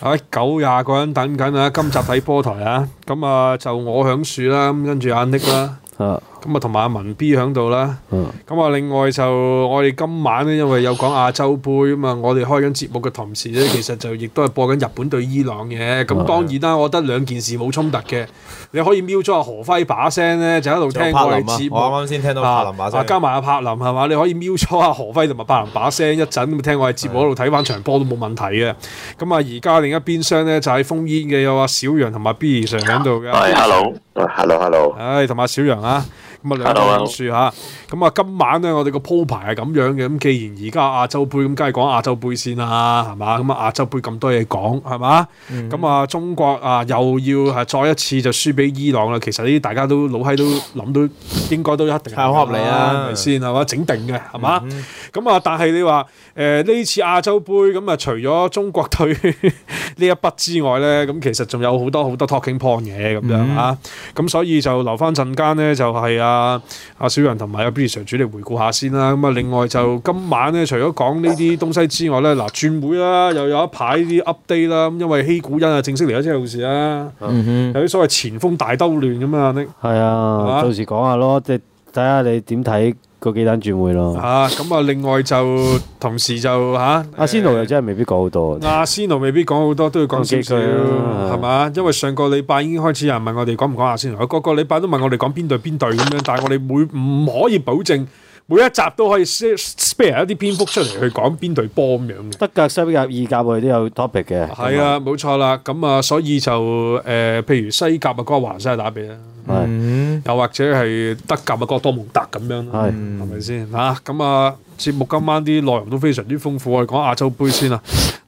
唉，九廿，啊、個人等緊啊，今集體波台啊！咁啊，就我響樹啦，咁跟住阿 Nick 啦。啊咁啊，同埋阿文 B 喺度啦。咁啊，另外就我哋今晚咧，因為有講亞洲杯啊嘛，我哋開緊節目嘅同時咧，其實就亦都係播緊日本對伊朗嘅。咁當然啦、啊，我覺得兩件事冇衝突嘅。你可以瞄咗阿何輝把聲咧，就喺度聽、啊、我哋節目。我啱先聽到柏林、啊啊。加埋阿柏林係嘛？你可以瞄咗阿何輝同埋柏林把聲一陣咁聽我哋節目喺度睇翻場波都冇問題嘅。咁啊，而家另一邊廂咧就喺、是、封煙嘅，有阿小楊同埋 B Sir 喺度嘅。hello，hello，hello。唉，同埋小楊啊。咁啊，兩隻老鼠嚇，咁啊，今晚咧，我哋個鋪排係咁樣嘅。咁既然而家亞洲杯，咁梗係講亞洲杯先啦，係嘛？咁啊，亞洲杯咁多嘢講，係嘛？咁啊、嗯，中國啊又要係再一次就輸俾伊朗啦。其實呢啲大家都老閪都諗到，應該都一定係合理啊，係咪先係嘛？整定嘅係嘛？咁啊，嗯、但係你話誒呢次亞洲杯，咁啊，除咗中國隊呢 一筆之外咧，咁其實仲有好多好多 talking point 嘢咁樣啊。咁、嗯、所以就留翻陣間咧，就係啊～啊！阿小楊同埋阿 Biria 主你回顧下先啦。咁啊，另外就今晚咧，除咗講呢啲東西之外咧，嗱，轉會啦，又有一排啲 update 啦。咁因為希、hey，古恩啊，正式嚟咗先好事啊。嗯哼，有啲所謂前鋒大兜亂咁嘛，呢、嗯哼。係你啊，吧到時講下咯。即係睇下你點睇。個幾單轉會咯，吓咁啊，嗯！另外就同時就吓阿仙奴又真係未必講好多，阿仙奴未必講好多都要講少少，係嘛，啊？因為上個禮拜已經開始有人問我哋講唔講阿仙奴，個個禮拜都問我哋講邊隊邊隊咁樣，但係我哋每唔可以保證。每一集都可以 spare 一啲篇幅出嚟去講邊隊波咁樣嘅。德甲、西甲、意甲我哋都有 topic 嘅。係啊，冇樣錯啦。咁啊，所以就誒、呃，譬如西甲啊，嗰個華西打比啦，是又或者係德甲個是啊，嗰多蒙特咁樣啦，係咪先？嚇咁啊，節目今晚啲內容都非常之豐富，我哋講亞洲盃先啦。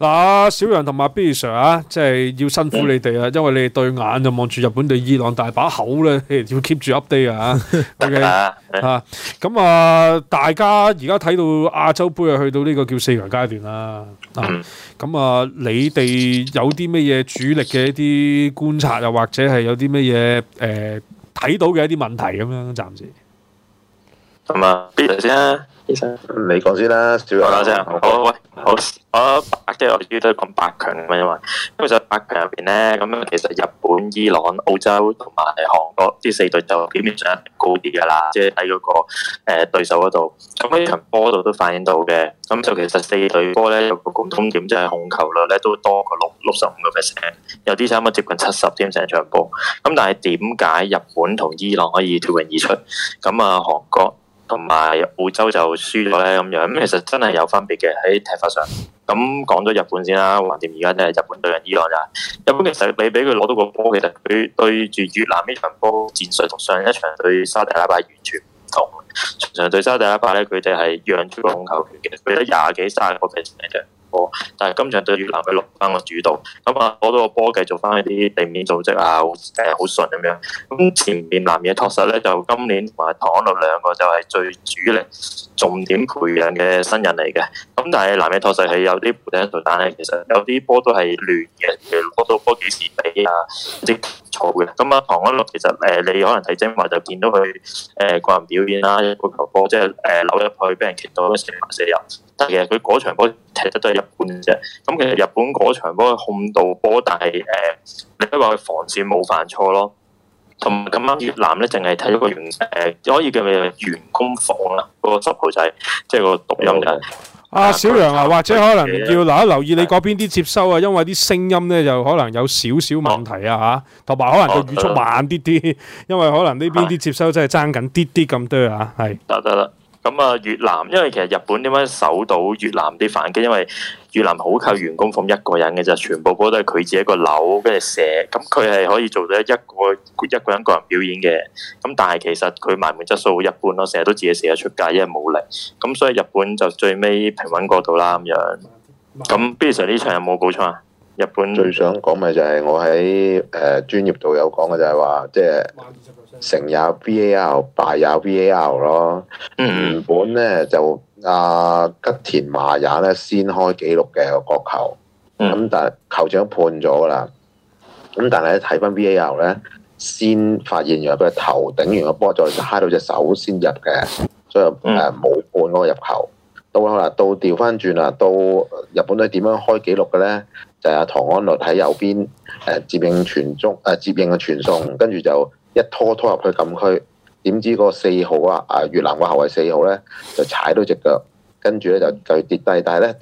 嗱、啊，小楊同埋 B Sir 啊，即係要辛苦你哋啊，因為你哋對眼就望住日本對伊朗大把口咧，要 keep 住 update 啊，OK 啊，咁、 okay? 啊，大家而家睇到亞洲杯啊，去到呢個叫四強階段啦，咁啊，啊，啊，你哋有啲乜嘢主力嘅一啲觀察，又或者係有啲乜嘢誒睇到嘅一啲問題咁樣，暫時係嘛 b 先。啊你講先啦，少講多聲。好，好，我即係我哋主要都係講八強咁樣，因為因為就八強入邊咧，咁樣其實日本、伊朗、澳洲同埋係韓國，呢四隊就表面上高啲噶啦，即係喺嗰個誒、呃、對手嗰度，咁喺場波度都反映到嘅。咁就其實四隊波咧，有個共同點就係控球率咧都多過六六十五個 percent，有啲差唔多接近七十添，成場波。咁但係點解日本同伊朗可以脫穎而出？咁啊，韓國？同埋澳洲就輸咗咧咁樣，咁其實真係有分別嘅喺踢法上。咁講咗日本先啦，橫掂而家都係日本對陣伊朗咋。日本其實你俾佢攞到個波，其實佢對住越南呢場波戰術同上一場對沙地阿拉伯完全唔同。上場對沙地阿拉伯咧，佢哋係讓出個控球權嘅，俾咗廿幾卅個 p e r c 但係今日對越南嘅落班個主導，咁啊攞到個波，繼續翻啲地面組織啊，好誒，好順咁樣。咁前面南野拓實咧,就今年同埋唐諾兩個就係最主力重點培養嘅新人嚟嘅。咁但係南美托實係有啲鋪天蓋地，其實有啲波都係亂嘅，譬如波到波幾時俾啊一啲錯嘅。咁啊，唐安樂其實誒、呃，你可能睇精華就見到佢誒、呃、個人表演啦，一個球波即係誒、呃、扭入去俾人踢到四罰四入。但其實佢嗰場波踢得都係一般啫。咁其實日本嗰場波控到波，但係誒、呃、你都話佢防線冇犯錯咯。同埋今晚越南咧，淨係睇咗個完誒、呃，可以叫咪完攻防啦。個執號就係即係個讀音就係阿、啊、小楊啊，或者可能要留一留意你嗰邊啲接收啊，因為啲聲音咧就可能有少少問題啊吓，同埋可能個語速慢啲啲，因為可能呢邊啲接收真係爭緊啲啲咁多啊，係得得啦。咁啊，越南，因為其實日本點樣守到越南啲反擊？因為越南好靠員工鳳一個人嘅，就全部波都係佢自己一個扭，跟住射。咁佢係可以做到一個一個人個人表演嘅。咁但係其實佢埋門質素一般咯，成日都自己射出街，因為冇力。咁所以日本就最尾平穩過度啦咁樣。咁 b i s 呢場有冇補充啊？日本最想講嘅就係我喺誒、呃、專業度有講嘅就係話，即、就、係、是、成也 VAR，敗也 VAR 咯。嗯、原本咧就阿、呃、吉田麻也咧先開紀錄嘅個球，咁、嗯、但係球長判咗啦。咁但係睇翻 VAR 咧，先發現原來佢係頭頂完個波，再嗨到隻手先入嘅，所以誒冇、呃、判嗰個入球。到啦，到調翻轉啦，到日本隊點樣開紀錄嘅咧？就阿唐安律喺右邊，誒、呃、接應傳中，誒、呃、接應嘅傳送，跟住就一拖拖入去禁區。點知個四號啊、呃，越南個後衞四號咧，就踩到隻腳，跟住咧就就跌低。但係咧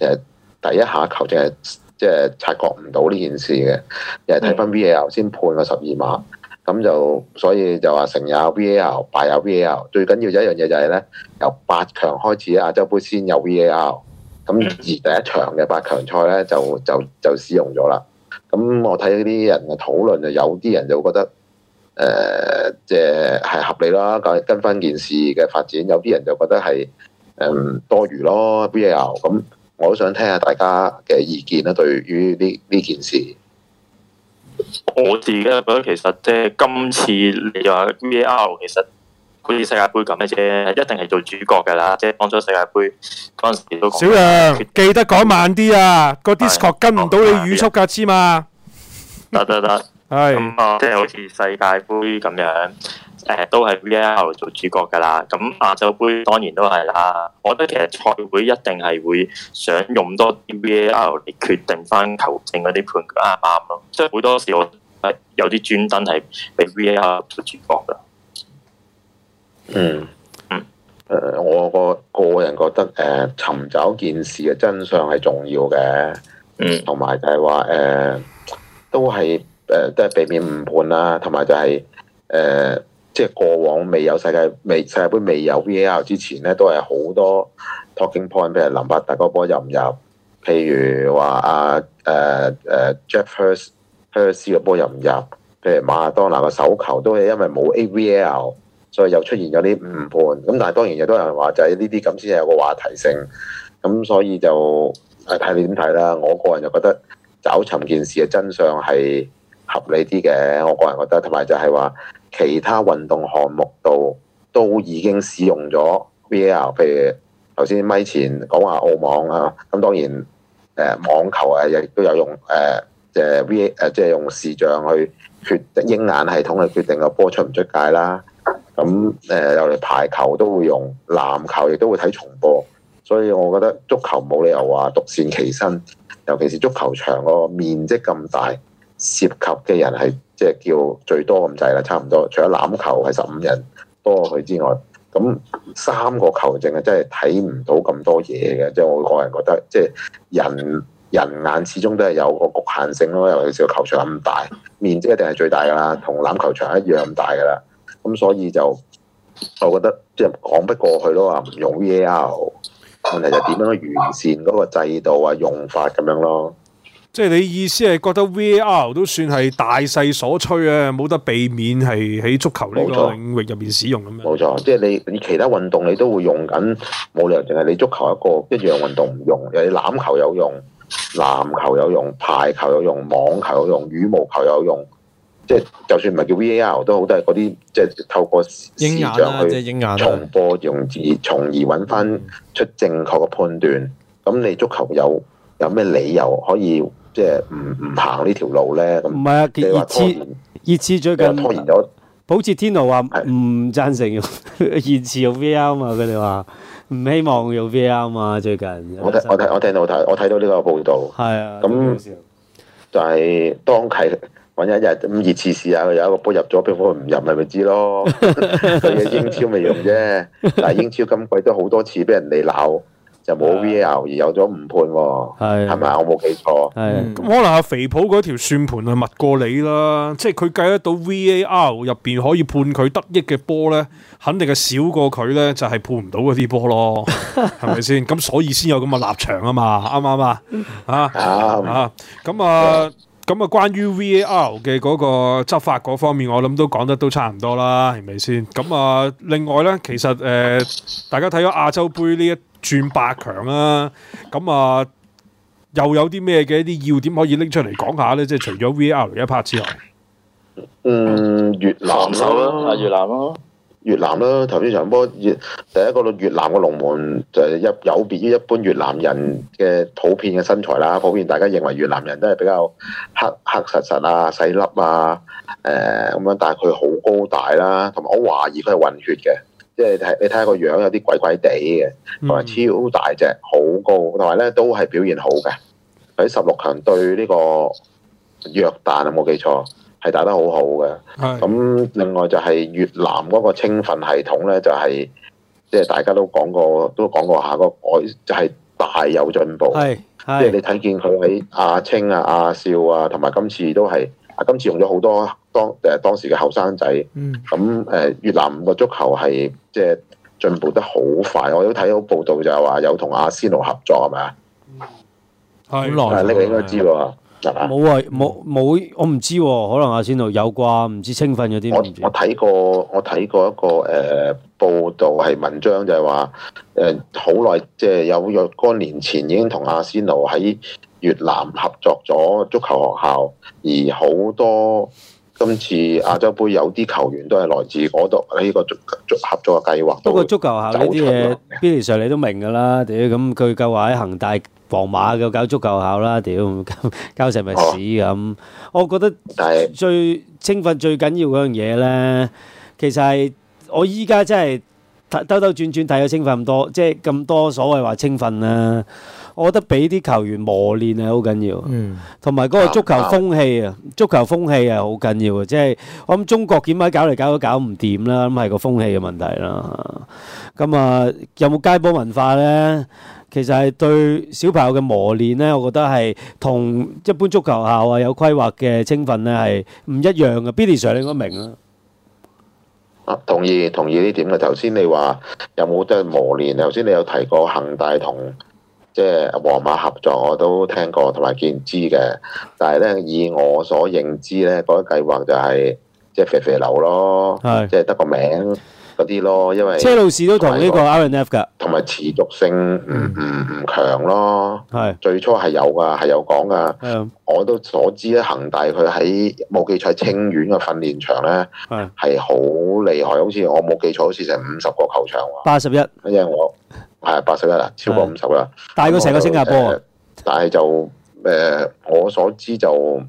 誒，第一下球證係即係察覺唔到呢件事嘅，又係睇翻 VAR 先判個十二碼。咁的就所以就話成有 VAR，敗有 VAR。最緊要一樣嘢就係咧，由八強開始亞洲盃先有 VAR。咁而第一場嘅八強賽咧，就就就使用咗啦。咁我睇呢啲人嘅討論，就有啲人就覺得，誒、呃，即、就、係、是、合理啦。咁跟翻件事嘅發展，有啲人就覺得係誒、嗯、多餘咯，VAR？咁我都想聽下大家嘅意見啦，對於呢呢件事。我自己覺得其實即係今次你話 VAR，其實。好似世界杯咁嘅啫，一定係做主角噶啦，即係當初世界杯嗰陣時都小楊陽記得講慢啲啊，個、啊、Discord 跟唔到你語速噶知嘛，得得得，係咁啊，即係好似世界杯咁樣，誒，都係 VAR 做主角噶啦，咁亞洲杯當然都係啦，我覺得其實賽會一定係會想用多啲 VAR 嚟決定翻球證嗰啲判決啊啱咯，即係好多時我有啲專登係俾 VAR 做主角噶。嗯，嗯，誒，我個個人覺得誒，尋、呃、找件事嘅真相係重要嘅，嗯，同埋就係話誒，都係誒、呃，都係避免誤判啦，同埋就係、是、誒，即、呃、係、就是、過往未有世界未世界盃未有 VAR 之前咧，都係好多 talking point，譬如林柏特個波入唔入，譬如話阿、啊、誒誒、啊啊、Geoff Hurst Hurst 嘅波入唔入，譬如馬勒當拿嘅手球都係因為冇 VAR。所以又出現咗啲誤判，咁但係當然亦都有人話就係呢啲咁先係有個話題性，咁所以就係睇你點睇啦。我個人就覺得找尋件事嘅真相係合理啲嘅，我個人覺得。同埋就係話其他運動項目度都已經使用咗 VAR，譬如頭先咪前講話澳網啊，咁當然誒網球啊亦都有用誒誒 VAR，即係用視像去決鷹眼系統去決定個波出唔出界啦。咁誒，又嚟、呃呃、排球都會用，籃球亦都會睇重播，所以我覺得足球冇理由話獨善其身，尤其是足球場個面積咁大，涉及嘅人係即係叫最多咁滯啦，差唔多。除咗籃球係十五人多佢之外，咁三個球證啊，真係睇唔到咁多嘢嘅，即係我個人覺得，即係人人眼始終都係有個局限性咯，尤其是個球場咁大，面積一定係最大噶啦，同籃球場一樣咁大噶啦。咁所以就，我覺得即係講不過去咯，啊，唔用 V A R，問題就點樣完善嗰個制度啊、用法咁樣咯。即係你意思係覺得 V A R 都算係大勢所趨啊，冇得避免係喺足球呢個領域入邊使用咁樣。冇錯，即係你你其他運動你都會用緊，冇理由淨係你足球一個一樣運動唔用。又你籃球有用，籃球有用，排球有用，網球有用，羽毛球有用。即係就算唔係叫 V A R 都好，都係嗰啲即係透過影像去重播用，用而從而揾翻出正確嘅判斷。咁你足球有有咩理由可以即係唔唔行呢條路咧？咁唔係啊，熱刺熱刺最近又拖延咗，好似天鵝話唔贊成用是 延遲用 V A R 嘛？佢哋話唔希望用 V A R 嘛？最近我我聽我聽，我聽到我睇我睇到呢個報道，係啊，咁那就係當係。揾一日咁熱刺試下，佢有一個波入咗，兵乓唔入咪咪知咯。佢嘅 英超咪用啫，但係英超咁貴都好多次俾人哋鬧，就冇 VAR 而有咗誤判喎。係咪的我冇記錯。係咁可能阿肥普嗰條算盤係密過你啦，即係佢計得到 VAR 入邊可以判佢得益嘅波咧，肯定係少過佢咧，就係判唔到嗰啲波咯，係咪先？咁、嗯、所以先有咁嘅立場啊嘛，啱唔啱啊？啊啊咁啊！咁啊，關於 VAR 嘅嗰個執法嗰方面，我諗都講得都差唔多啦，係咪先？咁啊，另外咧，其實誒、呃，大家睇咗亞洲盃呢一轉八強啦、啊，咁啊，又有啲咩嘅一啲要點可以拎出嚟講下咧？即係除咗 VAR 一拍之外，嗯，越南咯，係越南咯。越南啦，頭先長波。越第一個越南嘅龍門就係一有別於一般越南人嘅普遍嘅身材啦。普遍大家認為越南人都係比較黑黑實實啊、細粒啊，誒咁樣。但係佢好高大啦，同埋我懷疑佢係混血嘅，即係睇你睇下個樣有啲鬼鬼地嘅，同埋超大隻、好高，同埋咧都係表現好嘅。喺十六強對呢個約旦啊，冇記錯。係打得好好嘅，咁的另外就係越南嗰個青訓系統咧、就是，就係即係大家都講過，都講過下嗰外，就係、是、大有進步，即係的你睇見佢喺阿青啊、亞、啊啊、少啊，同埋今次都係，今次用咗好多當誒、呃、當時嘅後生仔，咁誒、嗯呃、越南嗰個足球係即係進步得好快，我都睇到報道就係話有同阿仙奴合作係咪啊？係，呢個的的應該知喎。冇啊，冇冇，我唔知，可能阿仙奴有啩，唔知青訓嗰啲。我我睇過，我睇過一個誒、呃、報道係文章就，就係話誒好耐，即係、呃、有若干年前已經同阿仙奴喺越南合作咗足球學校，而好多今次亞洲杯有啲球員都係來自嗰度呢個足足合作嘅計劃。不過足球校呢啲嘢，Billy Sir 你都明噶啦，屌咁佢夠話喺恒大。皇馬嘅搞足球校啦，屌，搞成咪屎咁。我覺得最青訓最緊要嗰樣嘢咧，其實係我依家真係兜兜轉轉睇咗青訓咁多，即係咁多所謂話青訓啦。我覺得俾啲球員磨練係好緊要，嗯，同埋嗰個足球風氣啊，足球風氣係好緊要啊，即係我諗中國點解搞嚟搞都搞唔掂啦，咁係個風氣嘅問題啦。咁啊，有冇街波文化咧？其實係對小朋友嘅磨練咧，我覺得係同一般足球校啊有規劃嘅青訓咧係唔一樣嘅。Billy Sir 你應該明啊。啊，同意同意呢點啊。頭先你話有冇即係磨練？頭先你有提過恒大同即係皇馬合作，我都聽過同埋見知嘅。但係咧，以我所認知咧，嗰個計劃就係即係肥肥流咯，即係得個名。嗰啲咯，因為車路士都同呢個 RNF 噶，同埋持續性唔唔唔強咯。係是的 最初係有㗎，係有講㗎。是的 我都所知咧，恒大佢喺冇記錯，清遠嘅訓練場咧係好厲害，好似我冇記錯，好似成五十個球場。八十一，因為我係八十一啦，超過五十啦。大是的 過成個新加坡、呃，但係就誒、呃，我所知就。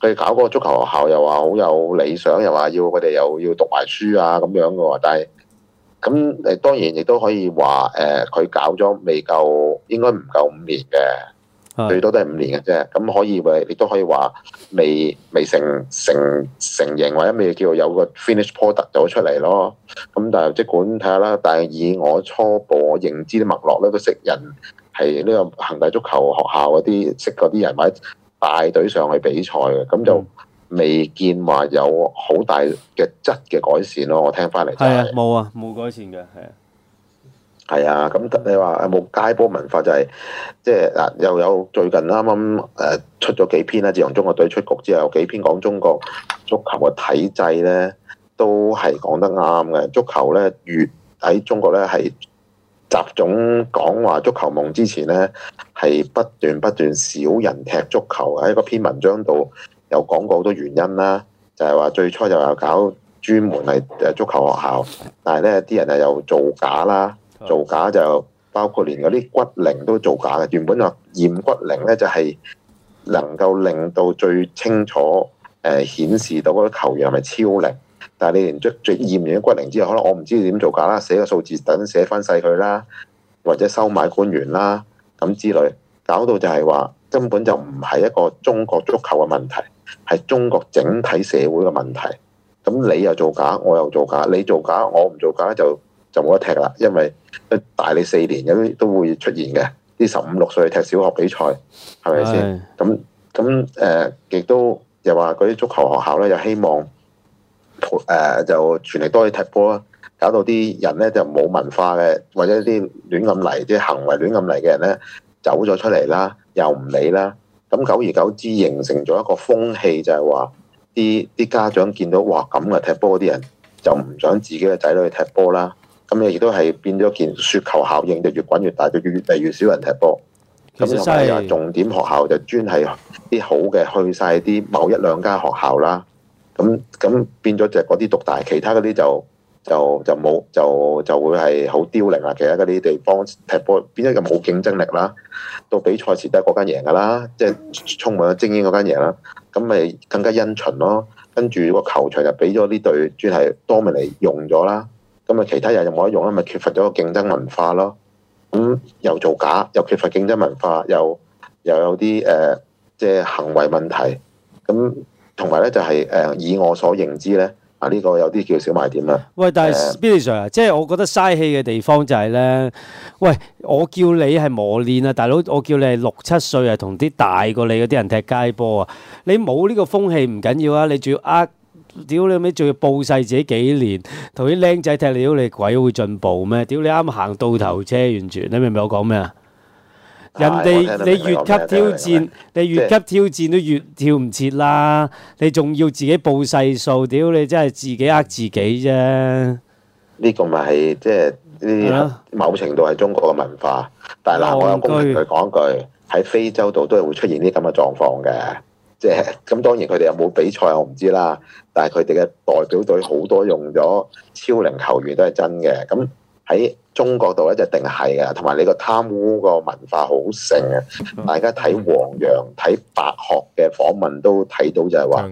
佢搞嗰個足球學校又話好有理想，又話要佢哋又要讀埋書啊咁樣嘅喎，但係咁誒，當然亦都可以話誒，佢、呃、搞咗未夠，應該唔夠五年嘅，最多都係五年嘅啫。咁可以咪亦都可以話未未成成成形或者未叫做有個 finish product 走出嚟咯。咁但係即管睇下啦。但係以我初步我認知啲脈絡咧，都識人係呢個恒大足球學校嗰啲識嗰啲人或者。帶隊上去比賽嘅，咁就未見話有好大嘅質嘅改善咯。我聽翻嚟係啊，冇啊，冇改善嘅，係。係啊，咁你話有冇街波文化就係、係，即係嗱又有最近啱啱誒出咗幾篇啦，自從中國隊出局之後，有幾篇講中國足球嘅體制咧，都係講得啱嘅。足球咧，越喺中國咧係。習總講話足球夢之前呢，係不斷不斷少人踢足球。喺個篇文章度有講過好多原因啦，就係、是、話最初就有搞專門係足球學校，但係呢啲人又又造假啦，造假就包括連嗰啲骨齡都造假嘅。原本話驗骨齡呢，就係、是、能夠令到最清楚誒、呃、顯示到嗰個球員係咪超齡。但係你連捉捉驗完骨齡之後，可能我唔知點做假啦，寫個數字等寫翻細佢啦，或者收買官員啦咁之類，搞到就係話根本就唔係一個中國足球嘅問題，係中國整體社會嘅問題。咁你又做假，我又做假，你做假，我唔做假咧，就就冇得踢啦，因為大你四年，有啲都會出現嘅，啲十五六歲踢小學比賽，係咪先？咁咁誒，亦、呃、都又話嗰啲足球學校咧，又希望。誒、呃、就全力多去踢波啦，搞到啲人咧就冇文化嘅，或者啲亂咁嚟，即係行為亂咁嚟嘅人咧走咗出嚟啦，又唔理啦。咁久而久之形成咗一個風氣就，就係話啲啲家長見到哇咁嘅踢波啲人，就唔想自己嘅仔女去踢波啦。咁你亦都係變咗件雪球效應，就越滾越大，就越嚟越，越少人踢波。咁同埋重點學校就專係啲好嘅去晒啲某一兩間學校啦。咁咁變咗就嗰啲獨大，其他嗰啲就就就冇就就會係好凋零啦。其他嗰啲地方踢波變咗咁冇競爭力啦。到比賽時都係嗰間贏噶啦，即係充滿咗精英嗰間贏啦。咁咪更加因循咯。跟住個球場就俾咗呢隊專係多咪嚟用咗啦。咁啊，其他人又冇得用啦，咪缺乏咗個競爭文化咯。咁又造假，又缺乏競爭文化，又又有啲誒即係行為問題咁。同埋咧就係、是、誒、呃、以我所認知咧啊呢、這個有啲叫小賣點啦。喂，但係 Billy Sir 啊，即係我覺得嘥氣嘅地方就係咧，喂我叫你係磨練啊，大佬我叫你係六七歲啊，同啲大過你嗰啲人踢街波啊，你冇呢個風氣唔緊、啊、要啊，你仲要呃屌你咪仲要暴晒自己幾年，同啲靚仔踢你屌你鬼會進步咩？屌你啱行倒頭車，完全你明唔明我講咩啊？人哋你越級挑戰，你越級挑戰都越跳唔切啦！就是，你仲要自己報細數，屌你真係自己呃自己啫！呢個咪係即係呢啲某程度係中國嘅文化，但係嗱，瓜我有工具。佢講句喺非洲度都係會出現呢啲咁嘅狀況嘅，即係咁當然佢哋有冇比賽我唔知啦，但係佢哋嘅代表隊好多用咗超齡球員都係真嘅咁。喺中國度咧就一定係嘅，同埋你個貪污個文化好盛啊！大家睇黃洋、睇白鶴嘅訪問都睇到就係話，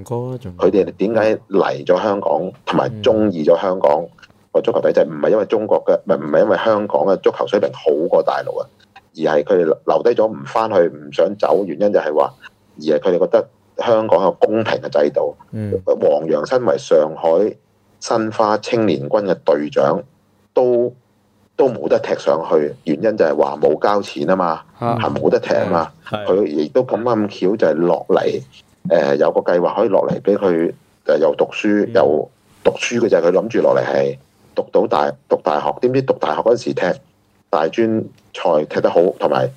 佢哋點解嚟咗香港，同埋中意咗香港個足球體制，唔係因為中國嘅，唔係因為香港嘅足球水平好過大陸啊，而係佢哋留低咗唔翻去，唔想走，原因就係話，而係佢哋覺得香港有公平嘅制度。嗯，黃洋身為上海申花青年軍嘅隊長。都都冇得踢上去，原因就係話冇交錢啊嘛，係冇、啊、得踢啊嘛。佢亦都咁啱巧就係落嚟，誒、呃、有個計劃可以落嚟俾佢誒又讀書、嗯、又讀書嘅就係佢諗住落嚟係讀到大讀大學，點知讀大學嗰陣時踢大專賽踢得好，同埋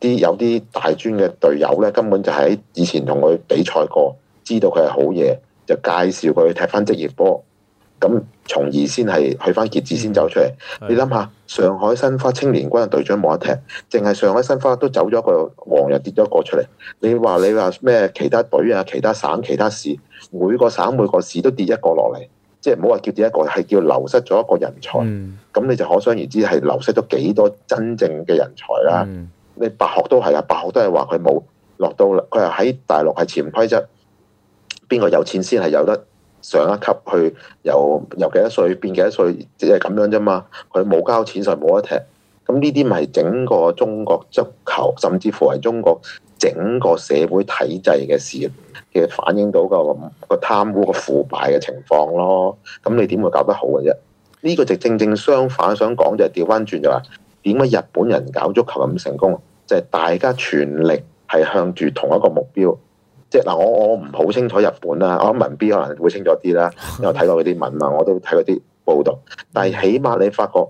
啲有啲大專嘅隊友咧根本就喺以前同佢比賽過，知道佢係好嘢，就介紹佢去踢翻職業波。咁，從而先係去翻傑志先走出嚟。嗯、你諗下，上海申花青年軍嘅隊長冇得踢，淨係上海申花都走咗個黃日，跌咗一個出嚟。你話你話咩？其他隊啊，其他省、其他市，每個省每個市都跌一個落嚟，即係唔好話叫跌一個，係叫流失咗一個人才。咁、嗯、你就可想而知係流失咗幾多真正嘅人才啦、啊。嗯、你白學都係啊，白學都係話佢冇落到，佢係喺大陸係潛規則，邊個有錢先係有得。上一級去由由幾多歲變幾多歲，只係咁樣啫嘛。佢冇交錢就冇得踢。咁呢啲咪整個中國足球，甚至乎係中國整個社會體制嘅事，其實反映到個個貪污、個腐敗嘅情況咯。咁你點會搞得好嘅啫？呢、這個就正正相反想、就是，想講就係調翻轉就話，點解日本人搞足球咁成功？就係、是、大家全力係向住同一個目標。即係嗱，我我唔好清楚日本啦，我文 B 可能會清楚啲啦，因為睇過嗰啲文嘛，我都睇過啲報道。但係起碼你發覺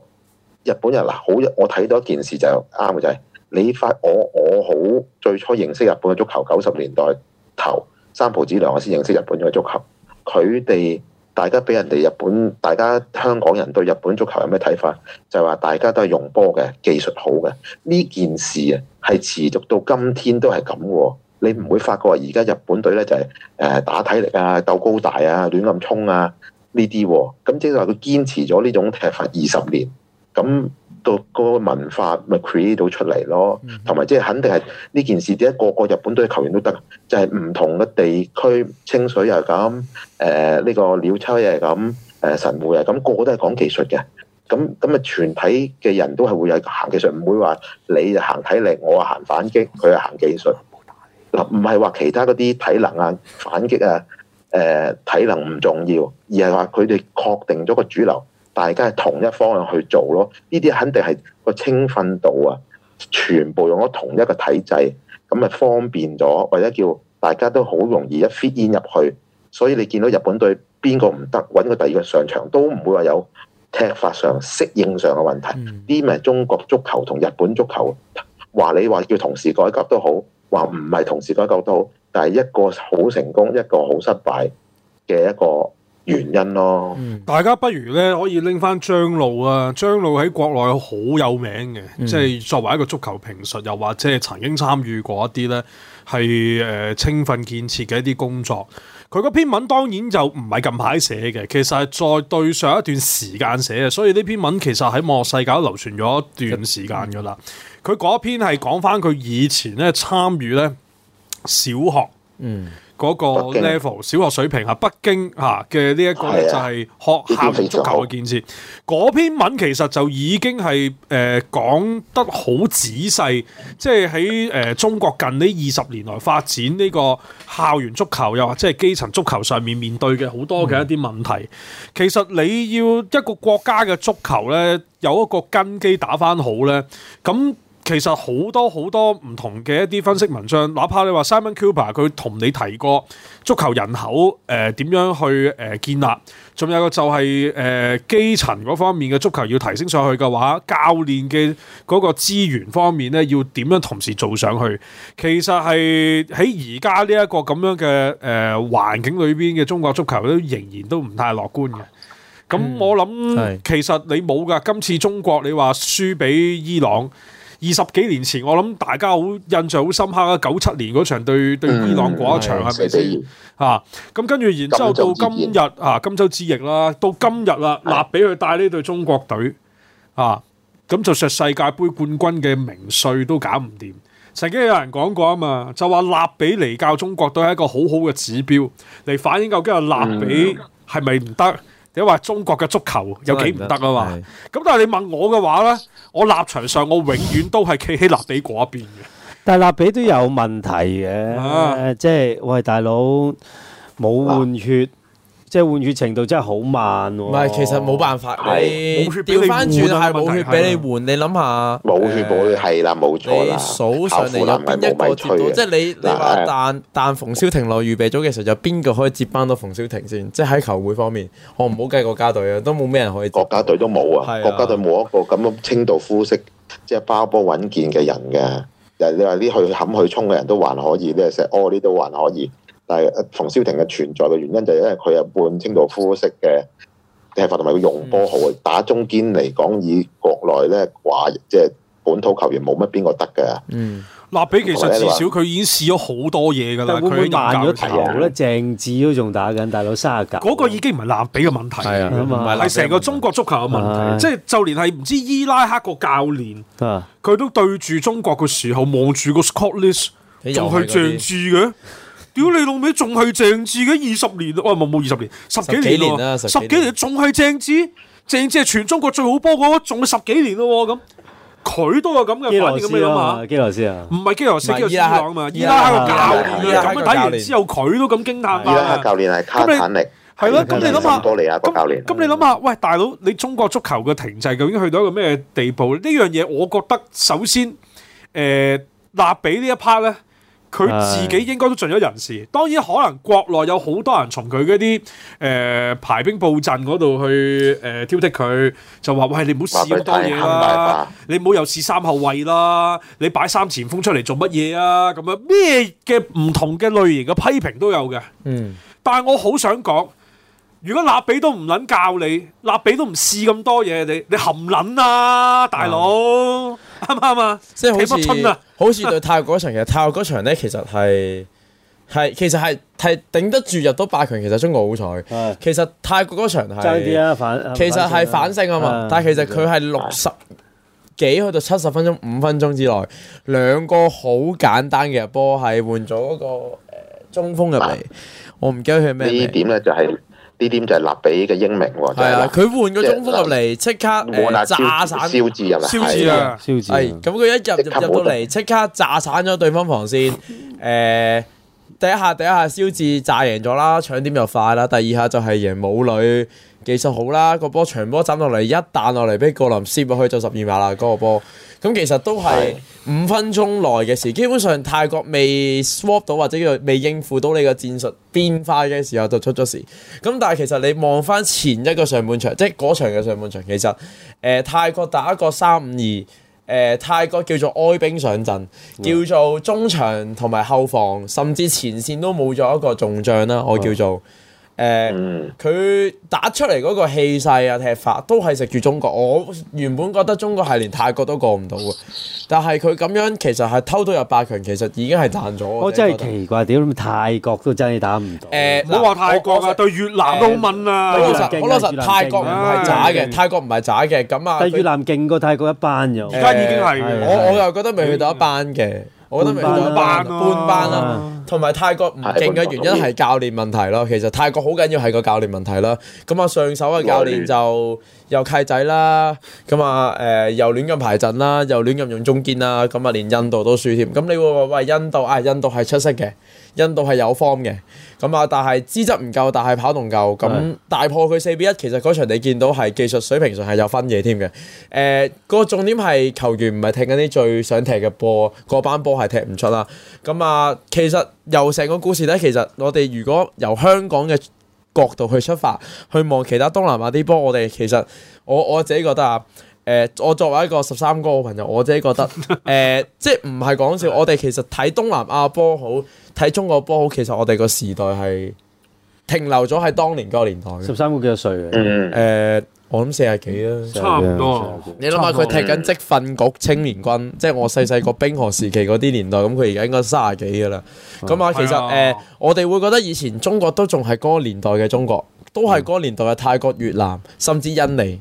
日本人嗱好，我睇到一件事就啱，是，嘅就係，是，你發我我好最初認識日本嘅足球九十年代頭三浦知良。我先認識日本嘅足球，佢哋大家俾人哋日本，大家香港人對日本足球有咩睇法？就係，是，話大家都係用波嘅技術好嘅呢件事啊，係持續到今天都係咁喎。你唔會發覺而家日本隊咧就係誒打體力啊、鬥高大啊、亂咁衝啊呢啲喎，咁、啊、即係話佢堅持咗呢種踢法二十年，咁到、那個文化咪 create 到出嚟咯，同埋即係肯定係呢件事點解個個日本隊球員都得，就係、是、唔同嘅地區清水又係咁，誒、呃、呢、這個鳥棲又係咁，誒、呃、神戶啊咁個個都係講技術嘅，咁咁咪全體嘅人都係會有行技術，唔會話你就行體力，我行反擊，佢行技術。嗱，唔係話其他嗰啲體能啊、反擊啊、誒、呃、體能唔重要，而係話佢哋確定咗個主流，大家係同一方向去做咯。呢啲肯定係個青訓度啊，全部用咗同一個體制，咁咪方便咗，或者叫大家都好容易一 fit in 入去。所以你見到日本隊邊個唔得，揾個第二個上場都唔會話有踢法上、適應上嘅問題。啲咪中國足球同日本足球話你話叫同時改革都好。話唔係同時都能夠好，但係一個好成功，一個好失敗嘅一個原因咯。嗯、大家不如咧可以拎翻張路啊，張路喺國內好有名嘅，即係、嗯、作為一個足球評述，又或者係曾經參與過一啲咧係誒青訓建設嘅一啲工作。佢嗰篇文當然就唔係近排寫嘅，其實係再對上一段時間寫嘅，所以呢篇文其實喺網絡世界都流傳咗一段時間噶啦。嗯嗯佢嗰篇係講翻佢以前咧參與咧小學嗯，嗰個 level 北京小學水平啊，北京吓嘅，呢一個就係校園足球嘅建設。嗰篇文其實就已經係誒講得好仔細，即係喺誒中國近呢二十年來發展呢個校園足球又或者係基層足球上面面對嘅好多嘅一啲問題。嗯、其實你要一個國家嘅足球咧有一個根基打翻好咧咁。其實好多好多唔同嘅一啲分析文章，哪怕你話 Simon Kuper 佢同你提過足球人口誒點、呃、樣去誒、呃、建立，仲有個就係、是、誒、呃、基層嗰方面嘅足球要提升上去嘅話，教練嘅嗰個資源方面咧，要點樣同時做上去？其實係喺而家呢一個咁樣嘅誒、呃、環境裏邊嘅中國足球都仍然都唔太樂觀嘅。咁、嗯、我諗是其實你冇㗎，今次中國你話輸畀伊朗。二十幾年前，我諗大家好印象好深刻嘅，九七年嗰場對,對伊朗嗰一場係咪先？嚇、嗯！咁、啊、跟住，然之後,後到今日啊，金州之役啦，到今日啦，的納比去帶呢隊中國隊啊，咁就石世界盃冠軍嘅名帥都搞唔掂。曾經有人講過啊嘛，就話納比嚟教中國隊係一個好好嘅指標嚟反映究竟阿納比係咪唔得？嗯你話中國嘅足球有幾唔得啊嘛？咁但係你問我嘅話咧，我立場上我永遠都係企喺立比嗰一邊嘅。但係立比都有問題嘅，啊、即係喂大佬冇換血。啊即係換血程度真係好慢喎、哦，唔係其實冇辦法嘅，冇、哎、血掉翻轉係冇血俾你換，你諗下，冇血冇血係啦，冇錯，你數上嚟有邊一個即係你你話但但馮瀟霆內預備咗嘅時候，有邊個可以接班到馮瀟霆先？即係喺球會方面，我唔好計個國家隊啊，都冇咩人可以接國家隊都冇啊，的國家隊冇一個咁樣清道夫式，即係包波穩健嘅人嘅。人你話啲去冚去衝嘅人都還可以，咩石哦呢都還可以。但係馮瀟霆嘅存在嘅原因就係因為佢係半清道夫式嘅踢法同埋佢用波好、嗯、打中堅嚟講，以國內咧話即係本土球員冇乜邊個得嘅。嗯，利比其實至少佢已經試咗好多嘢噶啦，佢慢咗球咧，鄭、啊、智都仲打緊大佬三啊格。嗰個已經唔係利比嘅問題，係啊，唔係係成個中國足球嘅問題，即係、啊、就，就連係唔知伊拉克個教練，佢、啊、都對住中國嘅時候望住個 Scotland，仲係鄭智嘅。 屌你老味，仲係鄭智嘅二十年啊！我冇二十年，十幾年啊，十幾年仲係鄭智，鄭智係全中國最好波嘅，仲十幾年咯喎咁，佢都有咁嘅反應。基羅斯啊，基羅斯啊，唔係基羅斯，基羅斯講啊嘛，伊拉克個教練咁啊睇完之後佢都咁驚訝啊。伊拉克教練係卡反力，係咯，咁你諗下，咁你諗下，喂大佬，你中國足球嘅停滯究竟去到一個咩地步？呢樣嘢我覺得首先，誒納比呢一 part 咧。佢自己應該都盡咗人事，當然可能國內有好多人從佢嗰啲誒排兵布陣嗰度去誒、呃、挑剔佢，就喂話喂，你唔好試咁多嘢啦，你唔好又試三後衞啦，你擺三前鋒出嚟做乜嘢啊？咁樣咩嘅唔同嘅類型嘅批評都有嘅。嗯，但係我好想講，如果納比都唔撚教你，納比都唔試咁多嘢，你你含撚啊，大佬！嗯啱啱啊！即 係好似，好似對泰國嗰場，其實泰國嗰場呢，其實係係其實係係頂得住入到八強，其實中國好彩。的其實泰國嗰場係爭啲啊，啊其實係反勝啊嘛。的但係其實佢係六十幾去到七十分鐘，五分鐘之內兩個好簡單嘅波，係換咗一個中鋒入嚟。啊、我唔記得佢係咩？呢點就係、是。呢點就係里皮嘅英明喎，係啊，佢換個中鋒入嚟，即刻炸散肖智入嚟，肖智啦，肖智。係咁，佢一入入到嚟，即刻炸散咗對方防線。誒、 呃、第一下第一下肖智炸贏咗啦，搶點又快啦。第二下就係贏武磊，技術好啦，嗰個波長波斬落嚟一彈落嚟俾過林接落去就十二碼啦，嗰、嗰個波。咁其實都係五分鐘內嘅事，基本上泰國未 swap 到或者未應付到你嘅戰術變化嘅時候就出咗事。咁但係其實你望翻前一個上半場，即係嗰場嘅上半場，其實誒、呃、泰國打一個三五二，誒泰國叫做哀兵上陣，叫做中場同埋後防甚至前線都冇咗一個重將啦，我叫做。誒，佢打出嚟嗰個氣勢啊，踢法都係食住中國。我原本覺得中國係連泰國都過唔到嘅，但係佢咁樣其實係偷到有八強，其實已經係賺咗。我真係奇怪，屌泰國都真係打唔到。誒，唔好話泰國啊，對越南都好勁啊。我老實，我老實，泰國唔係渣嘅，泰國唔係渣嘅。咁啊，但係越南勁過泰國一班咋。而家已經係，我我又覺得未去到一班嘅。我覺得明半班啦、啊，同埋、啊、泰國唔勁嘅原因係教練問題咯。國其實泰國好緊要係個教練問題啦。咁啊上手嘅教練就又契仔啦，咁啊誒又亂咁排陣啦，又亂咁用，用中堅啦，咁啊連印度都輸添。咁你會話喂印度啊？印度係出色嘅，印度係有 form 嘅。咁啊！但係資質唔夠，但係跑動夠，咁的大破佢四比一。其實嗰場你見到係技術水平上係有分嘢添嘅。誒、呃，個重點係球員唔係踢緊啲最想踢嘅波，嗰班波係踢唔出啦。咁啊，其實由成個故事咧，其實我哋如果由香港嘅角度去出發，去望其他東南亞啲波，我哋其實我我自己覺得啊。誒，我作為一個十三哥嘅朋友，我自己覺得，誒，即係唔係講笑，我哋其實睇東南亞波好，睇中國波好，其實我哋個時代係停留咗喺當年個年代。十三哥幾多歲啊？誒，我諗四廿幾啊，差唔多。你諗下佢踢緊積訓局青年軍，即係我細細個冰河時期嗰啲年代，咁佢而家應該三十幾噶啦。咁啊，其實誒，我哋會覺得以前中國都仲係嗰個年代嘅中國，都係嗰個年代嘅泰國、越南，甚至印尼。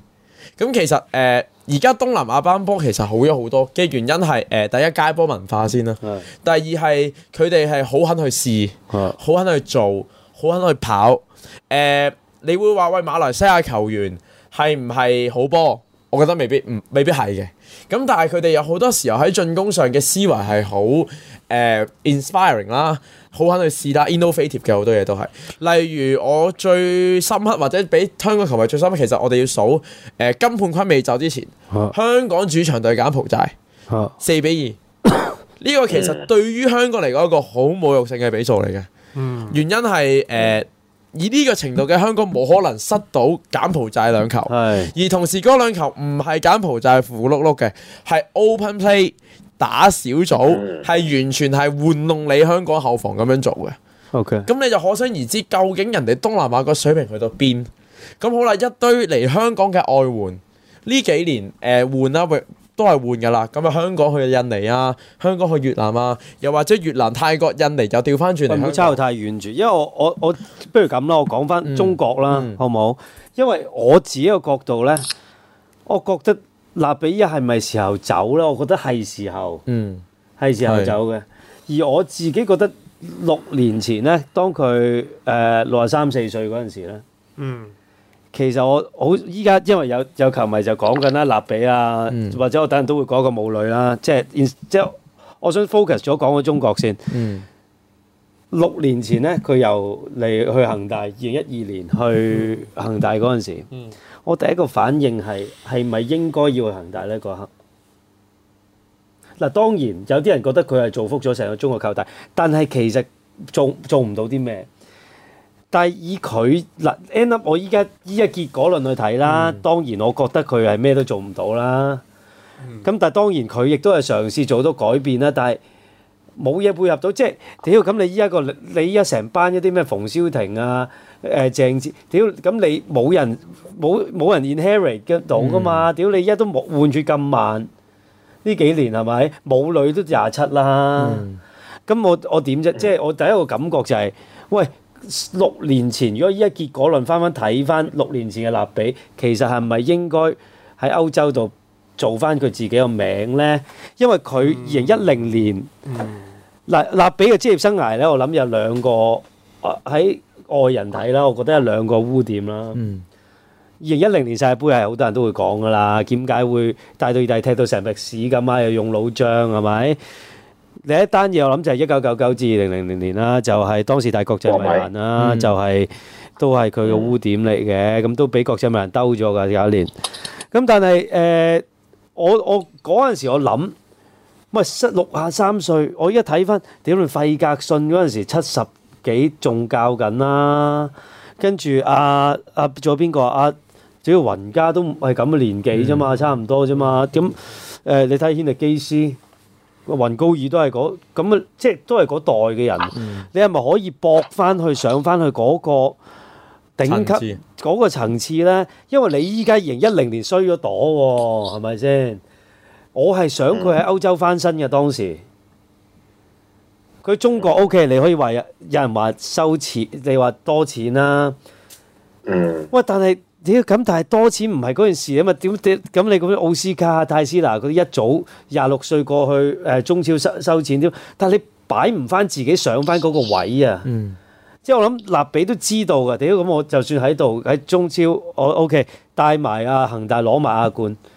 咁、嗯、其實誒，而、呃、家東南亞班波其實好咗好多嘅原因係誒、呃，第一街波文化先啦，的第二係佢哋係好肯去試，好的肯去做，好肯去跑。誒、呃，你會話喂，馬來西亞球員係唔係好波？我覺得未必唔、嗯、未必係嘅。咁、嗯、但係佢哋有好多時候喺進攻上嘅思維係好誒 inspiring 啦。好肯去試啦，InnoFit 嘅好多嘢都係。例如我最深刻或者俾香港球迷最深刻，其實我哋要數、呃、金判坤未走之前，香港主場對柬埔寨四比二。呢 個其實對於香港嚟講一個好侮辱性嘅比數嚟嘅，嗯、原因係誒、呃、以呢個程度嘅香港冇可能失到柬埔寨兩球，是的 而同時嗰兩球唔係柬埔寨符碌碌嘅，係 open play。打小組係完全係玩弄你香港後防咁樣做嘅。OK，咁你就可想而知究竟人哋東南亞個水平去到邊。咁好啦，一堆嚟香港嘅外援呢幾年誒、呃、換啦，都係換噶啦。咁啊，香港去印尼啊，香港去越南啊，又或者越南、泰國、印尼就調翻轉嚟。唔好差太遠住，因為我我我，我不如咁咯，我講翻中國啦，嗯嗯、好冇？因為我自己個角度呢，我覺得。納比一係咪時候走咧？我覺得係時候，係、嗯、時候走嘅。是的 而我自己覺得六年前咧，當佢誒六十三四歲嗰陣時咧，嗯、其實我好依家，因為有有球迷就講緊啦，納比亞、啊嗯、或者我等人都會講個舞女啦、啊，即係然之我想 focus 咗講個中國先。嗯、六年前咧，佢由嚟去恒大，二零一二年去恒大嗰陣時。嗯嗯我第一個反應係係咪應該要去恒大呢？嗰刻嗱，當然有啲人覺得佢係造福咗成個中國球隊，但係其實做做唔到啲咩。但係以佢嗱 end up，我依家依家結果論去睇啦。嗯、當然我覺得佢係咩都做唔到啦。咁、嗯、但係當然佢亦都係嘗試做到改變啦。但係冇嘢配合到，即係屌咁你依家、呢個你依、呢個、一成班一啲咩馮瀟霆啊？誒鄭智，屌咁你冇人冇冇人 inherit 得到噶嘛？屌、嗯、你依家都冇換住咁慢呢幾年係咪？冇女都廿七啦。咁、嗯、我我點啫？即係我第一個感覺就係、是，喂，六年前如果依家結果論翻翻睇翻六年前嘅納比，其實係咪應該喺歐洲度做翻佢自己個名咧？因為佢二零一零年，納納、嗯嗯、比嘅職業生涯咧，我諗有兩個喺。啊愛人睇啦，我覺得係兩個污點啦。嗯，二零一零年世界盃係好多人都會講噶啦，點解會大隊大踢到成塊屎咁啊？又用老將係咪？另一單嘢我諗就係一九九九至二零零零年啦，就係當時帶國際米蘭啦，就係都係佢嘅污點嚟嘅，咁都俾國際米蘭兜咗㗎有一年。咁但係誒，我我嗰陣時我諗，唔係六下三歲，我依家睇翻點論，費格遜嗰陣時七十幾仲教緊啦？跟住阿阿仲有邊個啊、啊？主要雲家都係咁嘅年紀啫、嗯、嘛，差唔多啫嘛。咁誒、呃，你睇軒尼基斯、雲高爾都係嗰咁即係都係嗰代嘅人。嗯、你係咪可以搏翻去上翻去嗰個頂級嗰次個層次呢？因為你依家二零一零年衰咗朵喎、哦，係咪先？我係想佢喺歐洲翻身嘅當時。佢中國 OK，你可以話有人話收錢，你話多錢啦、啊。嗯。喂，但係屌咁，但係多錢唔係嗰件事啊嘛？點咁？你嗰啲奧斯卡、泰斯拿嗰啲一早，廿六歲過去誒中超收收錢添。但係你擺唔翻自己上翻嗰個位啊！嗯。即係我諗納比都知道嘅，屌咁我就算喺度喺中超，我 OK 帶埋阿恒大攞埋亞冠。嗯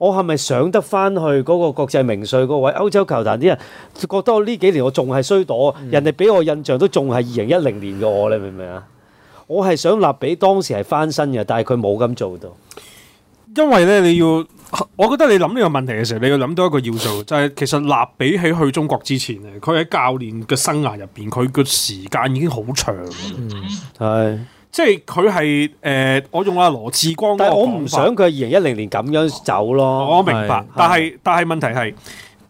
我係咪想得翻去嗰個國際名帥嗰位？歐洲球壇啲人覺得我呢幾年我仲係衰躲，嗯、人哋俾我印象都仲係二零一零年嘅我，你明唔明啊？我係想列比當時係翻身嘅，但係佢冇咁做到。因為呢，你要，嗯、我覺得你諗呢個問題嘅時候，你要諗到一個要素，就係、是、其實列比喺去中國之前咧，佢喺教練嘅生涯入邊，佢嘅時間已經好長。嗯，係。即係佢係誒，我用阿羅志光，但係我唔想佢係二零一零年咁樣走咯。我明白，但係但係問題係。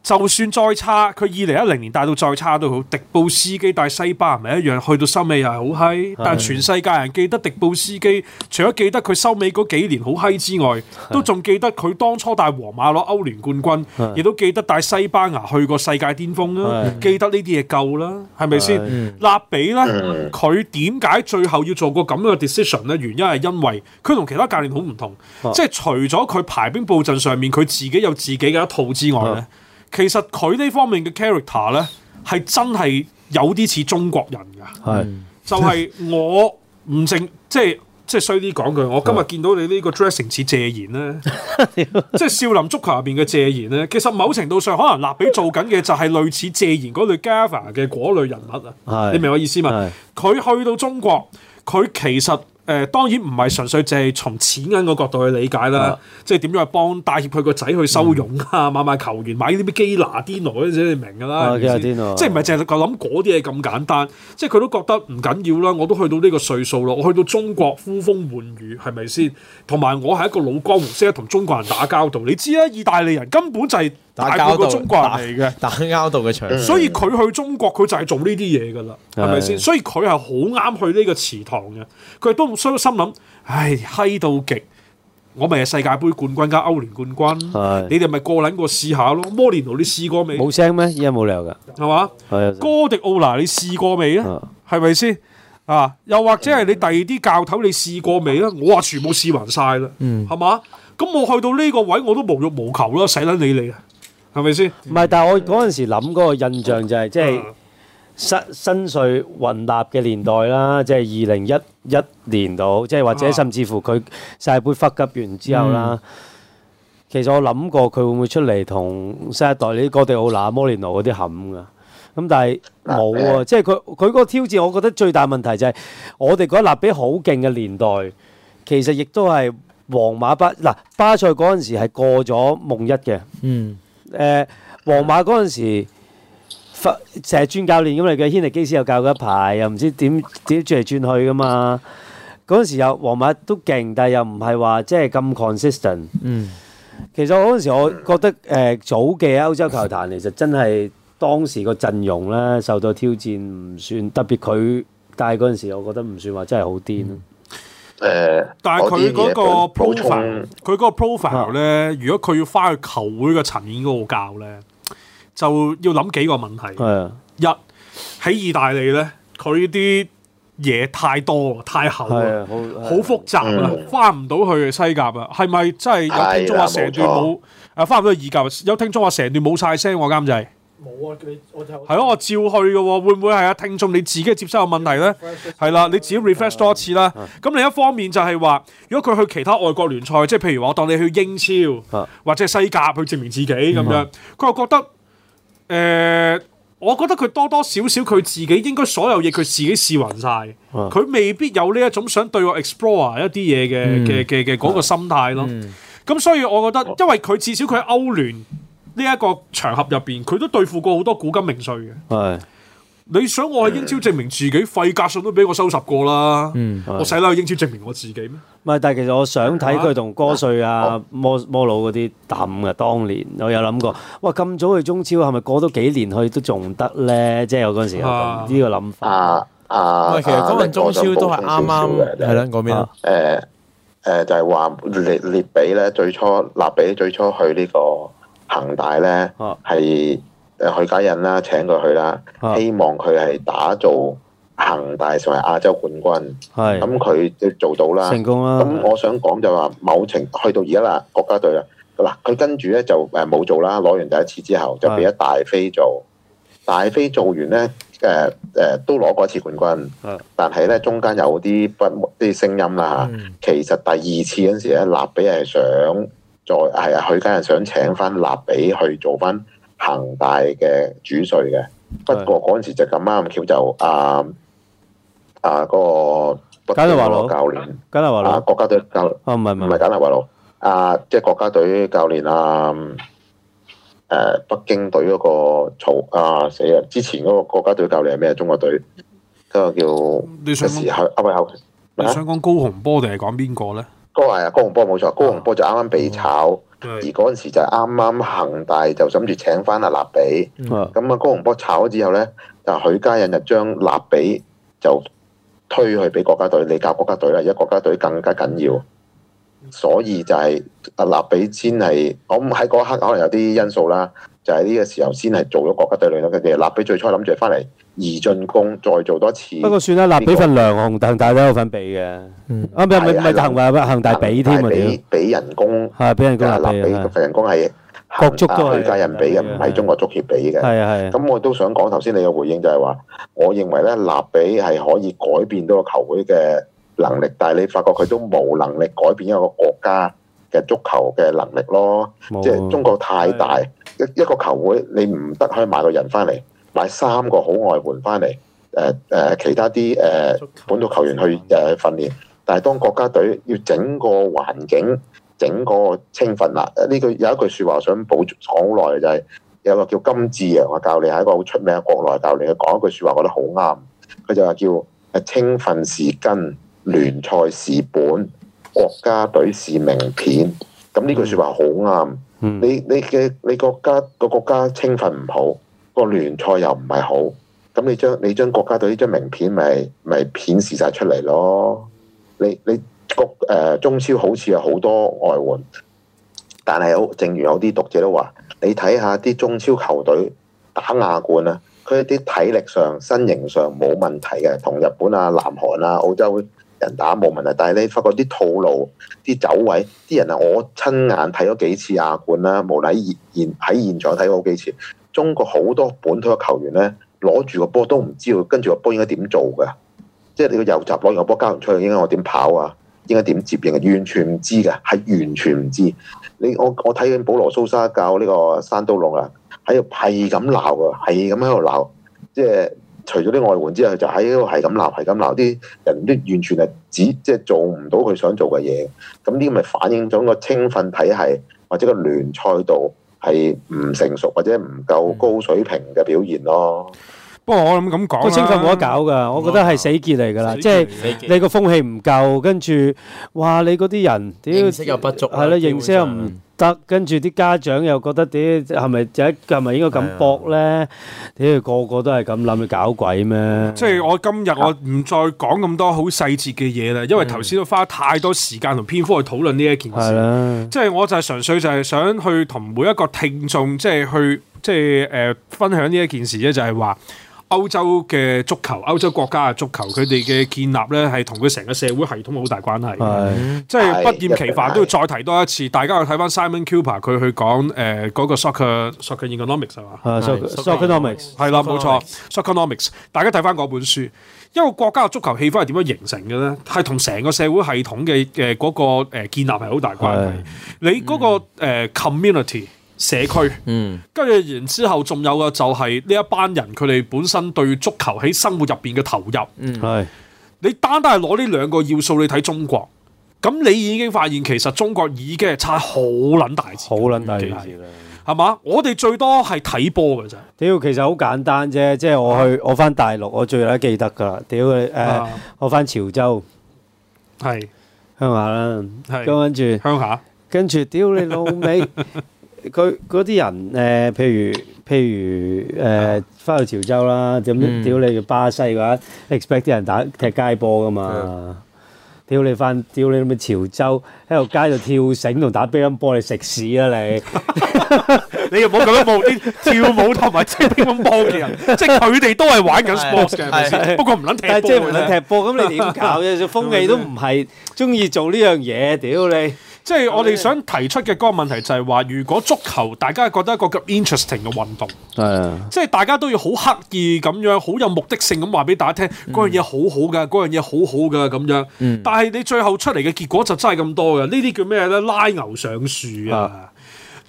就算再差，佢二零一零年帶到再差都好，迪布斯基帶西班牙咪一樣去到收尾又係好嗨，但係全世界人記得迪布斯基，除咗記得佢收尾嗰幾年好嗨之外，是的 都仲記得佢當初帶皇馬攞歐聯冠軍，亦是的 都記得帶西班牙去過世界巔峰啦，啊。是的 記得呢啲嘢夠啦，係咪先？納是的 比咧，佢點解最後要做個咁樣嘅 decision 咧？原因係因為佢同其他教練好唔同，即係、啊、除咗佢排兵布陣上面，佢自己有自己嘅一套之外咧。啊啊其實佢呢方面嘅 character 咧，係真係有啲似中國人噶，係是 就係我唔正，即係即係衰啲講句，我今日見到你呢個 dressing 似謝賢咧， 即係少林足球入邊嘅謝賢咧，其實某程度上可能立比做緊嘅就係類似謝賢嗰類 Gava 嘅嗰類人物啊，是你明我意思嘛？佢是去到中國，佢其實。誒、呃、當然唔係純粹淨係從錢銀個角度去理解啦，即係點樣去幫帶協佢個仔去收傭啊，啊嗯、買買球員，買啲咩基拿天奴你明㗎啦。即係唔係淨係個諗嗰啲嘢咁簡單？即係佢都覺得唔緊要啦，我都去到呢個歲數咯，我去到中國呼風喚雨係咪先？同埋我係一個老江湖，識得同中國人打交道。你知啦，意大利人根本就係、是，打交中國人嚟嘅，打交道嘅場，所以佢去中國佢就係做呢啲嘢噶啦，係咪先？所以佢係好啱去呢個祠堂嘅。佢都心諗，唉，嗨到極，我咪係世界盃冠軍加歐聯冠軍，是的 你哋咪過捻過試下咯？摩連奴你試過未？冇聲咩？依家冇理由噶吧，係嘛？哥迪奧拿你試過未啊？係咪先啊？又或者係你第二啲教頭你試過未啊？我話全部試完晒啦，係嘛？咁、嗯嗯、我去到呢個位我都無欲無求啦，使捻理你啊？係咪先？唔係， 但係我嗰陣時諗嗰個印象就係，即係新新帥雲納嘅年代啦，即係二零一一年度，即係或者甚至乎佢世杯復吉完之後啦。其實我諗過佢會唔會出嚟同新一代呢啲哥迪奧拿、摩連奴嗰啲冚噶？咁但係冇啊，即係佢佢嗰個挑戰，我覺得最大問題就係我哋嗰個納比好勁嘅年代，其實亦都係皇馬不嗱巴塞嗰陣時係過咗夢一嘅。嗯。誒、呃、皇馬嗰陣時，成日轉教練咁嚟嘅，軒尼基斯又教過一排，又唔知點點轉嚟轉去噶嘛。嗰陣時又皇馬都勁，但係又唔係話即係咁 consistent。嗯、其實嗰陣時，我覺得誒、呃、早嘅歐洲球壇其實真係當時個陣容咧受到挑戰，唔算特別佢，但係嗰陣時我覺得唔算話真係好癲。嗯。誒，但係佢嗰個 profile，佢嗰、嗯、個 profile 咧，是如果佢要翻去球會嘅層面嗰度教咧，就要諗幾個問題。啊、一喺意大利咧，佢啲嘢太多，太厚好、啊啊啊、複雜、嗯、是是啊，翻唔到去西甲啊，係咪真係？有聽眾話成段冇，係啊，冇錯。啊，翻唔到去意甲，有聽眾話成段冇晒聲，我啱唔冇啊！我係咯、啊，我照去嘅喎、哦，會唔會係啊？聽眾你自己接收有問題呢？係啦，你自己 refresh、嗯嗯、多次啦。咁另一方面就係話，如果佢去其他外國聯賽，即係譬如話當你去英超或者係西甲去證明自己咁樣，佢又、嗯嗯、覺得誒、呃，我覺得佢多多少少佢自己應該所有嘢佢自己試勻晒，佢、嗯嗯、未必有呢一種想對我 explore 一啲嘢嘅嘅嘅嘅嗰個心態咯。咁所以我覺得，因為佢至少佢喺歐聯，呢一個場合入邊，佢都對付過好多古今名帥嘅。係，你想我喺英超證明自己，費格遜都俾我收拾過啦。嗯，我使撈去英超證明我自己咩？唔係，但係其實我想睇佢同哥瑞啊、摩摩魯嗰啲抌嘅。當年我有諗過，哇！咁早去中超，係咪過多幾年去都仲得咧？即係我嗰陣時有呢個諗法啊。啊，其實講緊中超都係啱啱係啦。嗰邊誒就係話列比咧，最初立比最初去呢個。恒大咧係許家印啦，請佢去啦，啊、希望佢係打造恒大成為亞洲冠軍。係咁佢就做到啦，成功啦。咁我想講就話某程去到而家啦，國家隊啦嗱，佢跟住咧就誒冇做啦，攞完第一次之後就俾咗大飛做，是大飛做完咧誒誒都攞過一次冠軍，是但係咧中間有啲不啲聲音啦嚇，嗯、其實第二次嗰陣時咧，納比係想。在係啊，佢梗係想請翻納比去做翻恒大嘅主帥嘅。的不過嗰陣時就咁啱巧就啊啊嗰、那個簡立華老教練，簡立華老啊國家隊教，哦唔係唔係簡立華老，啊，啊，啊即係國家隊教練啊誒北京隊嗰、那個曹啊死啦！之前嗰個國家隊教練係咩？中國隊嗰、那個叫你想講、啊啊啊、你想講高洪波定係講邊個咧？高係啊，高洪波冇錯，高洪波就啱啱被炒，哦、而嗰陣時就啱啱恒大就諗住請翻阿立比，咁啊、嗯、高洪波炒咗之後咧，就許家印就將立比就推去俾國家隊，你教國家隊啦，而家國家隊更加緊要，所以就係阿立比先係，咁喺嗰刻可能有啲因素啦，就係、是、呢個時候先係做咗國家隊隊長嘅，立比最初諗住翻嚟。而進攻，再做多次。不過算啦，立俾份糧紅，恒大都有份俾嘅。嗯，啊咪咪恒大，恒大俾添啊！俾俾人工，係啊俾人工，立俾份人工係恆大佢加人俾嘅，唔係中國足協俾嘅。係啊係啊。咁我都想講頭先你嘅回應就係話，我認為咧，立比係可以改變到個球會嘅能力，但係你發覺佢都冇能力改變一個國家嘅足球嘅能力咯。即係中國太大，一一個球會你唔得可以買個人翻嚟。買三個好外援翻嚟，誒、呃、誒、呃，其他啲誒、呃、本土球員去誒訓練。但係當國家隊要整個環境，整個青訓啦，呢、呃、句有一句說話想補講好耐就係、是，有個叫金志揚嘅教練係一個好出名嘅國內教練，佢講一句說話我覺得好啱。佢就話叫誒青訓是根，聯賽是本，國家隊是名片。咁呢句說話好啱，嗯。你你嘅你國家個國家青訓唔好。個聯賽又唔係好，咁你將你將國家隊呢張名片咪咪騙示晒出嚟咯？你你國誒、呃、中超好似有好多外援，但係好正如有啲讀者都話，你睇下啲中超球隊打亞冠啊，佢一啲體力上、身形上冇問題嘅，同日本啊、南韓啊、澳洲人打冇問題。但係你發覺啲套路、啲走位、啲人啊，我親眼睇咗幾次亞冠啦，無底現現喺現場睇過好幾次。中國好多本土嘅球員咧，攞住個波都唔知道跟住個波應該點做嘅，即係你個右閘攞完個波交唔出去，應該我點跑啊？應該點接應啊？完全唔知嘅，係完全唔知。你我我睇緊保羅蘇沙教呢個山刀龍啊，喺度係咁鬧嘅，係咁喺度鬧。即係除咗啲外援之後，就喺度係咁鬧，係咁鬧。啲人都完全係只即係做唔到佢想做嘅嘢。咁呢個咪反映咗個青訓體系或者個聯賽度。係唔成熟或者唔夠高水平嘅表現咯。不，不，不過我諗咁講我清楚冇得搞噶，我覺得係死結嚟噶啦，即係是結你個風氣唔夠，跟住哇你嗰啲人，知識又不足，係啦，認識又唔得，跟住啲家長又覺得啲係咪一係咪應該咁搏咧？啲的個個都係咁諗，去搞鬼咩？嗯、即係我今日我唔再講咁多好細節嘅嘢啦，因為頭先都花太多時間同篇幅去討論呢一件事，即係我就係純粹就係想去同每一個聽眾即係去即係誒分享呢一件事啫，就係話。歐洲嘅足球，歐洲國家嘅足球，佢哋嘅建立咧，係同佢成個社會系統好大關係。即係不厭其煩都要再提多一次，大家去睇翻 Simon Cooper 佢去講誒嗰個 soccer soccer economics 係嘛？soccer economics 係啦，冇錯 soccer economics。大家睇翻嗰本書，一個國家嘅足球氣氛係點樣形成嘅咧？係同成個社會系統嘅誒嗰個建立係好大關係。你嗰個 community。社區，跟住然之後，仲有嘅就係呢一班人佢哋本身對足球喺生活入邊嘅投入。係、嗯，你單單係攞呢兩個要素你睇中國，咁你已經發現其實中國已經係差好撚大好撚大節係嘛？我哋最多係睇波嘅咋。屌，其實好簡單啫，即係我去我翻大陸，我最後都記得嘅啦。屌你，誒，我翻潮州，係鄉是下啦，是跟住着鄉下，跟住屌你老味。 佢嗰啲人誒，譬如譬如誒，翻去潮州啦，點屌你！巴西嘅話，expect 啲人打踢街波㗎嘛？屌你翻，屌你咁嘅潮州喺度街度跳繩同打乒乓波，你食屎啦你！你又唔好咁樣冒啲跳舞同埋踢乒乓波嘅人，即係佢哋都係玩緊 sports 嘅，不過唔撚踢。但係即係唔撚踢波咁，你點搞嘅？風氣都唔係鍾意做呢樣嘢，屌你！即係我哋想提出嘅嗰個問題就係話，如果足球大家覺得一個咁 interesting 嘅運動，的即係大家都要好刻意咁樣，好有目的性咁話俾大家聽，嗰樣嘢好好噶，嗰樣嘢好好噶咁樣。嗯、但係你最後出嚟嘅結果就真係咁多嘅，呢啲叫咩呢？拉牛上樹啊！啊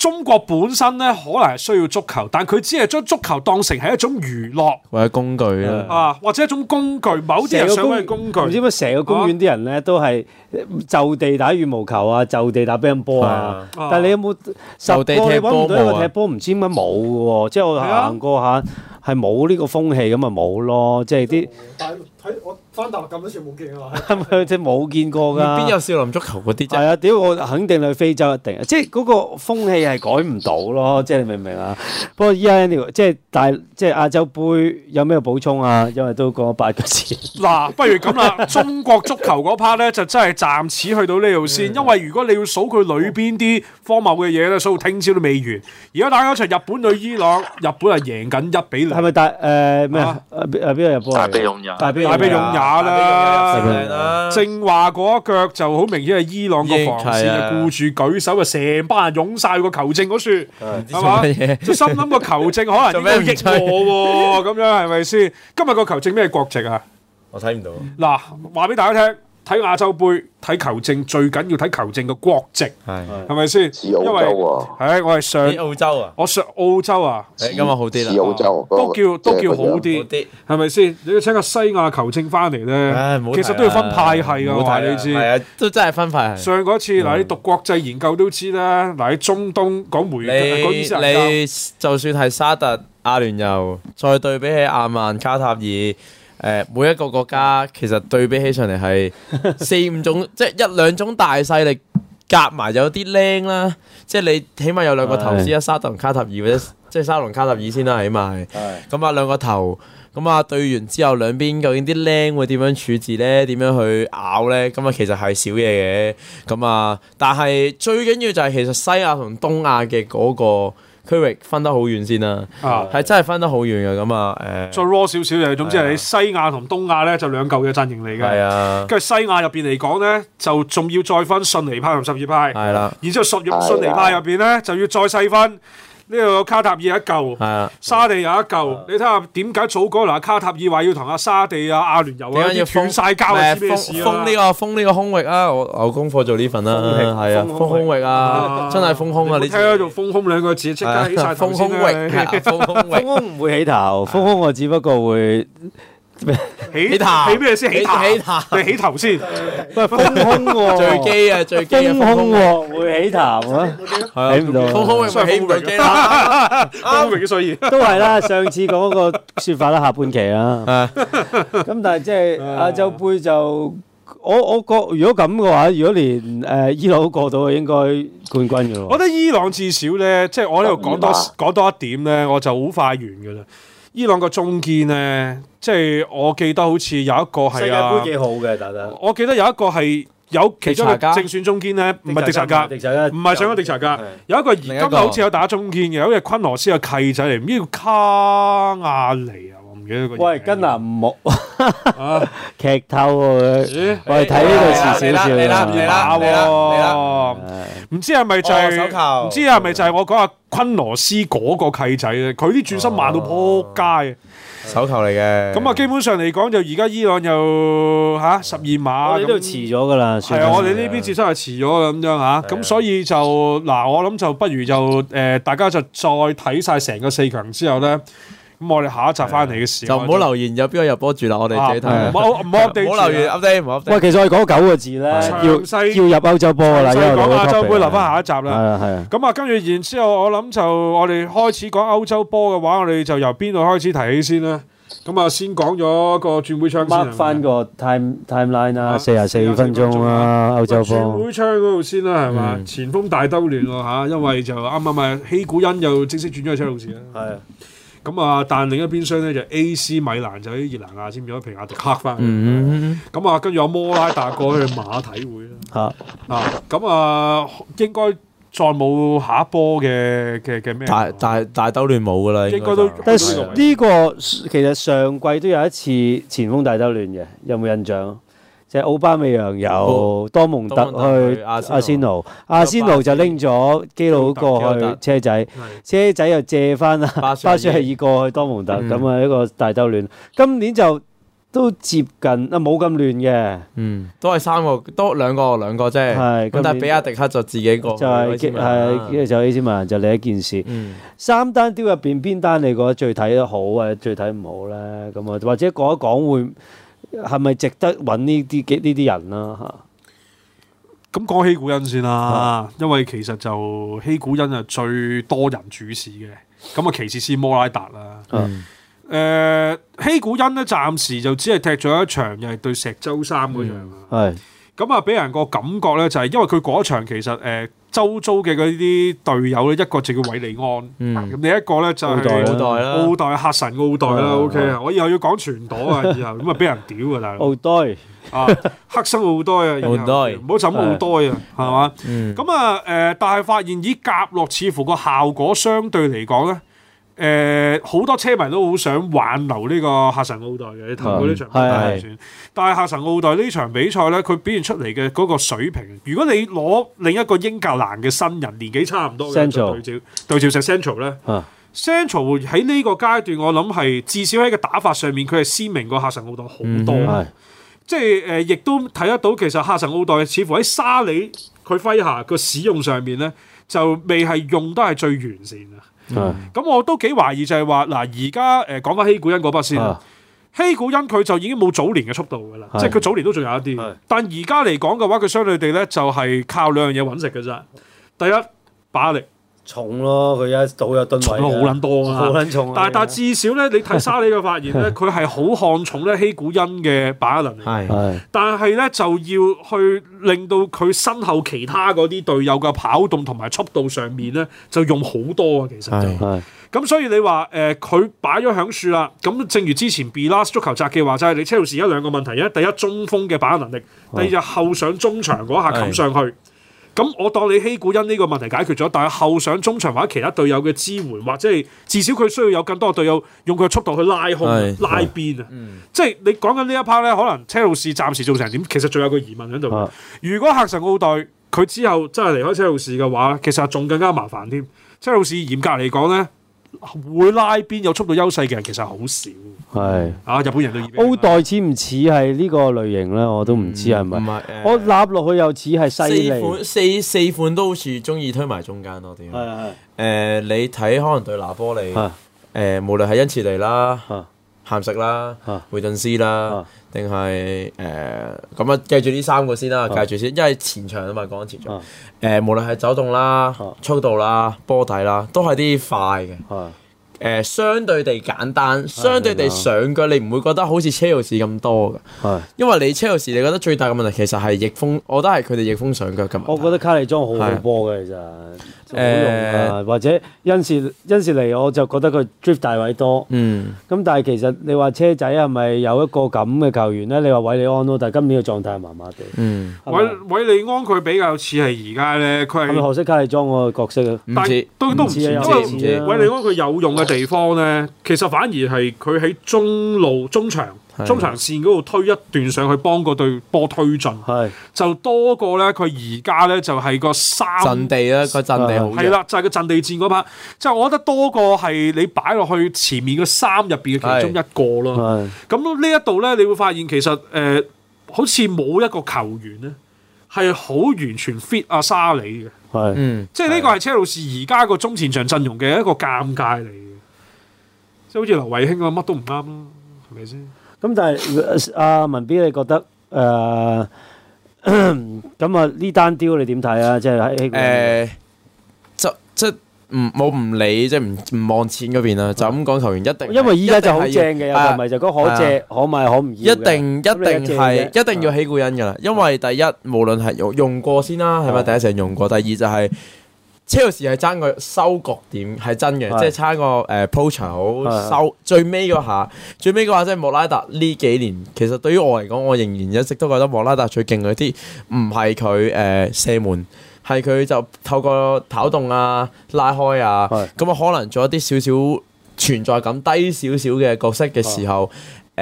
中國本身咧可能係需要足球，但佢只係將足球當成係一種娛樂或者工具啦。啊，或者一種工具。某啲人想佢工具，唔知點解成個公園啲人咧、啊、都係就地打羽毛球啊，就地打乒乓波啊。啊但係你有冇、啊啊？就地踢波，你揾唔到一個踢波，唔知點解冇嘅喎。即係我行過下，係冇呢個風氣，咁咪冇咯。即係啲。翻大陸咁多次冇見啊嘛，即係冇見過㗎。邊有少林足球嗰啲？係啊，屌我肯定去非洲一定，即係嗰個風氣係改唔到咯。即係你明唔明啊？不過依家呢即係大即係亞洲盃有咩補充啊？因為都過咗八個字。嗱，不如咁啦， 中國足球嗰 part 咧就真係暫時去到呢度先，因為如果你要數佢裏邊啲荒謬嘅嘢咧，數到聽朝都未完。而家打緊場日本對伊朗，日本係贏緊一比零。係咪大誒咩？誒誒邊個入波啊？日本日本大迫勇也。大迫勇也。啦、啊，正話嗰腳就好明顯係伊朗個防線，就顧住舉手，就成班人湧晒個球證嗰處，係嘛、啊？即係心諗個球證可能就呢度逆我咁、啊、樣，係咪先？今日個球證咩國籍啊？我睇唔到。嗱、啊，話俾大家聽。睇亞洲杯，睇球證最緊要睇球證嘅國籍，係咪先？因為，唉，我係上澳洲啊，我上澳洲啊，而家好啲啦，澳洲都叫都叫好啲，係咪先？你要請個西亞球證翻嚟咧，其實都要分派係噶，我話你知，都真係分派係。上嗰次嗱，你讀國際研究都知啦，嗱喺中東講梅，你你就算係沙特、阿聯酋，再對比起阿曼、卡塔爾。誒、呃，每一個國家其實對比起上嚟係四五種， 即係一兩種大勢力夾埋有啲僆啦，即係你起碼有兩個頭先啦，沙特同卡塔爾或者即係沙特同卡塔爾先啦，起碼係。咁啊兩個頭，咁、嗯、啊對完之後兩邊究竟啲僆會點樣處置咧？點樣去咬咧？咁啊其實係少嘢嘅，咁、嗯、啊但係最緊要就係其實西亞同東亞嘅嗰個。區域分得好遠先啦、啊，係、啊、真係分得好遠嘅咁啊！誒、呃，再 raw 少少就係總之係你西亞同東亞咧就是，兩嚿嘅陣營嚟嘅，係啊、哎呀！跟住西亞入邊嚟講咧，就仲要再分遜尼派同十二派，係啦、哎呀。然之後十二遜尼派入邊咧就要再細分。呢度有卡塔爾一嚿，沙地有一嚿。你睇下點解早嗰日卡塔爾話要同阿沙地啊、阿聯酋啊啲斷曬交係啲咩事咯？封呢個封呢個空域啊！我有功課做呢份啦。係啊，封空域啊，真係封空啊！你睇下，做封空兩個字，即刻起曬頭。封空域，封空唔會起頭，封空我只不過會。起壇起咩先？起壇你起頭先，唔係封胸喎，醉基啊，醉基封胸喎，會起壇啊？起唔到，封胸所以起唔到。阿榮所以都係啦，上次講嗰個說法啦，下半期啦。咁但係即係亞洲盃就，我我覺如果咁嘅話，如果連誒伊朗都過到，應該冠軍嘅咯。我覺得伊朗至少咧，即係我呢度講多講多一點咧，我就好快完嘅啦。呢兩個中堅咧，即係我記得好似有一個係世界杯幾好嘅，我記得有一個係有其中嘅正選中堅咧，唔係迪查格，唔係上咗迪查格，有一個而家好似有打中堅嘅，好似昆羅斯嘅契仔嚟，呢叫卡亞尼啊。喂，跟南木劇透佢，我哋睇呢度遲少少，十二碼，唔知係咪就唔知係咪就係我講阿昆羅斯嗰個契仔咧？佢啲轉身慢到撲街，手球嚟嘅。咁啊、嗯，基本上嚟講就而家伊朗又吓十二碼，呢度遲咗噶啦。係啊，哦、我哋呢邊轉身係遲咗咁樣吓。咁對所以就嗱，我諗就不如就誒，大家就再睇晒成個四強之後咧。咁我哋下一集翻嚟嘅時候就唔好留言，有邊個入波住啦？我哋自己睇。唔好唔好跌，唔好留言，唔好跌。喂，其實我哋講九個字咧，要要入歐洲波啦。因為講亞洲杯留翻下一集啦。咁啊，跟住然之後，我諗就我哋開始講歐洲波嘅話，我哋就由邊度開始提起先啦？咁啊，先講咗個轉會窗。mark 翻個 time timeline 啊，四啊四分鐘啊，歐洲波，轉會窗嗰度先啦，係嘛？前鋒大兜亂喎嚇，因為就啱啱咪希古恩又正式轉咗去車路士啦。係。咁啊！但另一邊廂咧就 AC 米蘭就喺熱拿亞簽咗一皮亞迪克返嚟。咁啊、嗯哼，跟住有摩拉達過去馬體會啦。啊，咁啊，應該再冇下一波嘅嘅嘅咩？大大大兜亂冇㗎喇，應該都。但呢個其實上季都有一次前鋒大兜亂嘅，有冇印象？即係奧巴美揚由多蒙特去阿阿仙奴，阿仙奴就拎咗基佬過去車仔，車仔又借翻啦，巴舒亞爾過去多蒙特，咁啊一個大兜亂。今年就都接近啊冇咁亂嘅，嗯，都係三個多兩個兩個啫，咁但係比阿迪克就自己過，就係基，係基就李志文就另一件事。三單挑入邊邊單你覺得最睇得好或者最睇唔好咧？咁啊或者講一講會。係咪值得揾呢啲呢啲人啦，啊？吓，咁講希古恩先啦，啊、因為其實就希古恩啊，最多人主事嘅。咁啊，其次係摩拉達啦，誒，希古恩咧，暫時就只係踢咗一場，又係對石洲三嗰場。係咁啊，俾人個感覺咧，就係因為佢嗰場其實誒。呃周遭嘅嗰啲隊友咧，一個就叫韋利安，咁另一個咧就係奧代啦，奧代、黑神、奧代啦，OK 啊，我以後要講全隊啊，以後咁啊俾人屌㗎喇。奧代啊，黑生奧代啊，奧代唔好諗奧代啊，係嘛？咁啊誒，但係發現以夾落，似乎個效果相對嚟講咧。誒好、呃、多車迷都好想挽留呢個客神奧代嘅，嗯、你睇過呢場面就、嗯、算。嗯、但係客神奧代呢場比賽咧，佢表現出嚟嘅嗰個水平，如果你攞另一個英格蘭嘅新人年紀差唔多嘅 Central, 對照，對照石 central 咧、啊，central 喺呢個階段我諗係至少喺個打法上面佢係鮮明過客神奧代好多。即係誒，亦、就是呃、都睇得到其實客神奧代似乎喺沙裏佢麾下個使用上面咧，就未係用得係最完善嘅。咁、嗯、是我都幾懷疑就係話嗱，而家誒講翻希古恩嗰筆先，是希古恩佢就已經冇早年嘅速度噶啦，是即係佢早年都仲有一啲，是但而家嚟講嘅話，佢相對地咧就係靠兩樣嘢搵食嘅啫，第一把力。重咯，佢一倒一蹲位，好撚多啊，好撚重。但係但係至少咧，你睇沙利嘅發現咧，佢係好看重咧希古恩嘅把握能力。係， 但係咧就要去令到佢身後其他嗰啲隊友嘅跑動同埋速度上面咧，就用好多啊。其實就咁、是 嗯嗯，所以你話誒，佢擺咗喺樹啦。咁正如之前 Blast 足球雜記嘅話，就係、是、你車路士而家兩個問題：，一第一中鋒嘅把握能力，第二後上中場嗰下冚上去。 咁我當你希古恩呢個問題解決咗，但係後上中場或者其他隊友嘅支援，或者係至少佢需要有更多嘅隊友用佢嘅速度去拉開，拉邊啊。即係你講緊呢一 part 咧，可能車路士暫時做成點，其實仲有個疑問喺度。啊，如果客神奧代佢之後真係離開車路士嘅話，其實仲更加麻煩添。車路士嚴格嚟講咧。會拉邊有速度優勢嘅人其實好少，係是啊，日本人都二。奧代似唔似係呢個類型咧？我都唔知係咪。唔係、嗯，呃、我攬落去又似係犀款四四,四款都好似中意推埋中間咯，多啲。點樣？係係。誒，你睇可能對拿波利，誒哈、呃，無論係恩賜嚟啦。探食啦，回震師啦，定係誒咁啊！呃、記住呢三個先啦，啊、記住先，因為前場啊嘛，講緊前場誒、啊呃，無論係走動啦、啊、速度啦、波底啦，都係啲快嘅。啊啊誒相對地簡單，相對地上腳你唔會覺得好似車路士咁多嘅，因為你車路士你覺得最大嘅問題其實係逆風，我覺得係佢哋逆風上腳嘅問題。我覺得卡利莊好波嘅其實，誒或者因士恩士嚟我就覺得佢 drift 大位多，咁但係其實你話車仔係咪有一個咁嘅球員呢？你話韋利安咯，但係今年嘅狀態係麻麻地。韋韋利安佢比較似係而家咧，佢係學識卡利莊個角色但唔都都唔似韋利安佢有用嘅。地方咧，其實反而係佢喺中路、中場、是的 中場線嗰度推一段上去幫個隊，幫嗰隊波推進，是的 就多過咧佢而家咧就係、是、個三陣地啦、啊，個陣地係啦，就係、是、個陣地戰嗰 part，即係我覺得多過係你擺落去前面個三入邊嘅其中一個咯。咁呢一度咧，你會發現其實誒、呃，好似冇一個球員咧係好完全 fit 阿沙里嘅，嗯，即係呢個係車路士而家個中前場陣容嘅一個尷尬嚟嘅。即係好似劉慧卿、嗯、啊，乜都唔啱咯，係咪先？咁但係阿文 B，你覺得誒咁啊呢單 deal 你點睇啊？即係喺誒，即即唔冇唔理，即係唔唔望錢嗰邊啦，嗯、就咁講。球員一定因為依家就好正嘅又唔係就講可借可賣可唔一定一定係、嗯、一定要起股欣㗎啦。因為第一無論係用用過先啦，係咪、嗯嗯？第一成用過，第二，第二就係、是。車路士係爭個收割點係真嘅，即係差個誒 p o s 好收的最尾嗰下。 最尾嗰下即係莫拉達呢幾年，其實對於我嚟講，我仍然一直都覺得莫拉達最勁嗰啲唔係佢誒射門，係佢就透過跑動啊、拉開啊，咁啊的可能做一啲少少存在感低少少嘅角色嘅時候。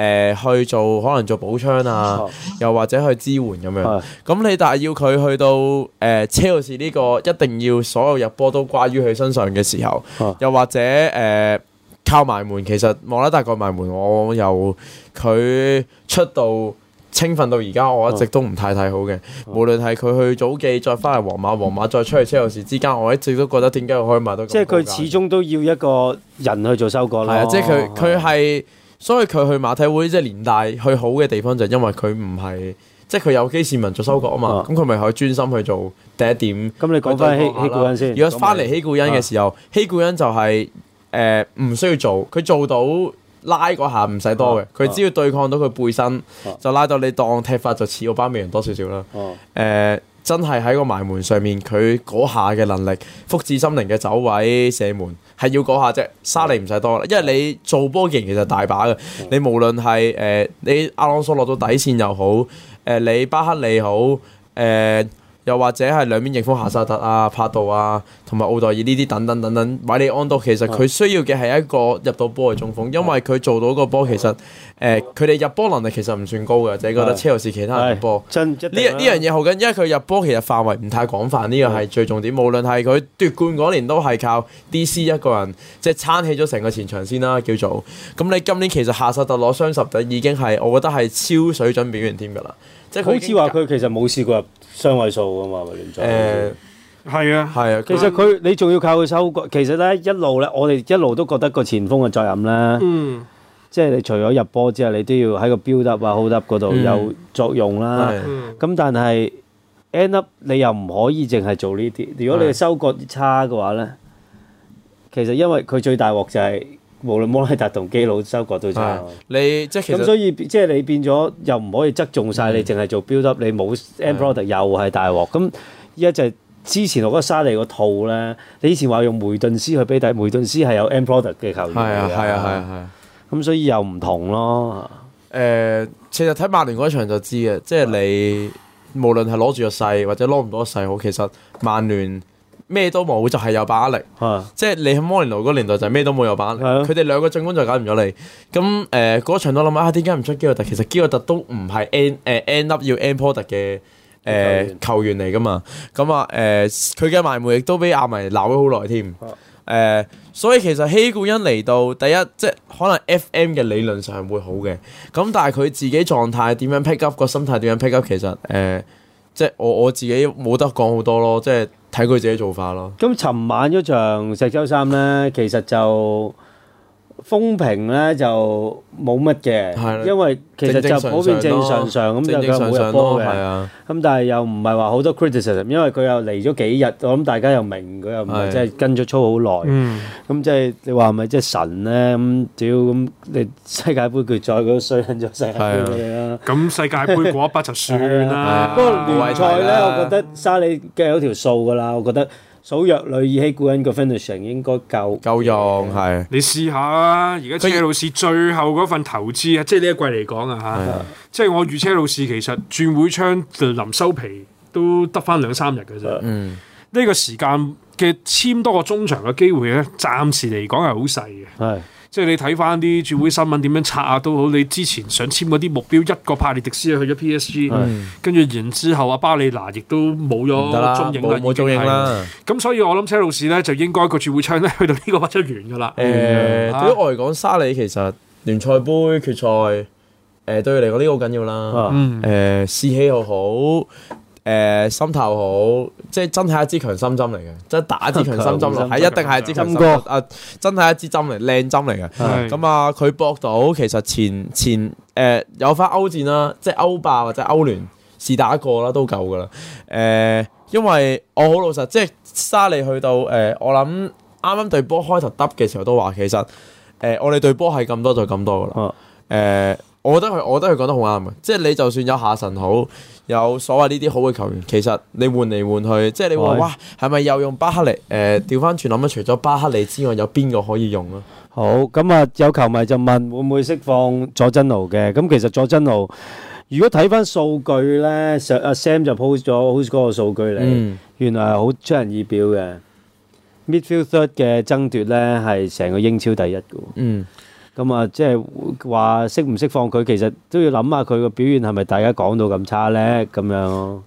誒、呃、去做可能做補槍啊，又或者去支援咁樣。咁、啊、你但係要佢去到誒、呃、車路士呢、這個一定要所有入波都掛於佢身上嘅時候，啊、又或者誒、呃、靠埋門。其實望啦，但係埋門，我由佢出道青訓到而家，我一直都唔太睇好嘅。啊、無論係佢去祖記再翻嚟皇馬，皇馬再出去車路士之間，我一直都覺得點解可以買到。即係佢始終都要一個人去做收割咯。即係佢佢係。所以佢去馬體會即係連帶去好嘅地方就係，因為佢唔係即係佢有基沙文做收割啊嘛，咁佢咪可以專心去做第一點。咁你講翻希希古恩先。如果翻嚟希古恩嘅時候，嗯、希古恩就係誒唔需要做，佢做到拉嗰下唔使多嘅，佢，嗯嗯、只要對抗到佢背身，嗯嗯、就拉到你當踢法就似奧巴美揚多少少啦。誒、嗯。嗯嗯嗯真係喺個埋門上面，佢嗰下嘅能力，福至心靈嘅走位射門，係要嗰下啫。沙利唔使多啦，因為你做波型其實大把嘅，你無論係誒、呃、你阿朗索落到底線又好，誒、呃、你巴克利好，誒、呃。又或者係兩邊翼鋒夏薩特啊、帕杜啊、同埋奧代爾呢啲等等等等，馬里安都其實佢需要嘅係一個入到波嘅中鋒，因為佢做到個波其實誒，佢、呃、哋、嗯、入波能力其實唔算高嘅，淨係、嗯、覺得車路士其他人入波呢呢樣嘢好緊，因為佢入波其實範圍唔太廣泛，呢、這個係最重點。無論係佢奪冠嗰年都係靠 D.C. 一個人即係撐起咗成個前場先啦，叫做咁。你今年其實夏薩特攞雙十的已經係我覺得係超水準表現添噶啦，即係好似話佢其實冇試過入。雙位數㗎嘛，咪連載。係啊的，係啊的。其實佢的你仲要靠佢收割。其實咧，一路咧，我哋一路都覺得個前鋒嘅責任啦。嗯，即係你除咗入波之後，你都要喺個 build up 啊、hold up 嗰度有作用啦。咁、嗯嗯、但係 end up 你又唔可以淨係做呢啲。如果你嘅收割啲差嘅話咧，的其實因為佢最大鑊就係、是，無論摩拉達同基魯收穫都差，你即係咁，所以即係你變咗又唔可以側重晒，嗯、你淨係做 build up，你冇 end product 又係大鑊。咁依家就之前落覺沙利個套咧，你以前話用梅頓斯去俾底，梅頓斯係有 end product 嘅球員嚟嘅，係啊係啊係啊，咁所以又唔同咯。誒、呃，其實睇曼聯嗰場就知嘅，即係你的無論係攞住個勢或者攞唔攞個勢，好其實曼聯。咩都冇就係、是、有把握力， 即係你喺摩連奴個年代就咩都冇有把握力。佢哋 兩個進攻就搞唔咗你。咁誒嗰場我諗下點解唔出基奧特？其實基奧特都唔係 end 誒、呃、end up 要 end product 嘅誒球員嚟噶嘛。咁啊誒佢嘅埋沒亦都俾阿迷鬧咗好耐添。誒、 呃、所以其實希古恩嚟到第一即係可能 F.M. 嘅理論上會好嘅。咁但係佢自己狀態點樣 pick up 個心態點樣 pick up 其實誒。呃即係我我自己冇得講好多咯，即係睇佢自己做法咯。咁尋晚嗰場石洲三咧，其實就～風評咧就冇乜嘅，因為其實就普遍正常上咁就佢冇入波嘅，咁但係又唔係話好多 criticism，因為佢又嚟咗幾日，我諗大家又明佢又唔係真係跟咗操好耐，咁即係你話係咪即係神咧咁屌咁你世界盃決賽佢都衰響咗世界盃嗰啲啦，咁世界盃過一筆就算啦，不過聯賽咧我覺得沙利梗係有條數㗎啦，我覺得。數弱旅以希故恩個 finishing 應該夠夠用，係。 你試下啊！而家車路士最後嗰份投資啊，即係呢一季嚟講啊，嚇的，即係我預車路士其實轉會窗臨收皮都得翻兩三日嘅啫。的嗯，呢個時間嘅簽多個中場嘅機會咧，暫時嚟講係好細嘅。係。即係你睇翻啲轉會新聞點樣拆啊都好，你之前想簽嗰啲目標一個帕列迪斯去咗 PSG，跟住然之後阿巴里拿亦都冇咗蹤影啦，咁所以我諗車路士呢就應該個轉會窗呢去到呢個屈出完㗎喇。誒、呃，嗯、對於我嚟講，沙里其實聯賽盃決賽，誒對佢嚟講呢個、嗯呃、好緊要啦，誒士氣又好。誒、呃，心頭好，即係真係一支強心針嚟嘅，即係打一支強心針咯，係呵一定係支針哥，誒，真係一支針嚟，靚針嚟嘅。咁是、嗯、啊，佢博到，其實前前誒、呃、有翻歐戰啦，即係歐霸或者歐聯試打過啦，都夠噶啦。誒、呃，因為我好老實，即係沙利去到誒、呃，我諗啱啱對波開頭耷嘅時候都話，其實誒、呃，我哋對波係咁多就咁多噶啦。誒、啊呃，我覺得佢，我覺得佢講得好啱啊，即係你就算有夏神好。有所謂呢啲好嘅球員，其實你換嚟換去，即係你話對哇，係咪又用巴克利？誒、呃，調翻轉諗一，除咗巴克利之外，有邊個可以用啊？ 好，咁啊，有球迷就問，會唔會釋放佐真奴嘅？咁其實佐真奴，如果睇翻數據咧，阿 Sam 就 post 咗好似 s t 嗰個數據嚟，嗯、原來係好出人意表嘅，midfield third 嘅爭奪咧係成個英超第一嘅喎。嗯咁啊，即係話識唔識放佢，其實都要諗下佢個表現係咪大家講到咁差咧，咁樣。誒、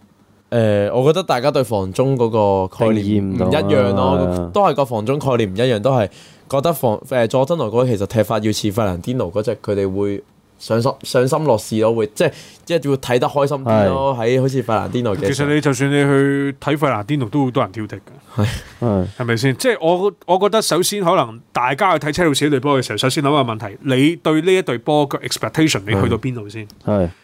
呃，我覺得大家對防中嗰個概念唔、啊、一樣咯、啊，是啊、都係個防中概念唔一樣，都係覺得防、呃、佐敦來講，其實踢法要似法蘭天奴嗰隻，佢哋會。上心上心落市咯，會即係即係要睇得開心啲咯。喺是好似費蘭迪奴，其實你就算你去睇費蘭迪奴都好多人挑剔嘅，係係咪先？是是 即係我我覺得首先可能大家去睇車路士呢隊波嘅時候，首先諗個問題：你對呢一隊波嘅 expectation 你去到邊度先？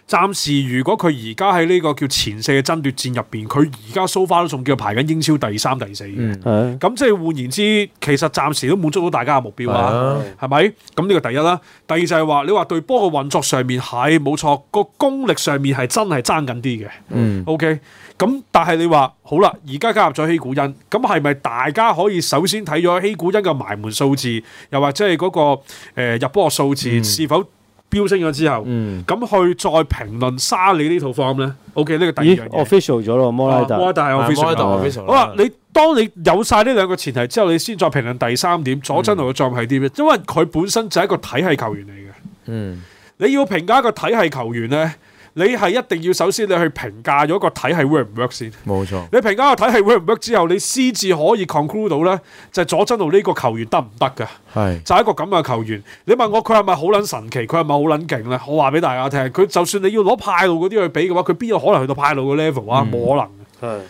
暫時如果佢而家喺呢個叫前四嘅爭奪戰入邊，佢而家 so far 都仲叫排緊英超第三、第四嘅，咁、嗯、即係換言之，其實暫時都滿足到大家嘅目標啊，係咪、嗯？咁呢個第一啦。第二就係話，你話對波嘅運作上面係冇錯，個功力上面係真係爭緊啲嘅。嗯、OK，咁但係你話好啦，而家加入咗希古恩，咁係咪大家可以首先睇咗希古恩嘅埋門數字，又或者係、那、嗰個、呃、入波數字、嗯、是否？飆升咗之後，咁、嗯、去再評論沙裏呢套方案咧。OK，呢個第二樣嘢。official 咗咯，莫拉特。哇、哦，但係我 official。哇，你當你有晒呢兩個前提之後，你先再評論第三點。佐真奴嘅作用係啲咩？因為佢本身就係一個體系球員嚟嘅。嗯，你要評價一個體系球員咧。你係一定要首先你去評價咗個體系 work 唔 work 先，冇錯。你評價個體系 work 唔 work 之後，你先至可以 conclude 到咧，就佐真奴呢個球員得唔得噶？係就係一個咁嘅球員。你問我佢係咪好撚神奇？佢係咪好撚勁咧？我話俾大家聽，佢就算你要攞派路嗰啲去比嘅話，佢邊有可能去到派路嘅 level 啊？冇可能。係。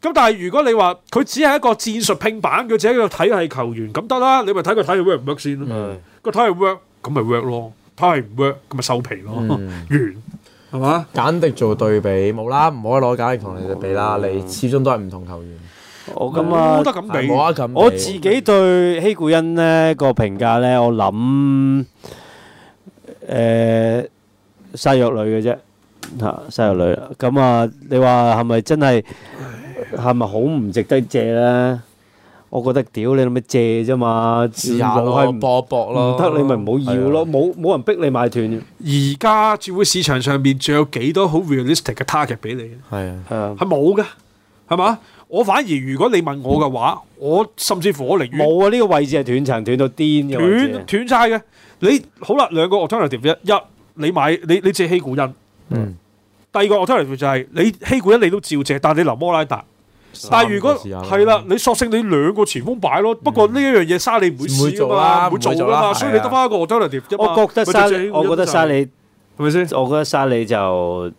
咁但係如果你話佢只係一個戰術拼板，佢只係一個體系球員，咁得啦。你咪睇佢睇係 work 唔 work 先咯。個體系 work，咁咪 work 咯。體系唔 work，咁咪收皮咯。完。係嘛？簡狄做對比冇啦，唔可以攞簡狄同你哋比啦。你始終都係唔同球員。我咁啊，冇得咁比。我自己對希古恩呢個評價呢，我諗誒西弱女嘅啫嚇西弱女。咁啊，你話係咪真係係咪好唔值得借呢？我覺得屌你諗咩借啫嘛，自由下搏搏咯，唔得你咪唔好要咯，冇冇、啊、人逼你買斷嘅。而家轉會市場上面仲有幾多好 realistic 嘅 target 俾你嘅？係啊，係啊，係冇嘅，係嘛？我反而如果你問我嘅話，嗯、我甚至乎我寧願冇啊！呢、呢個位置係斷層斷到癲嘅，斷斷晒嘅。你好啦，兩個 alternative 一，一你買你你借希古恩，嗯，第二個 alternative 就係、是、你，你希古恩你都照借，但你留摩拉達。但係如果係啦、啊，你索性你兩個前鋒擺咯。嗯、不過呢一樣嘢沙利唔會，會做啊，唔會做啦嘛。所以你得翻一個德羅熱碟。是的 我覺得沙利，我覺得沙利，係咪先？我覺得沙利就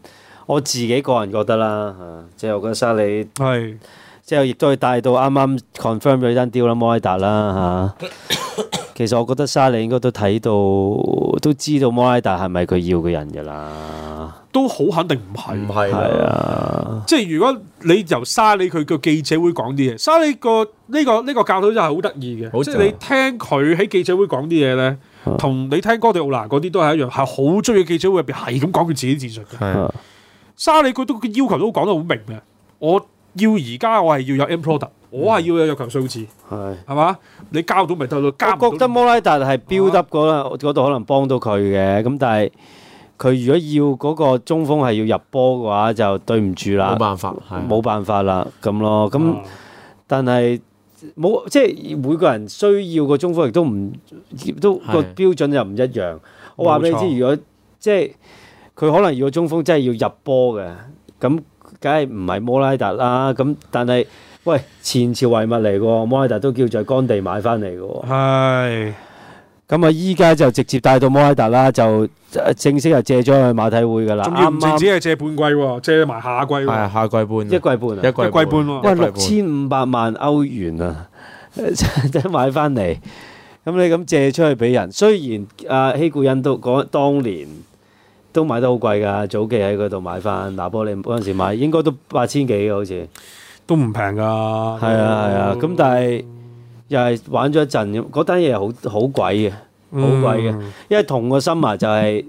我自己個人覺得啦嚇，即、就、係、是、我覺得沙利係，的即係亦都係帶到啱啱 confirm 咗呢單 deal 啦，摩埃達啦、啊、 其實我覺得沙利應該都睇到。都知道摩拉達係咪佢要嘅人噶啦，都好肯定唔係，唔係是是啊！即係如果你由沙利佢個記者會講啲嘢，沙利、這個呢個呢個教徒真係好得意嘅，即係你聽佢喺記者會講啲嘢咧，同、嗯、你聽哥迪奧拿嗰啲都係一樣，係好中意記者會入邊係咁講佢自己戰術嘅。嗯、沙利佢都要求都講得好明嘅，我。要而家我係要有 end product，我係要有入球數字，係係嘛？你交到咪得咯？交覺得摩拉達係 build up 嗰，嗰度可能幫到佢嘅，咁但係佢如果要嗰個中鋒係要入波嘅話，就對唔住啦，冇辦法，冇辦法啦咁咯。咁、啊、但係冇即係每個人需要個中鋒亦都唔都個是標準又唔一樣。錯我話俾你知，如果即係佢可能如果中鋒真係要入波嘅咁。梗係唔係摩拉達啦，咁但係喂前朝遺物嚟嘅，摩拉達都叫做係干地買翻嚟嘅。係的，咁啊依家就直接帶到摩拉達啦，就正式又借咗去馬體會噶啦。啱啱，只係借半季，借埋剛下季。係下季半，一季半啊，一季半喂，六千五百萬歐元啊，即 買翻嚟，咁你咁借出去俾人，雖然阿、啊、希古印度講當年。都買得好貴㗎，早期喺嗰度買翻，拿坡里嗰陣時買，應該都八千幾嘅好似，都唔平㗎。係啊係啊，咁、啊嗯、但係又係玩咗一陣，嗰單嘢好好貴嘅，好貴嘅，因為同個 summer 就係、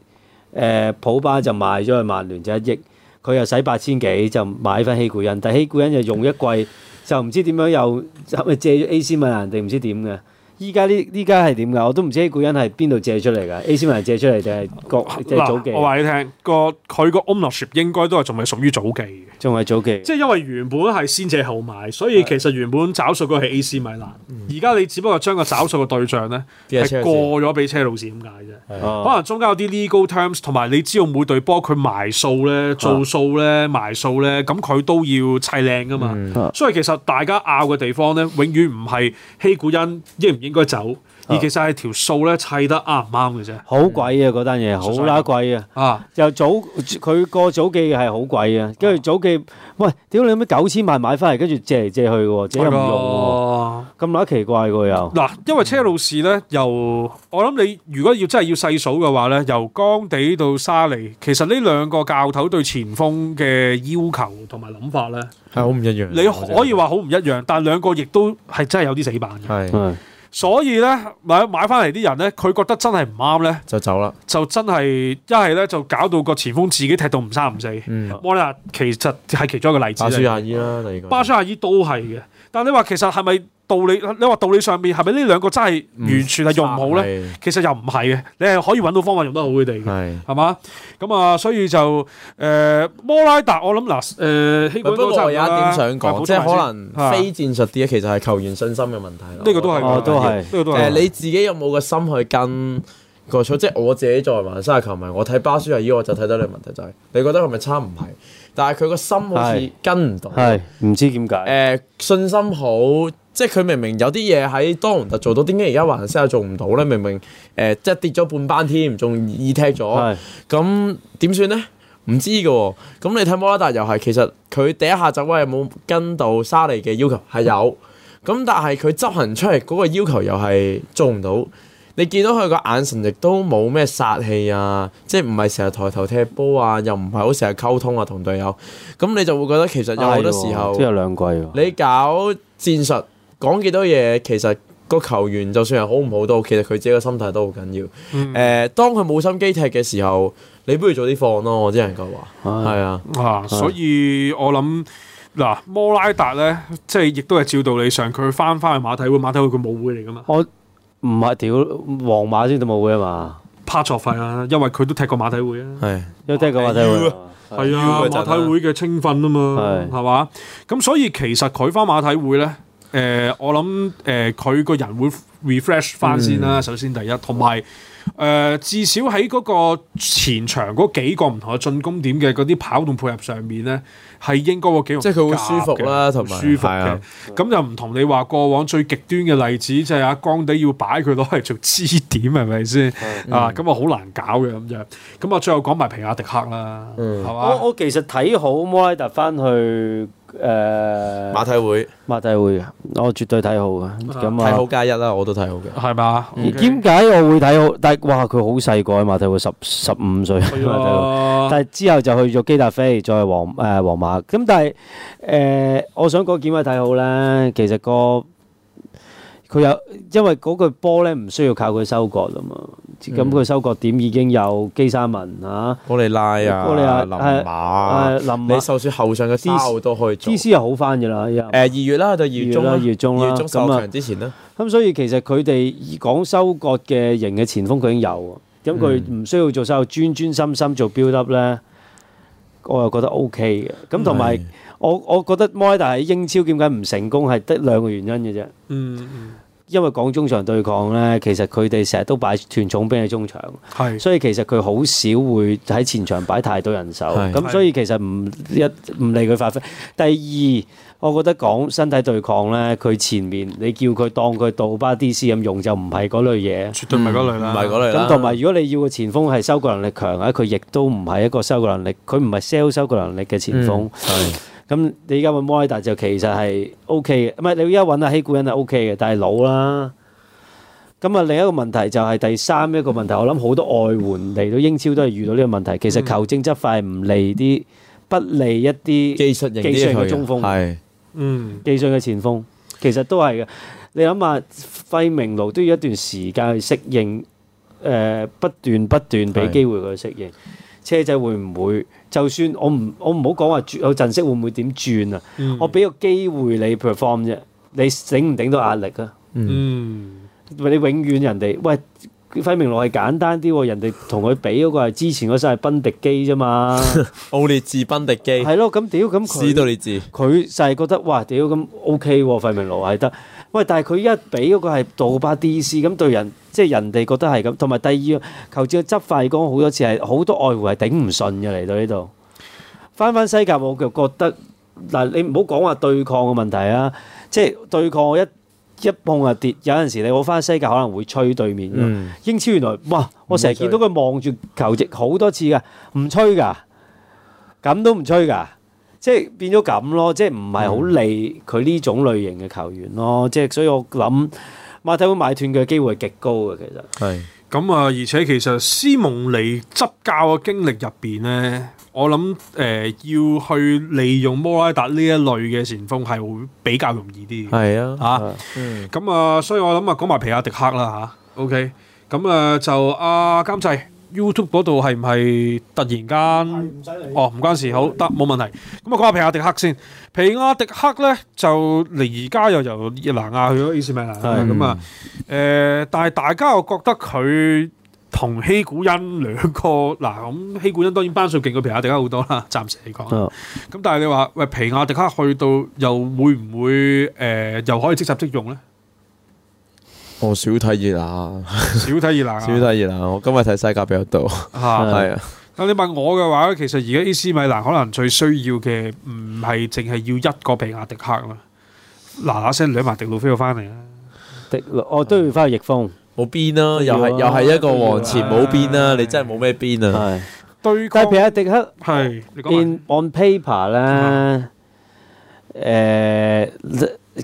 是、誒 普巴就賣咗去曼聯就一億，佢又使八千幾就買翻希古恩。但希古恩就用一季，就唔知點樣又借咗 A C 問人哋唔知點嘅。依家呢？依家係點㗎？我都唔知希古恩係邊度借出嚟㗎？AC 米蘭借出嚟定係國即係祖記？我話你聽，個佢個 ownership 應該都係仲係屬於祖記，仲係祖記。即係因為原本係先借後買，所以其實原本找數嗰個係 AC 米蘭。而家你只不過將個找數嘅對象咧，係過咗俾車路士點解啫？啊、可能中間有啲 legal terms 同埋，你知道每隊波佢埋數咧、做數咧、埋數咧，咁佢都要砌靚㗎嘛。嗯、所以其實大家拗嘅地方咧，永遠唔係希古恩應唔應。應該走，而其實係條數咧砌得啱唔啱嘅啫。好鬼啊！嗰單嘢好乸貴啊！啊，又早佢個早記係好鬼啊！跟住早記，喂，屌你有咩九千萬買翻嚟，跟住借嚟借去嘅喎，又唔、哎、呀用喎，咁乸奇怪喎又嗱，因為車路士咧，由我諗你如果要真係要細數嘅話咧，由江地到沙尼，其實呢兩個教頭對前鋒嘅要求同埋諗法咧係好唔一樣。你可以話好唔一樣，但係兩個亦都係真係有啲死板嘅。係是。所以咧買買翻嚟啲人咧，佢覺得真係唔啱咧，就走啦。就真係一係咧，就搞到個前鋒自己踢到唔三唔四。嗯，我哋話其實係其中一個例子啦、嗯嗯嗯。巴舒亞依啦，第二個巴舒亞依都係嘅。但你話其實係咪？道理你話道理上面，係咪呢兩個真係完全係用唔好咧？其實又唔係嘅，你係可以揾到方法用得好佢哋嘅，係嘛是？咁啊，所以就誒、呃、摩拉達，我諗嗱誒希不。不過我有一點想講，即係可能是、啊、非戰術啲，其實係球員信心嘅問題。呢個都係、啊，都係，誒、這個呃、你自己有冇個心去跟個即係我自己作為曼山嘅球迷，我睇巴舒亞伊，我就睇到你問題就係、是，你覺得係咪差唔係？但係佢個心好似跟唔到，係唔知點解？誒的、呃、信心好。即係佢明明有啲嘢喺多蒙特做到，點解而家華晨曦又做唔到咧？明明誒、呃，即係跌咗半班添，仲易踢咗，咁點是、嗯、算咧？唔知㗎、哦。咁、嗯、你睇摩拉達又係，其實佢第一下走位有冇跟到沙利嘅要求？係有。咁、嗯嗯、但係佢執行出嚟嗰、那個要求又係做唔到。你見到佢個眼神亦都冇咩殺氣啊，即係唔係成日抬頭踢波啊，又唔係好成日溝通啊同隊友。咁、嗯、你就會覺得其實有好多時候，哎、即係兩季。你搞戰術。講幾多嘢，其實個球員就算係好唔好都，其實佢自己個心態都好緊要。誒，嗯、當佢冇心機踢嘅時候，你不如早啲放咯。我只能夠話係啊。啊，所以我諗嗱、啊，摩拉達咧，即係亦都係照道理上，佢翻翻去馬體會馬體會佢舞會嚟噶嘛。我唔係，屌皇馬先到舞會啊嘛。part time 啊，因為佢都踢過馬體會啊。係的，因為踢過馬體會啊。係啊的，馬體會嘅青訓啊嘛，係嘛的。咁的所以其實佢翻馬體會咧。誒、呃，我諗誒，佢、呃、個人會 refresh 翻先啦。嗯、首先第一，同埋誒，至少喺嗰個前場嗰幾個唔同嘅進攻點嘅嗰啲跑動配合上面咧，係應該會幾好，即係佢會舒服啦，同埋舒服嘅。咁又唔同你話過往最極端嘅例子，就係阿江迪要擺佢攞嚟做支點，係咪先？嗯、啊，咁啊好難搞嘅咁樣。咁啊，最後講埋皮亞迪克啦。嗯、吧我我其實睇好摩拉達翻去。誒，呃、馬體會馬體會嘅，我絕對睇好嘅，咁、嗯、啊，睇好加一啦，我都睇好嘅，係嘛？okay. 點解我會睇好？但係哇，佢好細個喺馬體會、哎呦，十十五歲，但係之後就去咗基達菲，再去皇誒皇馬，咁但係誒、呃，我想講點解睇好咧？其實、那個。佢有，因為嗰個波咧唔需要靠佢收割啦嘛，咁佢收割點已經有基沙文嚇，波利拉啊，林馬，你受損後上嘅撕到去，撕撕又好翻嘅啦。誒二月啦，就二月中啦，二月中十場之前啦。咁所以其實佢哋講收割嘅型嘅前鋒佢已經有，咁佢唔需要做收，專專心心做 build up 咧，我又覺得 OK 嘅。咁同埋。我我覺得莫泰喺英超點解唔成功係得兩個原因嘅啫、嗯。嗯，因為講中場對抗咧，其實佢哋成日都擺斷重兵喺中場，係是，所以其實佢好少會喺前場擺太多人手，咁是所以其實唔一唔利佢發揮。第二，我覺得講身體對抗咧，佢前面你叫佢當佢倒巴 DC 咁用就唔係嗰類嘢，絕對唔係嗰類啦，唔係嗰類啦，咁同埋如果你要個前鋒係收球能力強嘅，佢亦都唔係一個收球能力，佢唔係 sell 收球能力嘅前鋒，係、嗯。 咁你依家揾摩拉達就其實係 O K 嘅，唔係你依家揾阿希古恩係 O K 嘅，但係老啦。咁啊，另一個問題就係第三一個問題，我諗好多外援嚟到英超都係遇到呢個問題。其實球證執法唔利啲，不利一啲技術型啲球員。技術嘅中鋒，嗯，技術嘅前鋒，其實都係嘅。你諗下，費明奴都要一段時間去適應，誒不斷不斷俾機會佢去適應。車仔會唔會？就算我唔我唔好講話轉有陣式會唔會點轉啊？嗯、我俾個機會你 perform 啫，你頂唔頂到壓力啊？嗯，你永遠人哋喂，費明羅係簡單啲，人哋同佢比嗰、嗰個係之前嗰首係賓迪基啫嘛， 奧列治賓迪基。係咯，咁屌咁佢，知道你佢就係覺得哇屌咁 OK 喎、啊，費明羅係得。喂，但係佢一家比嗰個係杜巴 DC，咁對人即係人哋覺得係咁，同埋第二球證執法好多次係好多外援係頂唔順嘅嚟到呢度。翻翻西甲，我就覺得嗱，你唔好講話對抗嘅問題啊，即係對抗我一一碰就跌。有陣時你我翻西甲可能會吹對面。英超、嗯、原來哇，我成日見到佢望住球證好多次嘅，唔吹噶，咁都唔吹噶。即係變咗咁咯，即係唔係好利佢呢種類型嘅球員咯，嗯、即係所以我諗馬體會買斷嘅機會係極高嘅，其實是。係。咁啊，而且其實斯蒙尼執教嘅經歷入邊咧，我諗誒、呃、要去利用摩拉達呢一類嘅前鋒係會比較容易啲。係啊。嚇、啊。咁啊、嗯，所以我諗啊，講埋皮亞迪克啦吓 OK。咁啊，okay? 就啊監製。監製 YouTube 嗰度係唔係突然間？哦，唔關事，對好得冇問題。咁啊，講下皮亞迪克先。皮亞迪克咧就嚟而家又由南亞去咗，AC 米蘭咁啊，誒的、嗯嗯，但係大家又覺得佢同希古恩兩個嗱，咁希古恩當然班數勁過皮亞迪克好多啦，暫時嚟講。咁、嗯、但係你話喂，皮亞迪克去到又會唔會誒、呃，又可以即插即用咧？我少睇熱蘭，少睇熱蘭，少睇熱蘭。我今日睇西甲比較多。係啊，咁你問我嘅話，其實而家 AC 米蘭可能最需要嘅唔係淨係要一個皮亞迪克嘛？嗱嗱聲攞埋迪路飛到翻嚟啊！迪，我都要翻去逆風。冇邊啦，又係又係一個黃前冇邊啦，你真係冇咩邊啊！對，但皮亞迪克係 on paper 啦。誒，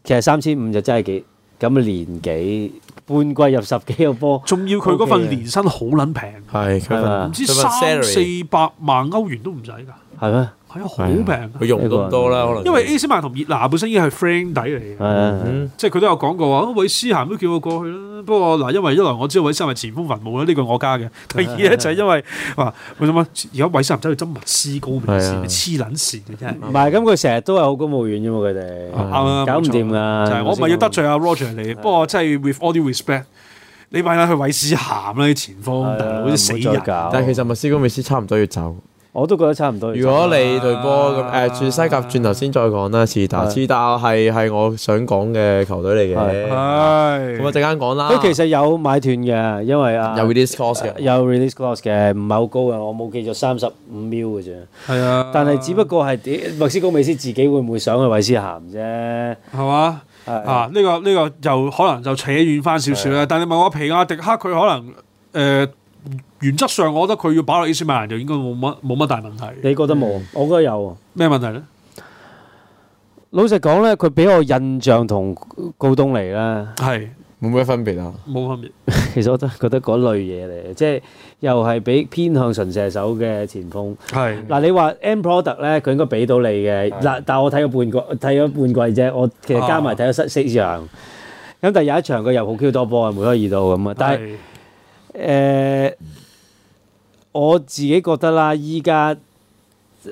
其實三千五就真係幾咁年紀。半季入十幾個波，仲要佢嗰份年薪好撚平，係佢唔知三四百萬歐元都唔使㗎，係咩？好平，佢用咁多啦，可能。因為 A.C. 麥同熱拿本身已經係 friend 底嚟嘅，即係佢都有講過話韋斯咸都叫佢過去啦。不過嗱，因為一來我知道韋斯咸係前鋒文武啦，呢個我加嘅。第二呢就係因為，哇，為什麼而家韋斯咸走去執麥斯高美斯黐撚線真係？唔係咁，佢成日都係好公務員啫嘛，佢哋。啱啊，搞唔掂噶。我唔係要得罪阿 Roger 你，不過真係 with all the respect，你問下去韋斯咸啦，前鋒好似死人。但其實麥斯高美斯差唔多要走。我都覺得差唔多。如果你隊波咁誒轉西甲轉頭先再講啦。斯達斯達係係我想講嘅球隊嚟嘅。咁我陣間講啦。佢其實有買斷嘅，因為啊有 release clause 嘅，有 release clause 嘅，唔係好高嘅。我冇記咗三十五秒嘅啫。係啊，但係只不過係點？墨西哥美斯自己會唔會想去韋斯咸啫？係嘛？啊，呢個呢個就可能就扯遠翻少少啦。但係問我皮亞迪克佢可能誒？原則上，我覺得佢要擺落伊斯曼就應該冇乜冇乜大問題。你覺得冇？嗯、我覺得有、啊。咩問題咧？老實講咧，佢俾我印象同高東尼啦，係冇咩分別啊，冇分別。 其實我都覺得嗰類嘢嚟嘅，即係又係俾偏向純射手嘅前鋒。係嗱，你話 M product 咧，佢應該俾到你嘅嗱，是 但係我睇咗半個睇咗半季啫，我其實加埋睇咗十十場，咁、啊、但係有一場佢入好 Q 多波啊，梅開二度咁啊，但係誒。呃呃我自己覺得啦，依家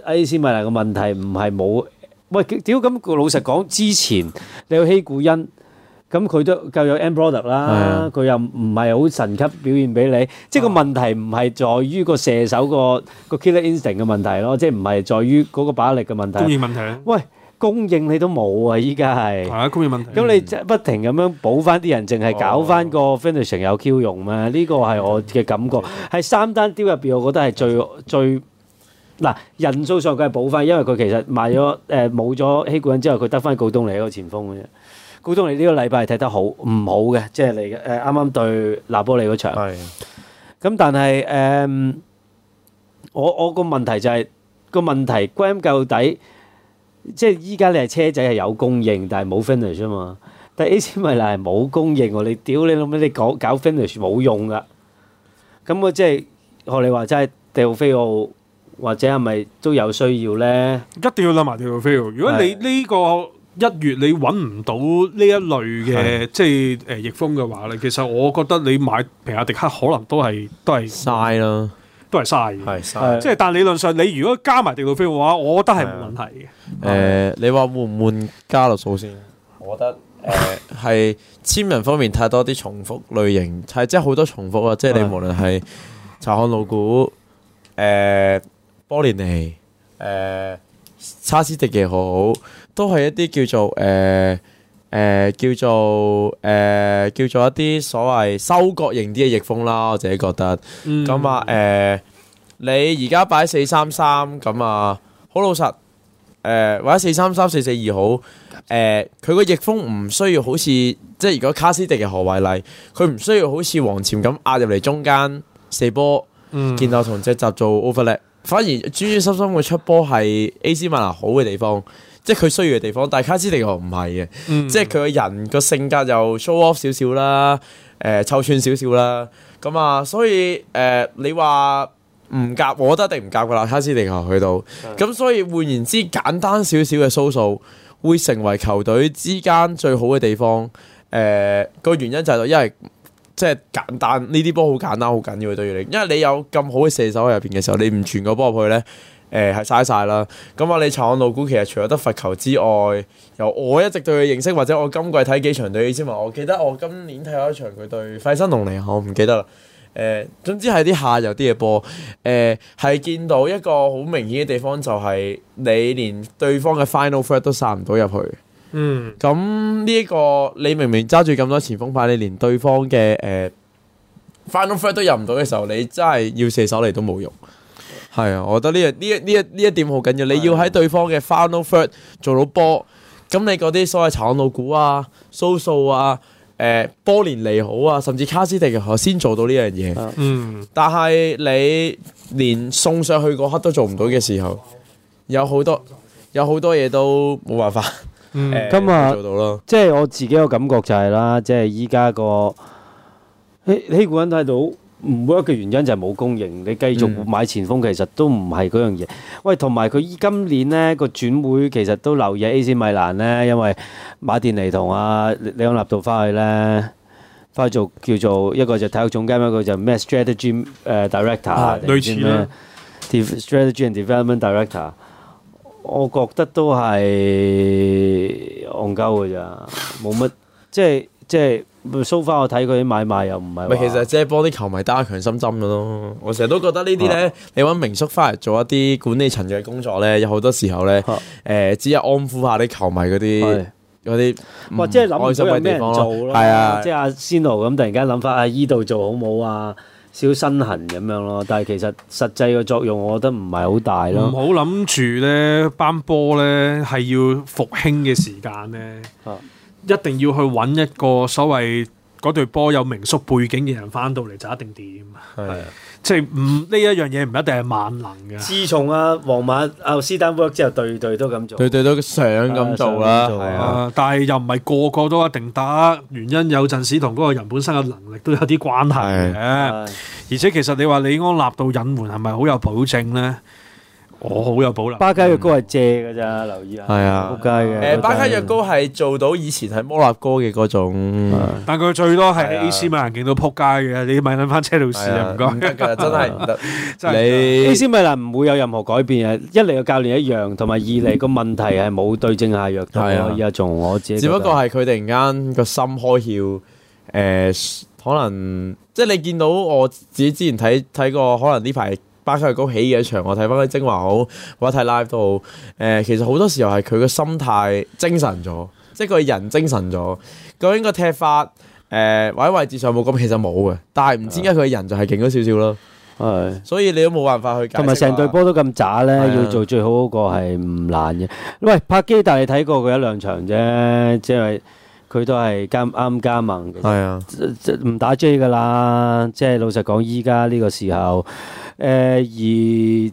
埃斯米娜個問題唔係冇喂，屌咁老實講，之前你有希古恩咁佢都夠有 end product 啦，佢又唔係好神級表現俾你，即係個問題唔係在於個射手、嗰個 killer instinct 嘅問題咯，即係唔係在於嗰個把握力嘅問題。故意問題啊！喂。供應你都冇啊！依家係係啊，供應問題。咁你不停咁樣補翻啲人，淨係搞翻個 finishing 有 Q 用咩？呢個係我嘅感覺。喺三單丟入邊，我覺得係最最嗱人數上計補翻，因為佢其實賣咗誒冇咗希古恩之後，佢得翻高東尼嗰個前鋒嘅啫。高東尼呢個禮拜係踢得好唔好嘅？即係你誒啱啱對納波利嗰場。咁但係誒，我我個問題就係個問題，歸根究底。即係依家你係車仔係有供應，但係冇 finish 啊嘛。但係 A 級米嚟係冇供應喎。你屌你老母，你搞，搞 finish 冇用噶。咁我即係學你話齋，迪奧菲奧或者係咪都有需要咧？一定要諗埋迪奧菲奧。如果你呢個一月你揾唔到呢一類嘅即係誒逆風嘅話咧，其實我覺得你買皮亞迪克可能都係都係嘥啦。都係嘥，係即係但理論上，的你如果加埋地道飛嘅話，我覺得係冇問題嘅。誒、呃，的你話換唔換加落數先？ 我覺得誒，係、呃、簽名方面太多啲重複類型，係即係好多重複啊！即係你無論係查漢老古，誒、呃，波連尼，誒、呃，差斯迪嘅好，都係一啲叫做誒。呃誒、呃，叫做誒、呃，叫做一啲所謂收割型啲嘅翼鋒啦，我自己覺得。咁、嗯、啊，誒、呃，你而家擺四三三，咁啊，好老實。誒、呃，或者四三三四四二好，誒、呃，佢個翼鋒唔需要好似，即係如果卡斯迪嘅何偉麗，佢唔需要好似黃潛咁壓入嚟中間射波，見到同謝集做 overlap，嗯、反而專專心心嘅出波係 AC 米蘭好嘅地方。即係佢需要嘅地方，但係卡斯帝球唔係嘅，嗯嗯，即係佢個人個性格就 show off 少少啦，誒、呃，臭串少少啦，咁啊，所以誒、呃，你話唔夾，我覺得一定唔夾噶啦，卡斯帝球去到，咁、嗯、所以換言之，簡單少少嘅蘇數會成為球隊之間最好嘅地方，誒、呃，個原因就係，因為即係簡單呢啲波好簡單，好緊要嘅對於你，因為你有咁好嘅射手喺入邊嘅時候，你唔傳個波入去咧。誒係晒曬啦！咁、欸嗯嗯、啊，你查我老古其實除咗得罰球之外，由我一直對佢認識，或者我今季睇幾場對，你知嘛？我記得我今年睇咗場佢對費辛奴嚟，我唔記得啦。誒、嗯，總之係啲下游啲嘢波。誒、嗯，係見到一個好明顯嘅地方就係你連對方嘅 final third 都殺唔到入去。嗯。咁呢一個你明明揸住咁多前鋒牌，你連對方嘅誒、呃、final third 都入唔到嘅時候，你真係要射手嚟都冇用。係啊，我覺得呢樣呢一呢一呢一點好緊要。啊、你要喺對方嘅 final third 做到波，咁你嗰啲所謂炒老股啊、蘇數啊、誒、呃、波連利好啊，甚至卡斯迪嘅時候先做到呢樣嘢。嗯、啊。但係你連送上去嗰刻都做唔到嘅時候，有好多有好多嘢，都冇辦法今日做到咯。即係我自己嘅感覺就係、是、啦，即係依家個希希古恩睇到，唔 work 嘅原因就係冇供應，你繼續買前鋒其實都唔係嗰樣嘢。喂，同埋佢依今年咧個轉會其實都留意 AC 米蘭咧，因為馬甸尼同阿李安納度翻去咧，翻去做叫做一個就體育總監，一個就咩 strategy 誒 director 啊，類似咧 strategy and development director。我覺得都係戇鳩嘅咋，冇乜即係即係。so far，我睇佢啲買賣又唔係。咪其實即係幫啲球迷打強心針㗎咯。我成日都覺得呢啲咧，啊、你揾名宿翻嚟做一啲管理層嘅工作咧，有好多時候咧，誒、啊呃，只係安撫下啲球迷嗰啲嗰啲，哇的，即係諗住有咩做咯。係啊，即係阿仙奴 n 咁突然間諗返，啊，依度做好冇啊，小身痕咁樣咯。但係其實實際嘅作用，我覺得唔係好大咯。唔好諗住咧，班波咧係要復興嘅時間咧。啊一定要去揾一個所謂嗰隊波有名宿背景嘅人翻到嚟就一定掂？係、啊、即係唔呢一樣嘢唔一定係萬能嘅。自從阿、啊、皇馬阿、啊、斯丹沃之後，對對，對都咁做，對，對對都想咁做啦、啊，啊、但係又唔係個個都一定得，原因有陣時同嗰個人本身嘅能力都有啲關係嘅。啊啊、而且其實你話李安納到隱瞞係咪好有保證呢？我好有保留，巴卡約高係借嘅咋，留意下。係啊，撲街嘅。誒，巴卡約高係做到以前係摩納哥嘅嗰種，但佢最多係喺 AC 米蘭見到撲街嘅，你咪揾翻車路士啊，唔該。唔得噶，真係唔得。真係。AC 米蘭唔會有任何改變嘅，一嚟個教練一樣，同埋二嚟個問題係冇對症下藥。係啊。而家仲我自己。只不過係佢突然間個心開竅，誒，可能即係你見到我自己之前睇睇過，可能呢排。巴球高起嘅場，我睇翻啲精華好，或者睇 live 都好。誒、呃，其實好多時候係佢個心態精神咗，即係個人精神咗。究竟個踢法誒、呃，或者位置上冇咁，其實冇嘅。但係唔知點解佢人就係勁咗少少咯。係、嗯，所以你都冇辦法去。搞。同埋成隊波都咁渣咧，要做最好嗰個係唔難嘅。喂，柏基達你睇過佢一兩場啫，即、就、係、是。佢都係啱啱加盟嘅，係啊，唔 打 J 噶啦，即係老實講，依家呢個時候，誒、呃、而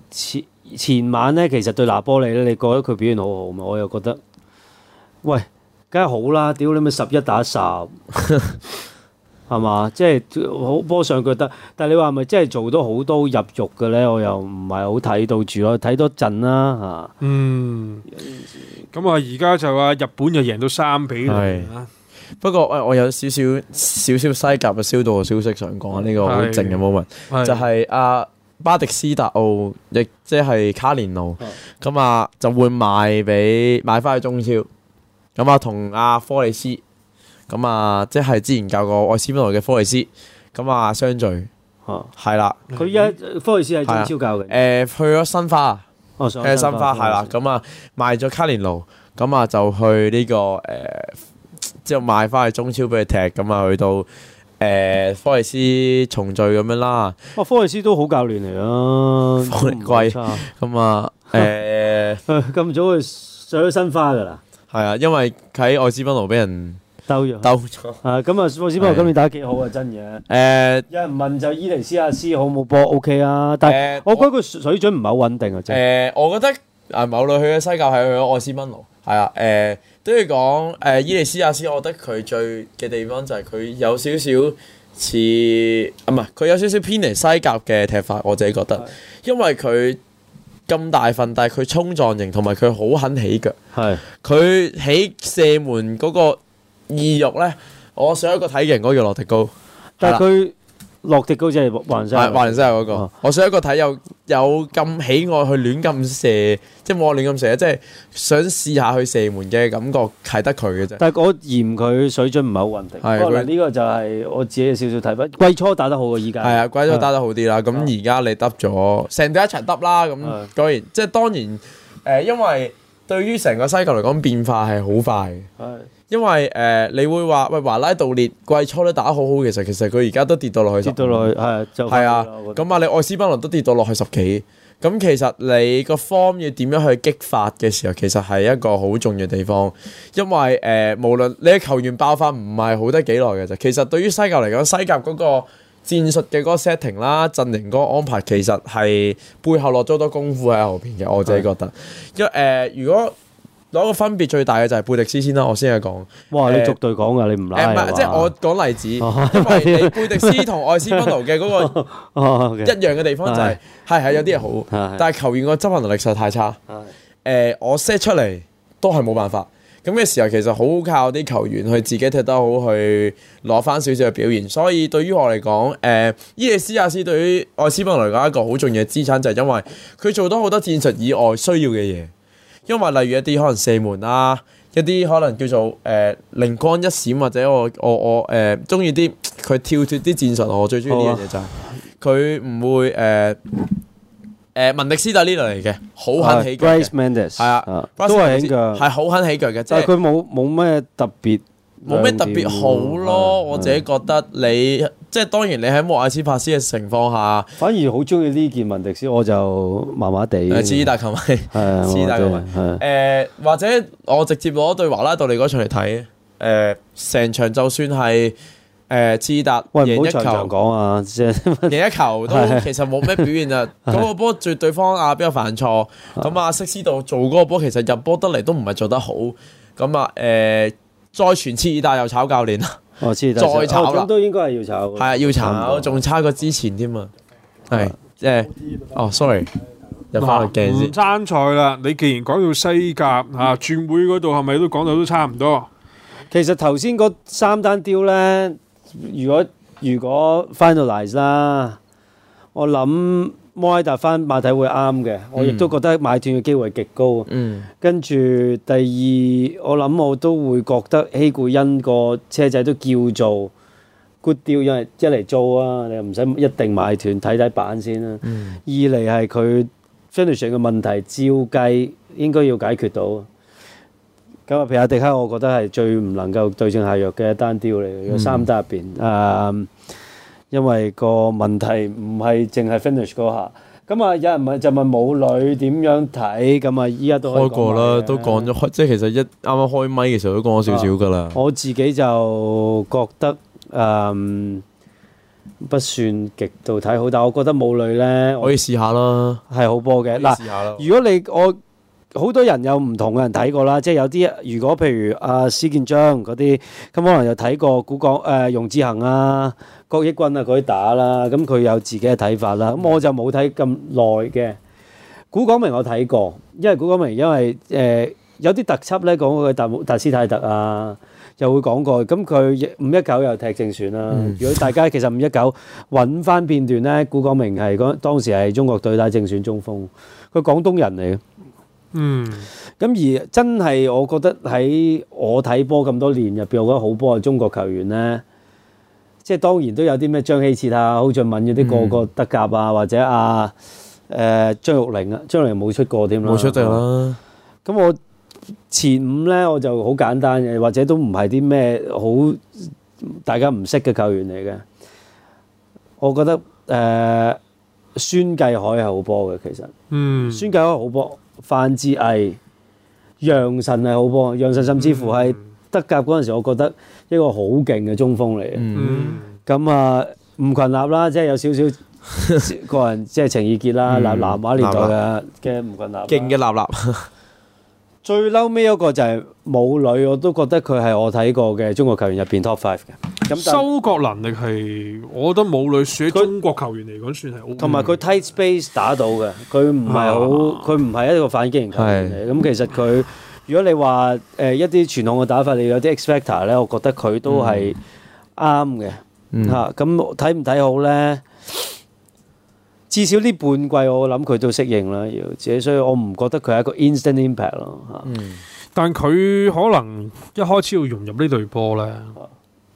前前晚咧，其實對拿波利咧，你覺得佢表現好好嘛？我又覺得，喂，梗係好啦，屌你咪十一打十。 係嘛？即係好波上覺得，但係你話咪真係做到好多入肉嘅咧？我又唔係好睇到住咯，睇多陣啦嚇。嗯，咁啊，而家、嗯、就話日本就贏到三比零是吧不過誒，我有少少少少西甲嘅消到嘅消息想講，呢、這個好靜嘅 moment 就係、是、阿、啊、巴迪斯達奧亦即係卡連奴咁是啊，啊，就會賣俾買翻去中超。咁啊，同阿、啊、科利斯。咁啊，即係之前教過愛斯賓羅嘅科瑞斯，咁啊相聚，啊係啦。佢依家科瑞斯係中超教嘅，誒去咗申花，上咗申花係啦。咁啊賣咗卡連奴，咁啊就去呢個誒，即係賣翻去中超俾佢踢，咁啊去到誒科瑞斯重聚咁樣啦。哦，科瑞斯都好教練嚟啦，貴咁啊。誒，咁早去上咗申花噶啦，係啊，因為喺愛斯賓羅俾人。兜咗，兜咗。鬥了啊，咁、嗯、啊，奧斯本羅今年打得幾好啊，真嘢、嗯。誒、欸，有人問就伊尼斯亞斯好冇波 o、OK、K 啊，欸、但係我覺得佢我水準唔係好穩定啊。誒、欸，我覺得某啊，冇理去咗西甲，係去咗愛斯賓奴。係啊，誒，都要講誒、欸，伊尼斯亞斯，我覺得佢最嘅地方就係佢有少少似唔係，佢、啊、有少少偏離西甲嘅踢法，我自己覺得，的因為佢咁大份，但係佢衝撞型，同埋佢好肯起腳，係的，佢喺射門嗰、那個。意欲咧，我上一個睇嘅人叫洛迪高，但係佢洛迪高即係華連生，華連生係嗰個。我上一個睇有有咁喜愛去亂咁射，即係冇話亂咁射啊，即係想試下去射門嘅感覺係得佢嘅啫。但係我嫌佢水準唔係好穩定。係，不過嚟呢個就係我自己嘅少少睇法。季初打得好過而家，係啊，季初打得好啲啦。咁而家你揼咗，成隊一齊揼啦。咁當然，即係當然，誒，因為對於成個西球嚟講，變化係好快嘅。係。因為誒、呃、你會話喂華拉道列季初都打得好好，其實其實佢而家都跌到落去、去。啊、跌到落去係啊，咁啊你愛斯賓奴都跌到落去十幾，咁、嗯、其實你個 form 要點樣去激發嘅時候，其實係一個好重要地方。因為誒、呃、無論你嘅球員爆發唔係好得幾耐嘅啫，其實對於西甲嚟講，西甲嗰個戰術嘅嗰個 setting 啦，陣型嗰個安排，其實係背後落咗好多功夫喺後邊嘅。我自己覺得，的因誒、呃、如果。如果攞個分別最大嘅就係貝迪斯先啦，我先係講。哇，你逐對講㗎，你唔賴即係我講例子、哦，因為你貝迪斯同愛斯賓奴嘅嗰個、哦哦 okay. 一樣嘅地方就係、是，係係有啲嘢好，但係球員個執行能力實在太差。誒的、呃，我 set 出嚟都係冇辦法。咁嘅的時候其實好靠啲球員去自己踢得好，去攞翻少少嘅表現。所以對於我嚟講，誒、呃，伊利斯亞斯對於愛斯賓奴嚟講一個好重要嘅資產就係、是、因為佢做到好多戰術以外需要嘅嘢。因為例如一啲可能射門啦、啊，一啲可能叫做誒靈、呃、光一閃，或者我我我誒中意啲佢跳脱啲戰術，我最中意呢樣嘢就係佢唔會誒誒、呃呃、文力斯特呢類嚟嘅，好肯起嘅，係啊，都係呢個係好肯起腳嘅，但係佢冇冇咩特別，冇咩特別好咯，我自己覺得你。即係當然你喺莫阿斯帕斯嘅情況下，反而好中意呢件文迪斯，我就麻麻地。阿次達球迷，次達球迷，誒或者我直接攞對華拉道利嗰場嚟睇，誒、呃、成場就算係誒次達贏一球，講啊，贏一球都其實冇咩表現啊。嗰個波住對方阿邊個犯錯，咁阿瑟斯道做嗰個波，其實入波得嚟都唔係做得好。咁啊，誒、呃、再傳次達又炒教練啦。 哦、再炒咁都、哦、應該係要炒嘅、嗰個。係啊，要炒，仲、啊、差過之前添啊。係、啊，即係、啊，哦，sorry，又返嚟鏡先。爭賽啦，你既然講到西甲嚇、嗯啊、轉會嗰度，係咪都講到都差唔多？其實頭先嗰三單 deal 咧，如果如果 finalize 啦，我諗。摩凱達翻馬體會啱嘅，我亦都覺得買斷嘅機會係極高。嗯、跟住第二，我諗我都會覺得希古因個車仔都叫做 good deal，因為一嚟做啊，你又唔使一定買斷，睇睇版先啦。嗯、二嚟係佢 finish 嘅問題，照計應該要解決到。咁啊，皮亞迪克，我覺得係最唔能夠對症下藥嘅一單 deal 嚟嘅，有、嗯、三單入邊啊。呃因為個問題唔係淨係 finish 嗰下，咁啊有人問就問母女點樣睇，咁啊依家都開過啦，都講咗開，即係其實一啱啱開麥嘅時候都講咗少少噶啦。我自己就覺得誒、嗯、不算極度睇好，但係我覺得母女咧可以試下啦，係好波嘅嗱。試下啦！如果你我。好多人有唔同嘅人睇過啦，即係有啲，如果譬如阿施建章嗰啲咁，可能就睇過古廣，誒、容志行啊、郭益軍啊嗰啲打啦，咁佢有自己嘅睇法啦，咁我就冇睇咁耐嘅嗯，咁而真係，我覺得喺我睇波咁多年入邊，我覺得好波嘅中國球員咧，即係當然都有啲咩張稀哲啊、蒿俊閔嗰啲個個德甲啊，或者啊誒張玉寧啊，張玉寧冇出過添啦，冇出定啦。咁、嗯、我前五咧，我就好簡單嘅，或者都唔係啲咩好大家唔識嘅球員嚟嘅。我覺得誒、呃、孫繼海係好波嘅，其實，嗯，孫繼海好波。范志毅、楊晨係好噃，楊晨甚至乎係德甲嗰陣時，我覺得一個好勁嘅中鋒嚟嘅。咁啊，吳群立啦，即係有少少個人 即係情意結啦。嗱、嗯，南華年代嘅嘅吳群立，勁嘅立立。 最嬲尾一個就係武磊，我都覺得佢係我睇過嘅中國球員入邊 top five 嘅。但收角能力係，我覺得武磊算中國球員嚟講算係 O。同埋佢 tight space 打到嘅，佢唔係好，佢唔係一個反擊型球員嘅。咁是其實佢，如果你話誒、呃、一啲傳統嘅打法，你有啲 expecter 咧，actor，我覺得佢都係啱嘅。嚇、嗯，咁睇唔睇好咧？至少呢半季我諗佢都適應啦，要，自己。所以我唔覺得佢係一個 instant impact 咯嚇。嗯，但佢可能一開始要融入呢隊波咧。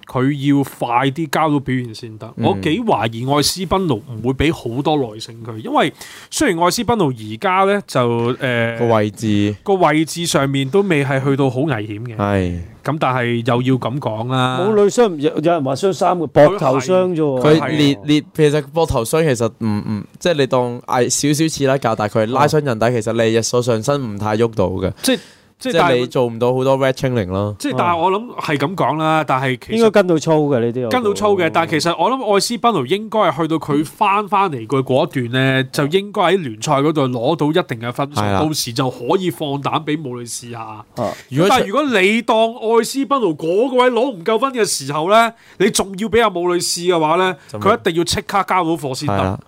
佢要快啲交到表現先得，我幾懷疑愛斯賓奴唔會俾好多耐性佢，因為雖然愛斯賓奴而家咧就誒、呃、個位置個位置上面都未係去到好危險嘅，係咁但係又要咁講啦，冇女傷，有有人話傷三個膊頭傷啫，佢裂裂其實膊頭傷其實唔唔即係你當矮少少似啦，較大佢係拉傷人底，哦、其實你日數上身唔太喐到嘅。即係你做唔到好多 red training 咯。即係但係我諗係咁講啦，但係應該跟到操嘅呢啲，跟到操嘅。但係其實我諗愛斯賓奴應該係去到佢翻翻嚟，佢嗰段咧，就應該喺聯賽嗰度攞到一定嘅分數，到時就可以放膽俾武磊試下。但係如果你當愛斯賓奴嗰個位攞唔夠分嘅時候咧，你仲要俾阿武磊試嘅話咧，佢一定要即刻交到貨先得。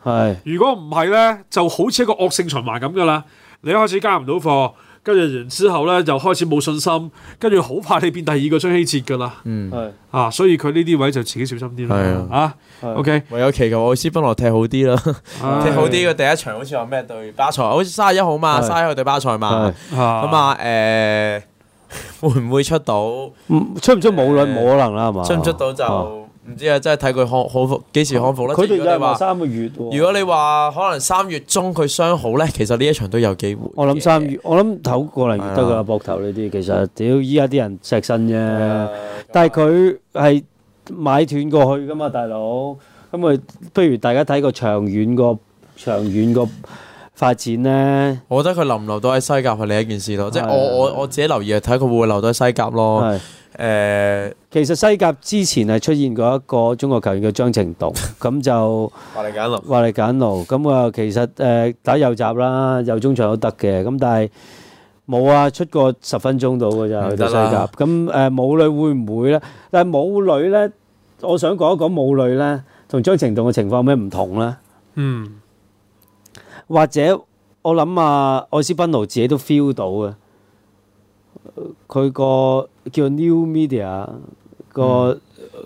如果唔係咧，就好似一個惡性循環咁噶啦。你一開始交唔到貨。跟住然之後咧，就開始冇信心，跟住好怕你變第二個張希哲噶啦。嗯，啊，所以佢呢啲位就自己小心啲啦。係啊，OK，唯有祈求愛斯芬羅踢好啲啦，哎、踢好啲。嘅第一場好似話咩對巴塞，好似卅一號嘛，卅一號對巴塞嘛。咁是啊，啊，誒、啊啊，會唔會出到？嗯、出唔出冇論，冇可能啦，係嘛？出唔出到就～、啊啊唔知啊，真係睇佢康好復幾時康復啦。佢哋又話三個月、哦。如果你話可能三月中佢傷好呢，其實呢一場都有機會。我諗三個月，是的 我諗唞過嚟都得嘅。膊頭呢啲，其實屌依家啲人錫身啫。但係佢係買斷過去噶嘛，大佬。咁啊，不如大家睇個長遠個，長遠個。 發展咧，我覺得佢留唔留到喺西甲係另一件事咯。即係我我我自己留意啊，睇佢會唔會留到喺西甲咯。誒，其實西甲之前係出現過一個中國球員叫張呈棟，咁就華利簡奴，華利簡奴。咁啊，其實誒打右閘啦，右中場都得嘅。咁但係冇啊，出過十分鐘到㗎咋去到西甲。咁誒，武磊會唔會咧？但係武磊咧，我想講一講武磊咧，同張呈棟嘅情況有咩唔同咧？嗯。或者我諗啊，愛斯賓奴自己都 feel 到嘅，佢、呃、個叫 new media 個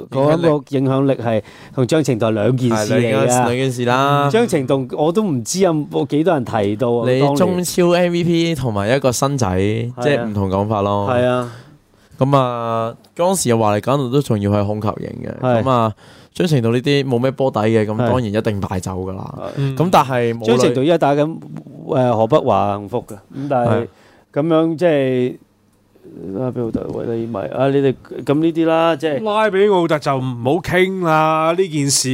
嗰個影響力係同張呈棟兩件事嚟嘅。兩件事啦。張呈棟我都唔知有冇幾多人提到你中超 MVP 同埋一個新仔，即係唔同講法咯。係啊。咁啊，嗰陣時又話你講到都仲要去控球型嘅。咁啊。張成道呢啲冇咩波底嘅，咁的當然一定敗走噶啦。咁、嗯、但係張成道依家打緊誒河北華幸福嘅，咁、呃、但係咁是的 樣即、就、係、是、拉比奧特，為你買啊你哋咁呢啲啦，即、就、係、是、拉比奧特就唔好傾啦呢件事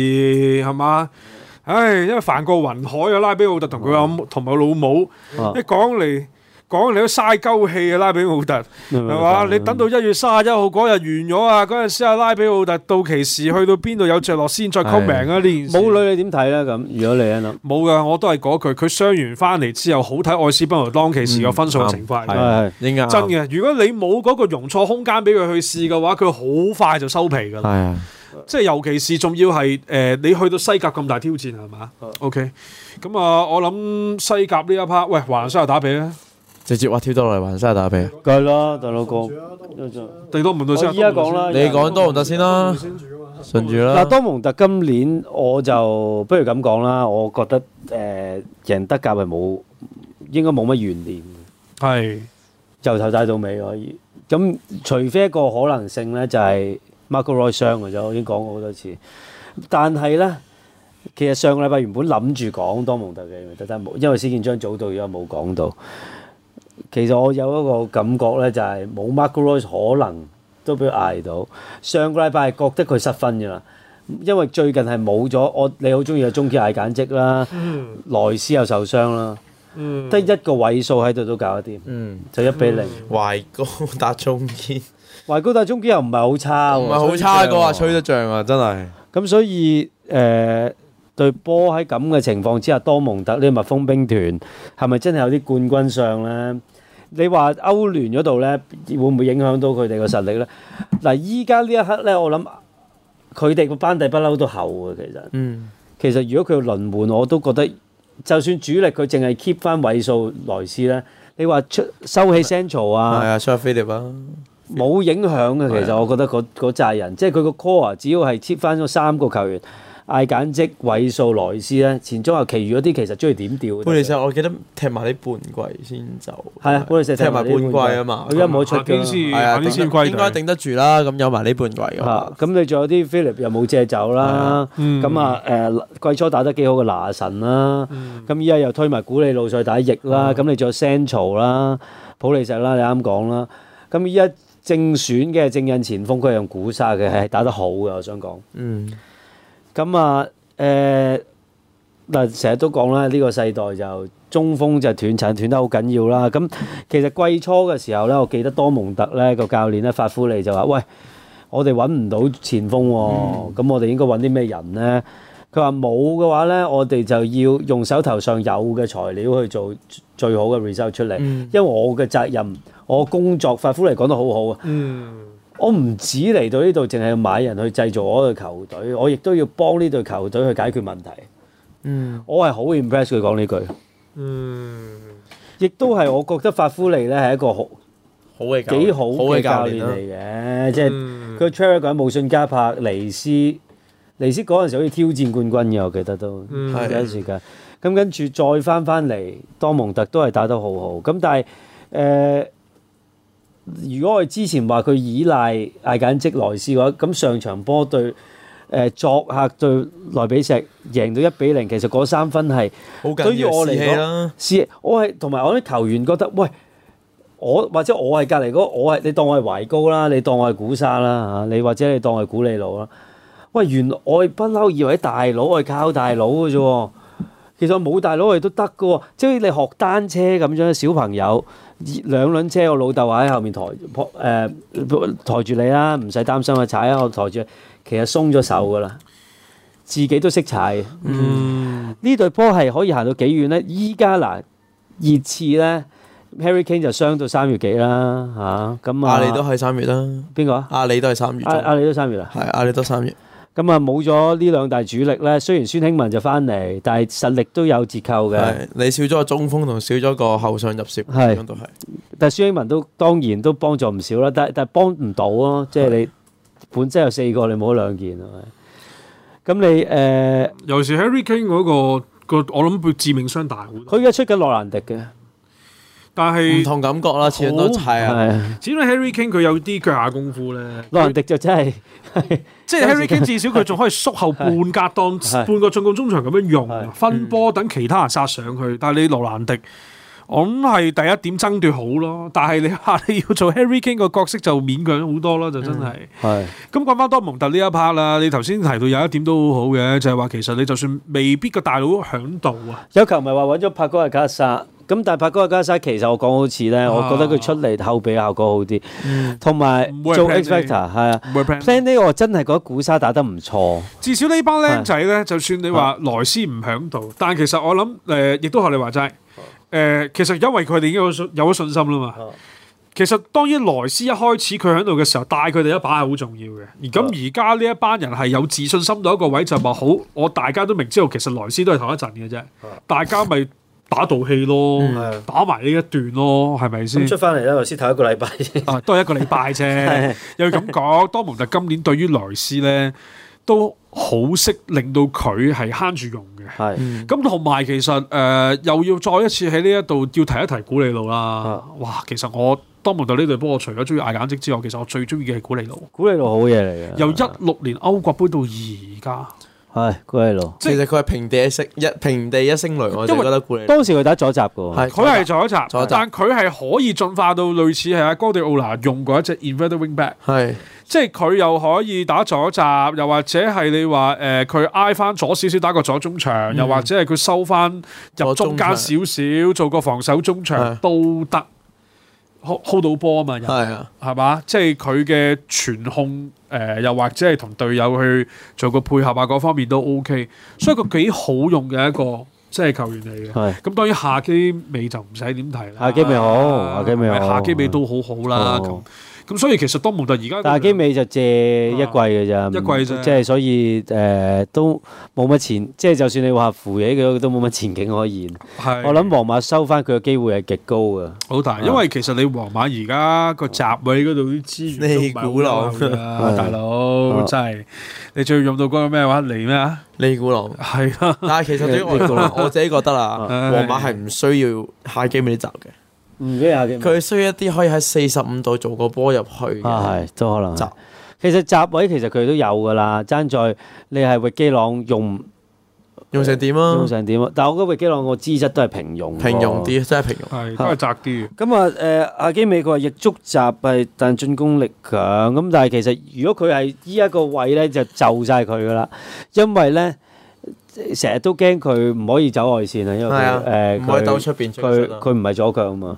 係嘛？唉，因為犯過雲海啊，拉比奧特同佢阿同埋老母、嗯、一講嚟。講你都嘥鳩氣啊！拉比奧特係嘛？你等到一月卅一號嗰日完咗啊！嗰陣時啊，拉比奧特到期時去到邊度有着落先再 comment 啊！呢件事冇女你點睇咧？咁，如果你諗冇噶，我都係嗰句，佢傷完翻嚟之後，好睇愛斯賓奴當期時個分數情況。係係真嘅。如果你冇嗰個容錯空間俾佢去試嘅話，佢好快就收皮噶啦。即係尤其是仲要係誒，你去到西甲咁大挑戰係嘛？OK，咁啊，我諗西甲呢一 part，喂，華南西亞打比咧。直接話跳到落嚟，還生下打鼻啊！係咯，大哥。最多唔到三日。依家講啦，你講多蒙特先啦，順住啦。嗱，多蒙特今年我就不如咁講啦，我覺得誒，贏德甲係冇，應該冇乜懸念。係由頭帶到尾可以。咁除非一個可能性咧，就係 Marco Reus 傷咗，已經講過好多次。但係咧，其實上個禮拜原本諗住講多蒙特嘅，得得冇，因為施建章早到而家冇講到。其實我有一個感覺咧，就係冇 Marco Reus 可能都俾佢捱到。上個禮拜係覺得佢失分嘅啦，因為最近係冇咗我，你好中意嘅中堅捱減積啦，萊斯又受傷啦，得一個位數喺度都搞得掂，就一比零。懷高達中堅，懷高達中堅又唔係好差喎，唔係好差嘅喎，吹得脹啊，真係。咁所以誒，對波喺咁嘅情況之下，多蒙特呢個蜜蜂兵團係咪真係有啲冠軍相咧？你話歐聯嗰度咧，會唔會影響到佢哋個實力咧？嗱，依家呢一刻咧，我諗佢哋個班底不嬲都厚嘅其實。嗯，其實如果佢輪換，我都覺得就算主力佢淨係 keep 翻位數來試咧，你話出收起 central 啊，係啊，啊，冇影響嘅，係啊，其實，我覺得嗰嗰扎人，即係佢個 core 只要係 keep 翻咗三個球員。艾簡積、韋素、萊斯咧，前中後，其餘嗰啲其實中意點調？普利石，我記得踢埋呢半季先走。係啊，普利石踢埋半季啊嘛，而家冇出嘅。係啊，啲應該頂得住啦，咁有埋呢半季㗎。咁你仲有啲菲利又冇借走啦。的嗯。咁啊，誒、呃、季初打得幾好嘅拿神啦。嗯。咁依家又推埋古利路再打翼啦。咁、嗯、你仲有 Santo 啦、普利石啦，你啱講啦。咁依家正選嘅正印前鋒，佢用古沙嘅係打得好嘅，我想講。嗯。咁啊，誒嗱，成、呃、日都講啦，呢、這個世代就中鋒就斷層斷得好緊要啦。咁其實季初嘅時候咧，我記得多蒙特咧個教練咧法夫利就話，喂，我哋揾唔到前鋒喎，咁、嗯、我哋應該揾啲咩人咧？佢話冇嘅話咧，我哋就要用手頭上有嘅材料去做最好嘅 result 出嚟，因為我嘅責任，我工作。法夫利講得好好啊。嗯嗯我唔止嚟到呢度，淨係買人去製造我嘅球隊，我亦都要幫呢隊球隊去解決問題。嗯，我係好 impress 佢講呢句。嗯，亦都係我覺得法夫利咧係一個好、好嘅幾好嘅教練嚟嘅。即係佢嘅傳聞講，無信加柏、尼斯、尼斯嗰陣時好似挑戰冠軍嘅，我記得都。嗯，係嘅的。咁的跟住再返返嚟，多蒙特都係打得好好。咁但係，誒、呃。如果我之前話佢依賴艾簡積萊斯嘅話，咁上場波對誒作客對萊比錫贏到一比零，其實嗰三分係好緊要，對於我嚟講，是，我係同埋我啲球員覺得，喂，我或者我係隔離嗰，我係你當我係懷高啦，你當我係古沙啦嚇，你或者你當我係古利魯啦。喂，原來我不嬲以為大佬，我係靠大佬嘅啫喎，其實冇大佬我哋都得嘅喎，即係你學單車咁樣小朋友。兩輪車，我老豆話喺後面抬，誒、呃、抬住你啦，唔使擔心啊，踩啊，我抬住，其實鬆咗手噶啦，自己都識踩。嗯，呢隊、嗯、波係可以行到幾遠咧？依家嗱，熱刺咧，Harry Kane 就傷到三月幾啦，嚇、啊、咁啊。阿里都係三月啦。邊個啊？阿里都係三月、啊。阿里都三月啊。係，阿里都三月。咁啊，冇咗呢兩大主力咧。雖然孫興文就翻嚟，但係實力都有折扣嘅。你少咗個中鋒，同少咗個後上入攝。但孫興文都當然都幫助唔少啦。但但係幫唔到咯，即係你本質有四個，你冇咗兩件。係咪？咁你誒，呃、尤其是 Harry Kane 嗰、嗰個、嗰個、我諗佢致命傷大。佢而家出緊洛蘭迪嘅。但係唔同感覺啦，始終都係啊！始終 Harry King 佢有啲腳下功夫咧，羅蘭迪就真係，即係 Harry King 至少佢仲可以縮後半格當半個進攻中場咁樣用，分波等其他人殺上去。但係你羅蘭迪，我諗係第一點爭奪好咯。但係你話你要做 Harry King 個角色就勉強好多啦，就真係。係咁講翻多蒙特呢一 part 啦，你頭先提到有一點都好好嘅，就係話其實你就算未必個大佬喺度啊，有球迷話揾咗柏哥亞卡殺。咁但係柏高加沙，其實我講好似咧，我覺得佢出嚟後備效果好啲，同埋做 e x p e c t 啊 plan 呢，我真係覺得古沙打得唔錯。至少呢班僆仔咧，就算你話萊斯唔響度，但係其實我諗誒，亦都學你話齋誒，其實因為佢哋已經有咗信心啦嘛。其實當然萊斯一開始佢響度嘅時候帶佢哋一把係好重要嘅。而咁而家呢一班人係有自信心到一個位，就話好，我大家都明知道其實萊斯都係頭一陣嘅啫，大家咪。打道氣咯，打埋呢一段咯，係咪先？出翻嚟咧，頭先頭一個禮拜啫，都係一個禮拜啫。又要咁講，多蒙特今年對於萊斯咧，都好識令到佢係慳住用嘅。係，咁同埋其實誒，又要再一次喺呢一度要提一提古利路啦。哇，其實我多蒙特呢隊波，除咗中意嗌眼睛之外，其實我最中意嘅係古利路。古利路好嘢嚟嘅，由一六年歐國杯到而家。係，攰囉，即其實佢係平地一聲一平地一聲雷，為我哋覺得攰囉。當時佢打左閘嘅，佢係左閘，挾但佢係可以進化到類似係阿哥迪奧拿用過一隻 Inverted Wingback，係是，即係佢又可以打左閘，又或者係你話誒，佢、呃、挨翻左少少打個左中場，嗯、又或者係佢收翻入中間少少做個防守中場是是都得。hold 到波啊嘛，又係啊，係吧，即係佢嘅傳控，誒、呃、又或者係同隊友去做個配合啊，各方面都 OK，所以個幾好用嘅一個即係球員嚟嘅。係啊。咁、啊、當然夏基美就唔使點提啦，夏基美好，夏基美好，夏基美都好好啦。那咁所以其實多蒙特而家但係基美就借一季嘅咋，即係所以誒都冇乜前，即係就算你話扶起佢都冇乜前景可言。我諗皇馬收翻佢嘅機會係極高嘅。好大，因為其實你皇馬而家個閘位嗰度啲資源，尼古勞啊，大佬真係你最用到嗰個咩話嚟咩啊？尼古勞係啊，但係其實對於我我自己覺得啊，皇馬係唔需要下基美啲閘嘅。唔，佢需要一啲可以喺四十五度做個波入去，係、啊、都可能。其實閘位其實佢都有噶啦，爭在你係維基朗用用成點啊？用成點啊？但係我覺得維基朗個資質都係平，平，平庸，平庸啲，真係平庸，係都係窄啲。咁啊，誒、啊，阿基美佢話亦足閘但係進攻力強。咁但係其實如果佢係依一個位咧，就就晒佢噶啦，因為咧。成日都驚佢唔可以走外線啊，因為佢誒，佢兜出邊，佢唔係左腳啊嘛。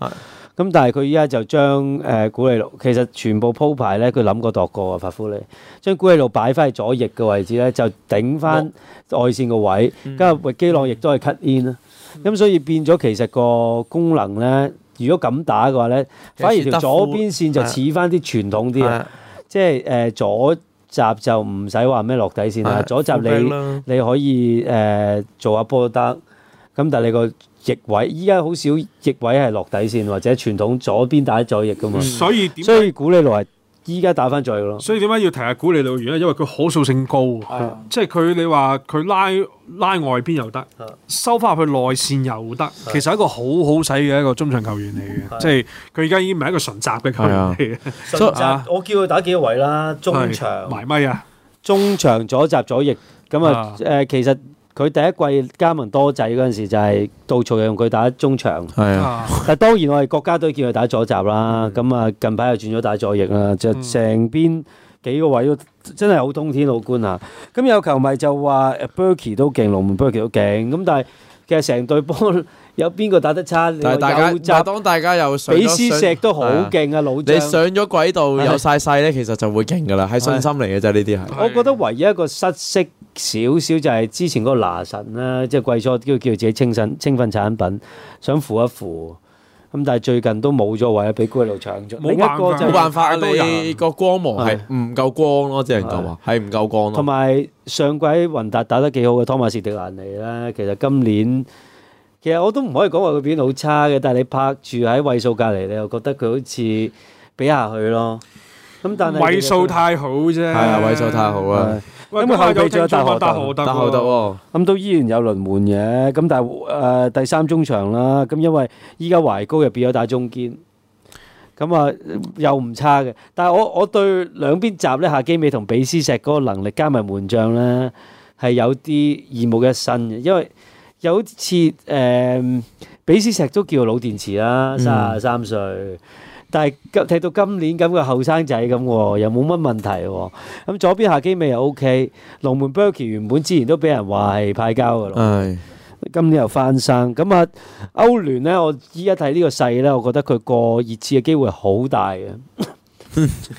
咁但係佢依家就將誒古利路，其實全部鋪排咧，佢諗過度過啊。法夫利將古利路擺翻去左翼嘅位置咧，就頂翻外線個位，跟住麥基朗亦都係 cut in 啦。咁所以變咗，其實個功能咧，如果咁打嘅話咧，反而條左邊線就似翻啲傳統啲啊，即係誒左。集就唔使話咩落底線啦，啊、左閘你、啊、你可以誒、呃、做下波都得。咁但係你個翼位，依家好少翼位係落底線或者傳統左邊打左翼噶嘛。嗯、所以所以古你來。依家打翻咗去咯，所以點解要提下古利路爾咧？因為佢可塑性高，啊、即係佢你話佢拉拉外邊又得，啊、收翻去內線又得，啊、其實係一個好好使嘅一個中場球員嚟嘅，即係佢而家已經唔係一個純閘嘅球員嚟嘅。純閘我叫佢打幾多位啦？中場埋咪啊，中場左閘左翼咁啊誒，其實。佢第一季加盟多仔嗰陣時就係杜曹用佢打中場，係是啊。但係當然我哋國家都叫佢打左閘啦。咁啊 近排又轉咗打左翼啦，就成邊幾個位都真係好通天老倌啊。咁有球迷就話誒 Burki 都勁，龍門 Burki 都勁。咁但係其實成隊波。有邊個打得差？但係大家，但當大家又俾施石都好勁啊，老將你上咗軌道，有晒勢咧，其實就會勁噶啦，係信心嚟嘅啫。呢啲係我覺得唯一一個失色少少就係之前個拿神啦，即係貴初叫叫自己清新清粉產品想扶一扶，咁但係最近都冇咗位俾 guido 搶咗，冇辦法，冇一個就係，冇辦法，你個光芒係唔夠光咯，即係咁啊，係唔夠光咯。同埋上季雲達打得幾好嘅湯馬士迪蘭尼啦，其實今年。其實我都唔可以講話佢表現好差嘅，但係你拍住喺位數隔籬，你又覺得佢好似比下佢咯。咁但係位數太好啫，係啊，位數太好啊。咁後備再打何德，打何德喎。咁都依然有輪換嘅。咁但係誒第三中場啦。咁因為依家懷高入邊變咗打中堅，咁啊又唔差嘅。但係我我對兩邊閘咧，夏基美同比斯石嗰個能力加埋門將咧，係有啲耳目一新嘅，因為。有次誒，比斯石都叫做老電池啦，三十三歲，但係睇到今年咁嘅後生仔咁喎，又冇乜問題喎。咁左邊下基尾又 OK，龍門 Berkey 原本之前都俾人話係派膠嘅，今年又翻生。咁啊，歐聯咧，我依家睇呢個勢咧，我覺得佢過熱刺嘅機會好大嘅。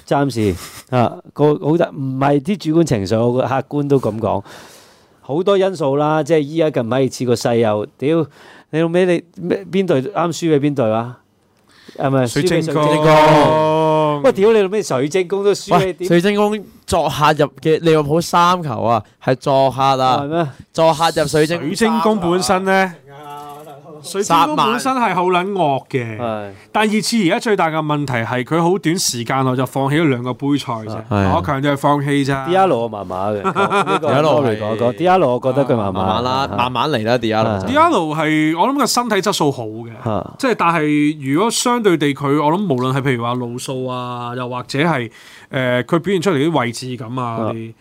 暫時啊，個好大唔係啲主觀情緒，我個客觀都咁講。好多因素啦，即係依家近排似個勢又屌你老味你咩邊隊啱輸俾邊隊啊？係咪？水晶宮，喂屌你老味水晶宮都輸俾，水晶宮作客入嘅利物浦三球啊，係作客啊，咩、啊？作客入水晶、啊，水晶宮本身咧。水晶本身係好撚惡嘅，但二次而家最大嘅問題係佢好短時間內就放棄咗兩個杯賽啫。我強調係放棄啫。Diallo 我麻麻嘅，Diallo 嗰 Diallo 我覺得佢麻麻啦，慢慢嚟啦 Diallo。Diallo 係我諗個身體質素好嘅，即係但係如果相對地佢，我諗無論係譬如話路數啊，又或者係誒佢表現出嚟啲位置感啊啲，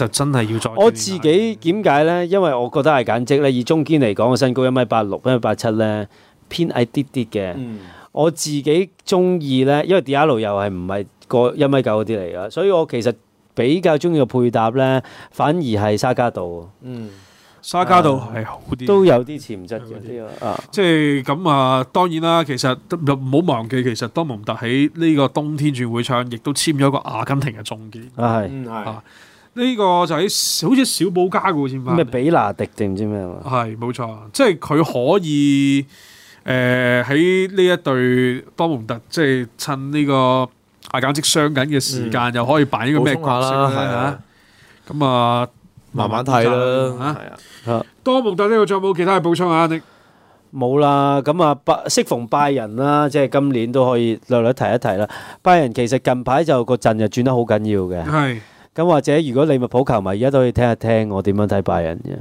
就真係要再我自己點解呢？因為我覺得係簡職咧，以中堅嚟講，個身高一米八六、一米八七呢，偏矮啲啲嘅。嗯、我自己中意呢，因為迪 h l 又係唔係個一米九嗰啲嚟嘅，所以我其實比較中意嘅配搭呢，反而係沙加道。嗯，沙加道係好啲，都、嗯、有啲潛質嘅、啊、即係咁啊，當然啦，其實唔好忘記，其實多蒙特喺呢個冬天轉會窗，亦都簽咗個阿根廷嘅中堅。嗯、啊，呢個就喺好似小保加嘅先番咩比拿迪定唔知咩，啊，係冇錯，即係佢可以誒喺呢一隊多蒙特，即係趁呢個阿簡直傷緊嘅時間，嗯、又可以擺呢個咩角色咧嚇？咁、嗯、啊、嗯，慢慢睇啦嚇。啊、多蒙特呢、這、度、個、仲有冇其他嘢補充下先？冇啦，咁啊，拜，適逢拜仁啦、啊，即係今年都可以略略提一提啦。拜仁其實近排就個陣就轉得好緊要嘅。係。咁或者如果利物浦球迷，而家都可以聽一聽我點樣睇拜仁嘅。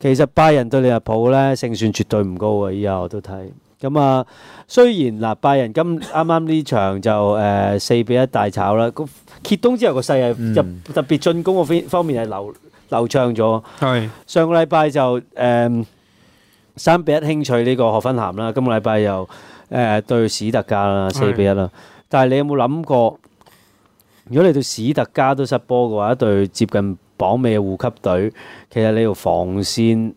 其實拜仁對利物浦咧勝算絕對唔高嘅，依家我都睇。咁啊，雖然嗱，拜仁今啱啱呢場就誒四比一大炒啦，揭東之後個勢係入特別進攻個方方面係流流暢咗。係上個禮拜就誒三比一輕取呢個荷芬咸啦，今個禮拜又誒對史特加啦四比一啦。但係你有冇諗過？如果你到史特加都失波嘅話，一隊接近榜尾嘅護級隊，其實你條防線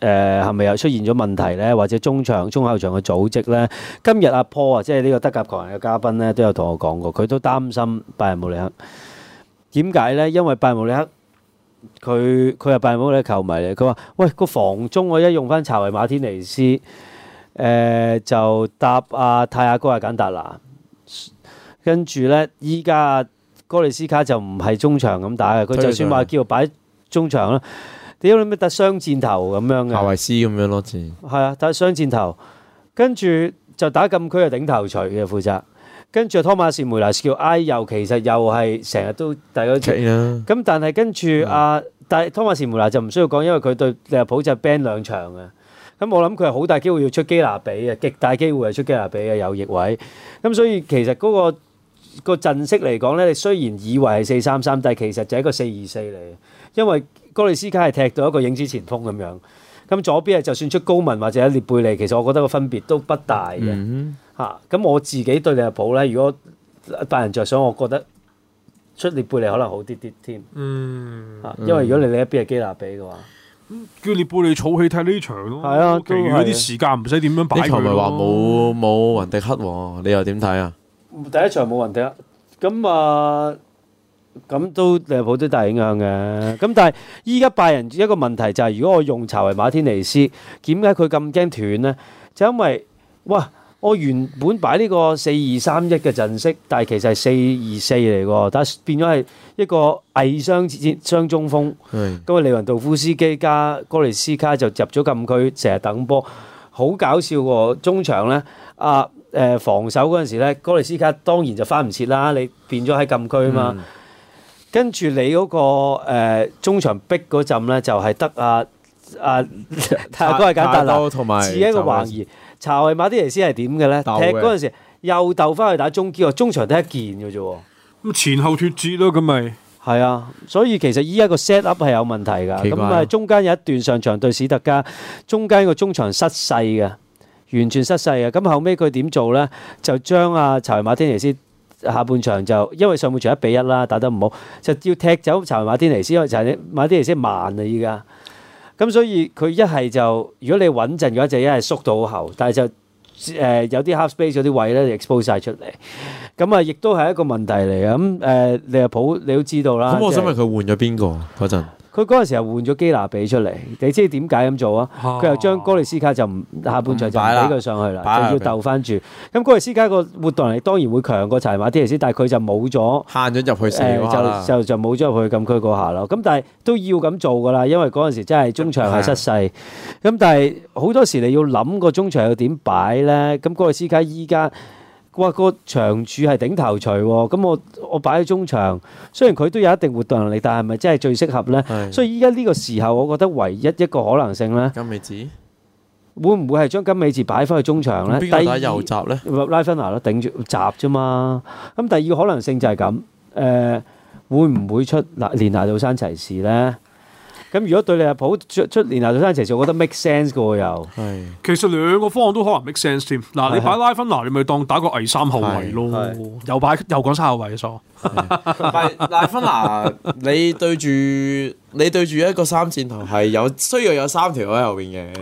誒係咪又出現咗問題咧？或者中場、中後場嘅組織咧？今日阿、啊、Paul 啊，即係呢個德甲狂人嘅嘉賓咧，都有同我講過，佢都擔心拜仁慕尼黑。點解咧？因為拜仁慕尼黑，佢佢係拜仁慕尼黑球迷嚟，佢話：喂，個防中我一用翻查維馬天尼斯，誒、呃、就搭阿、啊、泰亞哥阿簡達拿。跟住咧，依家哥利斯卡就唔係中場咁打嘅，佢就算話叫他擺中場啦。屌你咩打雙箭頭咁樣嘅？夏維斯咁樣咯，係啊，打雙箭頭，跟住就打禁區嘅頂頭鎚嘅負責。跟住托馬士梅拿叫 I，其是又其實又係成日都第一隻咁，但係跟住啊，但係托馬士梅拿就唔需要講，因為佢對利物浦就 ban 兩場嘅。咁我諗佢係好大機會要出基拿比嘅，極大機會係出基拿比嘅右翼位。咁所以其實嗰個。個陣式嚟講咧，你雖然以為係四三三，但係其實就係一個四二四嚟。因為哥利斯卡係踢到一個影子前鋒咁樣。咁左邊係就算出高文或者列貝利，其實我覺得個分別都不大嘅。嚇、嗯哼，咁、啊、我自己對利物浦咧，如果拜仁着想，我覺得出列貝利可能好啲啲添。嗯、啊，因為如果你你一邊係基拿比嘅話，叫列貝利儲氣踢呢場咯。係啊，譬如嗰啲時間唔使點樣擺佢。呢場唔係話冇冇雲迪克喎，你又點睇啊？第一場冇人踢，咁啊，咁都係好多大影響嘅。咁但係依家拜仁一個問題就係、是，如果我用查維馬天尼斯，點解佢咁驚斷呢？就因為哇，我原本擺呢個四二三一嘅陣式，但係其實係四二四嚟喎，但係變咗係一個偽雙雙中鋒。咁啊、嗯，利雲道夫斯基加哥利斯卡就入咗禁區，成日等波，好搞笑喎！中場呢。啊～誒防守嗰陣時咧，哥利斯卡當然就翻唔切啦。你變咗喺禁區啊嘛，跟住、嗯、你嗰、那個、呃、中場逼嗰陣咧、啊，就係得阿阿泰哥係簡單啦，同、哎、埋，只一個橫移。查維馬蒂尼斯係點嘅咧？踢嗰陣時又鬥翻去打中堅喎，中場得一件嘅啫喎。咁前後脱節咯，咁咪係啊？所以其實依一個 set up 係有問題㗎。咁怪啊，中間有一段上場對史特加，中間個中場失勢嘅。完全失勢啊，咁後尾佢點做咧？就將阿柴馬天尼斯下半場就因為上半場一比一啦，打得唔好，就要踢走柴馬天尼斯，因為柴馬天尼斯慢啊依家。咁所以佢一係就如果你穩陣嘅話，就一係縮到後，但係就誒有啲 half space 嗰啲位咧，就 expose 曬出嚟。咁啊，亦都係一個問題嚟嘅。咁誒，利物浦你都知道啦。咁我想問佢換咗邊個嗰陣？佢嗰陣時又換咗基拿比出嚟，你知點解咁做啊？佢又將哥利斯卡就唔下半場就唔俾佢上去啦，了就要鬥翻住。咁哥利斯卡個活動力當然會強過柴馬天尼斯，但係佢就冇咗，慳咗入去死、呃、就就冇咗入去禁區嗰下咯。咁但係都要咁做噶啦，因為嗰陣時真係中場係失勢。咁的但係好多時你要諗個中場又點擺咧？咁哥利斯卡依家。哇！個長處係頂頭鎚，咁我我擺喺中場。雖然佢都有一定活動能力，但係咪真係最適合咧？所以依家呢個時候，我覺得唯一一個可能性咧，金美智會唔會係將金美智擺翻去中場咧？邊個打右閘咧？拉芬娜都，頂住閘啫嘛。咁第二個可能性就係咁，誒會唔會出嗱連拿到山齊士咧？咁如果對你阿普出出連頭對山蛇蛇，我覺得 make sense 個又是。係。其實兩個方案都可能 make sense 添。嗱的，你擺拉芬拿，你咪當打個偽三號位咯。又擺又講三號位。但係拉芬拿，你對住你對住一個三箭頭，係有需要有三條喺後邊嘅，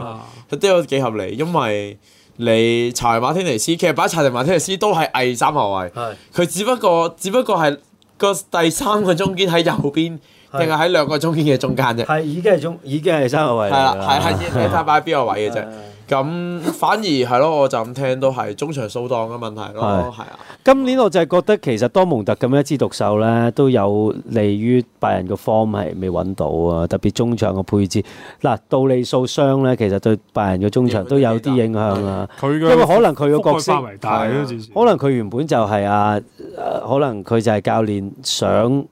佢都有幾合理。因為你查理馬天尼斯，其實擺查理馬天尼斯都係偽三號位，佢的只不過只不過係個第三個中堅喺右邊。定係喺兩個中堅嘅中間啫。係已經係中，已經係三個位。係啦，係係，睇下擺喺邊個位嘅啫。咁的反而係咯，我就咁聽都係中場掃檔嘅問題咯。係啊的。今年我就係覺得其實多蒙特咁樣一支獨秀咧，都有利於拜仁嘅 form 係未揾到啊。特別中場嘅配置，嗱，杜利素傷咧，其實對拜仁嘅中場都有啲影響啊。因為可能佢嘅角色，可能佢原本就係啊，可能佢就係教練想、嗯。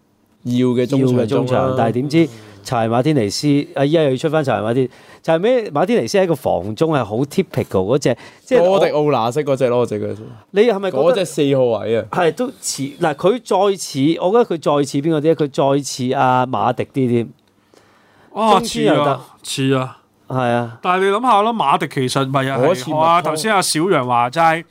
要嘅中、中,、啊、中場，但係點知柴馬天尼斯，啊依家又要出翻柴馬天。就柴咩？馬天尼斯喺，就係、個防中係好 typical 嗰隻，即係柯迪奧拿式嗰隻咯，只佢。你係咪覺得嗰隻四號位啊？係都似嗱，佢再似，我覺得佢再似邊個啲佢再似阿、啊、馬迪啲添。哦，似啊，似啊，係啊。啊但係你諗下咯，馬迪其實咪又係，頭先阿小楊話齋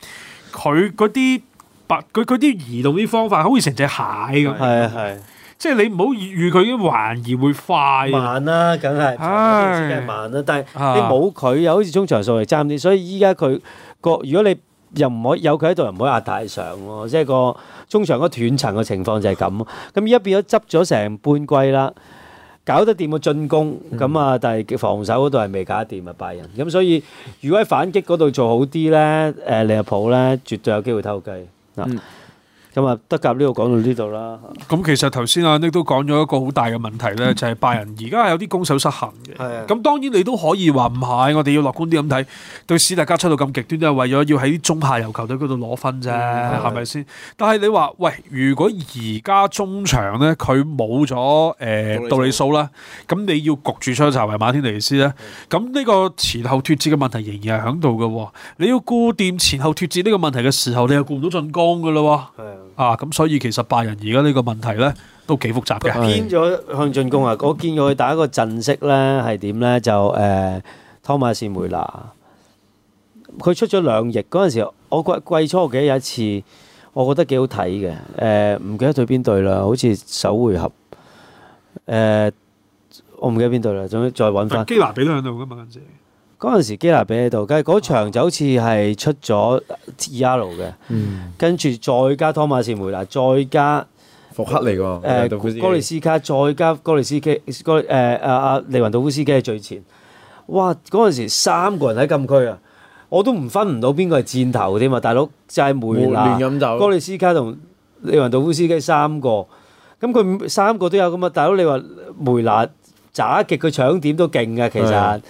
佢嗰啲百佢佢啲移動啲方法，好似成隻蟹咁。係係，啊。即係你唔好預佢，反而會快慢啦，梗係即係慢啦。但係你冇佢，又好似中場數嚟爭啲，所以依家佢個如果你又唔可以有佢喺度，又唔可以壓太上喎。即係個中場嗰個斷層嘅情況就係咁。咁依家變咗執咗成半季啦，搞得掂個進攻咁啊，但係防守嗰度係未搞得掂啊，拜仁。咁所以如果喺反擊嗰度做好啲咧，誒利物浦咧絕對有機會偷雞嗱。咁啊，德甲呢個講到呢度啦。咁其實頭先啊 Nick 都講咗一個好大嘅問題咧，就係拜仁而家係有啲攻守失衡嘅。咁當然你都可以話唔係，我哋要樂觀啲咁睇，對史特加出到咁極端都係為咗要喺中下游球隊嗰度攞分啫，係咪先？但係你話喂，如果而家中場咧佢冇咗誒杜利蘇啦，咁你要焗住雙殺維馬天尼斯咧，咁呢個前後脱節嘅問題仍然係喺度嘅。你要顧掂前後脱節呢個問題嘅時候，你又顧唔到進攻嘅啦喎。啊，咁所以其實拜仁而家呢個問題咧都幾複雜嘅，變咗向進攻啊，我見過佢打一個陣式咧，係點咧就誒，湯馬士梅拿，佢出咗兩翼，嗰陣時我季季初我記得，有一次，我覺得幾好睇嘅。誒，唔記得對邊隊啦，好似首回合。誒，我唔記得邊隊啦，總之再搵翻。基拿俾咗向度噶嘛，跟住。嗰陣時基拿比喺度，但係嗰場就好似係出咗 T.R. 嘅，嗯、跟住再加托馬斯梅拿，再加伏克嚟㗎喎。誒、呃，斯哥利斯卡再加哥利斯基，戈誒阿利雲杜夫斯基喺最前。哇！嗰陣時三個人喺禁區啊，我都唔分唔到邊個係箭頭添嘛。大佬就係、是、梅拿、哥利斯卡同利雲杜夫斯基三個，咁佢三個都有㗎嘛？大佬你話梅拿渣極，佢搶點都勁嘅，其實。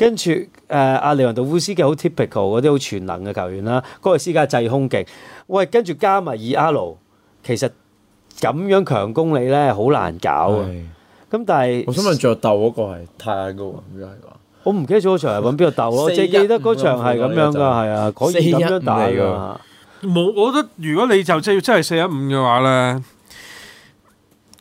跟住誒阿利昂杜夫斯基好 typical 嗰啲好全能嘅球員啦，哥斯加制空勁，喂跟住加埋二 L，其實咁樣強攻你咧好難搞啊！咁但係我想問，著鬥嗰個係泰阿哥唔，我唔記得咗我場係揾邊個鬥啦，我淨係記得嗰場係咁樣噶，係啊，可以咁樣打噶。冇，我覺得如果你就真要真係四一五嘅話咧。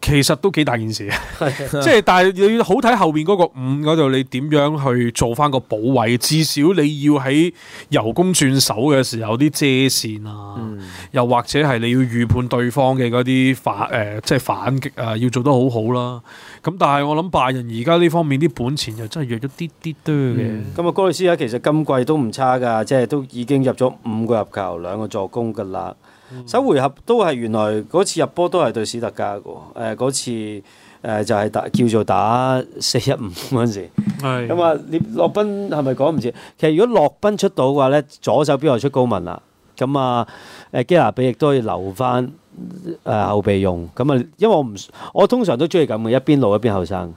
其實都幾大件事， 即係但係你要好睇後面嗰個五嗰度，你點樣去做翻個補位？至少你要喺由攻轉守嘅時候，有啲遮線啊，嗯、又或者係你要預判對方嘅嗰啲反誒，即係反擊啊、呃，要做得好好啦。咁但係我諗拜仁而家呢方面啲本錢又真係弱咗啲啲多嘅。咁啊，哥斯啊，其實今季都唔差㗎，即係都已經入咗五個入球，兩個助攻㗎啦。首回合都係原來嗰次入波都係對史特加個，誒、呃、嗰次誒、呃、就係、是、打叫做打四一五嗰陣時，咁啊列諾賓係咪講唔知？其實如果諾賓出到嘅話咧，左手邊又出高文啦，咁啊誒基拿比亦都可以留返誒、呃、後備用，咁啊因為我唔我通常都中意咁嘅，一邊老一邊後生，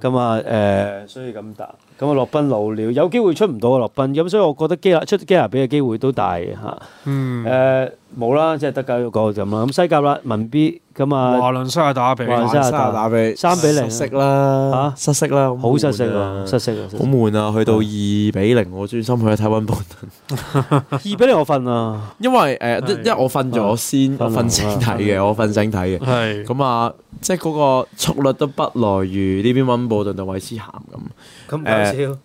咁啊誒所以咁打。咁啊，洛賓老了，有機會出唔到啊，洛賓。咁所以我覺得基拉出基拉比嘅機會都大嚇。嗯、呃。誒，冇啦，即係得加一個就咁啦。咁西甲啦，文必。咁啊，華倫西亞打吡，華倫西亞打吡，三比零，失啦，吓，失色啦，好失色啊，失色，好悶啊，去到二比零，我專心去睇溫布頓，二比零我瞓啊，因為誒，因為我瞓咗先，我瞓醒睇嘅，我瞓醒睇嘅，係，咁啊，即係嗰個速率都不耐如呢邊溫布頓同韋斯咸咁，咁搞笑，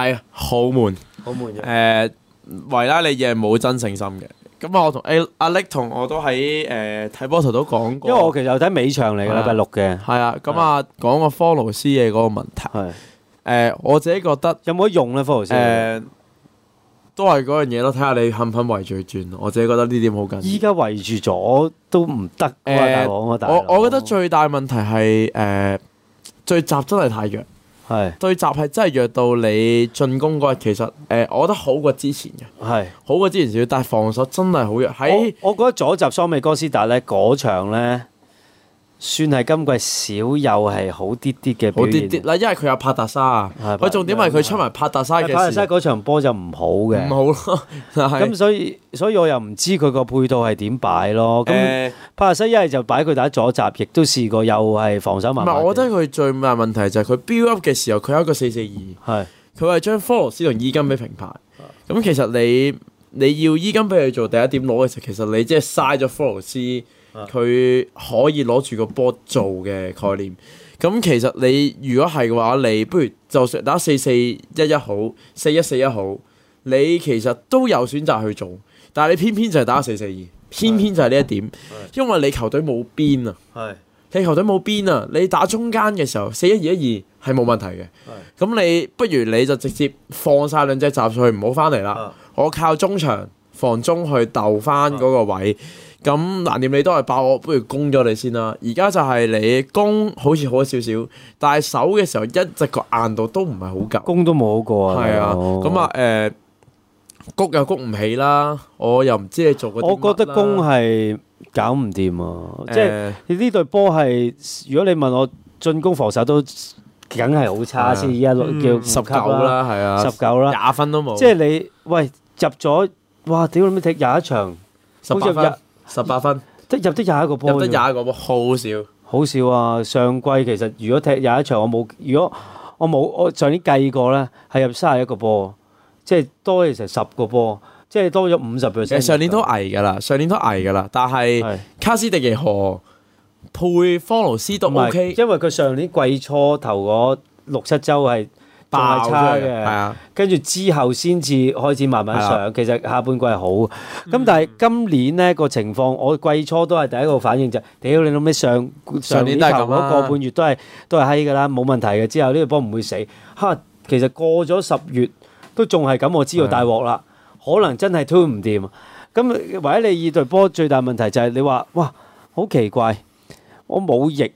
係啊，好悶，好悶嘅，誒，維拉里爾冇真性心嘅。咁啊、嗯，我同阿、欸、阿力同我都喺誒睇波頭都講過，因為我其實有睇美場嚟嘅禮拜六嘅，係啊。咁啊，講個科勞斯嘅嗰個問題，誒、啊呃，我自己覺得有冇得用咧科勞斯？誒、呃，都係嗰樣嘢咯，睇下你肯唔肯圍住轉。我自己覺得呢點好緊要。依家圍住咗都唔得。呃、我我覺得最大問題係誒聚集真係太弱。係對閘係真係弱到你進攻嗰日，其實誒、呃，我覺得好過之前嘅，係是好過之前少少，但係防守真係好弱。喺我，我覺得左閘桑美哥斯達咧嗰場咧。算係今季少又點點點點有係好啲啲嘅表啲啲嗱，因為佢有帕特沙，佢重點係佢出埋帕特沙嘅帕特沙嗰場波就唔好嘅。唔好咯，咁所以所以我又唔知佢個配套係點擺咯。咁帕特沙一係就擺佢打左閘，亦都試過又係防守唔。唔，我覺得佢最難問題就係佢標 Up 嘅時候，佢有一個四四二，係佢係將科洛斯同伊金俾平牌。咁的其實你你要伊金俾佢做第一點攞嘅時候，其實你即係嘥咗科洛斯。佢可以攞住個波做嘅概念，咁其實你如果係嘅話，你不如就打四四一一好，四一四一好，1, 1, 你其實都有選擇去做，但係你偏偏就係打四四二，2, 偏偏就係呢一點，因為你球隊冇邊啊，你球隊冇邊啊，你打中間嘅時候四一二一二係冇問題嘅，咁你不如你就直接放晒兩隻閘上去，唔好翻嚟啦，我靠中場防中去鬥翻嗰個位。咁難料你都係爆我，不如攻咗你先啦。而家就係你攻，好似好少少，但係守嘅時候一直個硬度都唔係好夾，攻都冇好過啊。係啊，咁啊，誒，谷又谷唔起啦，我又唔知你做過。我覺得攻係搞唔掂啊，即係你呢隊波係，如果你問我進攻防守都梗係好差，先，而家叫十九啦，係啊十九啦，廿分都冇。即係你喂入咗，哇屌你咩？踢廿一場十八分。十八分，即入得廿一個波，入得廿一個波，好少，好少啊！上季其實如果踢廿一場，我冇，如果我冇，我上年計過咧，係入三十一個波，即係多咗成十個波，即係多咗五十 percent。上年都捱噶啦，上年都捱噶啦，但係卡斯迪耶河配科勞斯都冇、OK。K，因為佢上年季初頭嗰六七周係。爆差嘅，跟住的之後先至開始慢慢上。的其實下半季係好，咁、嗯、但係今年呢個情況，我季初都係第一個反應就是：屌、嗯、你老味上上年頭嗰個半月都係都係閪㗎啦，冇問題嘅。之後呢個波唔會死。嚇，其實過咗十月都仲係咁，我知道大鍋啦。的可能真係推唔掂。咁唯一你二隊波最大問題就係、是、你話：哇，好奇怪，我冇翼，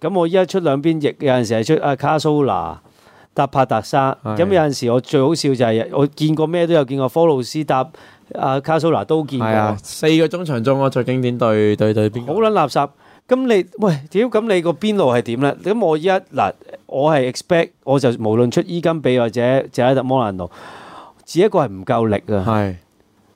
咁我依家出兩邊翼，有陣時係出阿、啊、卡蘇娜。搭帕特沙，咁的有陣時，我最好笑就係我見過咩都有見過，科路斯搭阿、啊、卡蘇拿都見過。四個中場中，我最經典對對對邊好撚垃圾！咁你喂，屌，咁你個邊路係點呢？咁我一嗱，我係 expect 我就無論出伊金比或者或者摩蘭奴，只一個係唔夠力啊！係。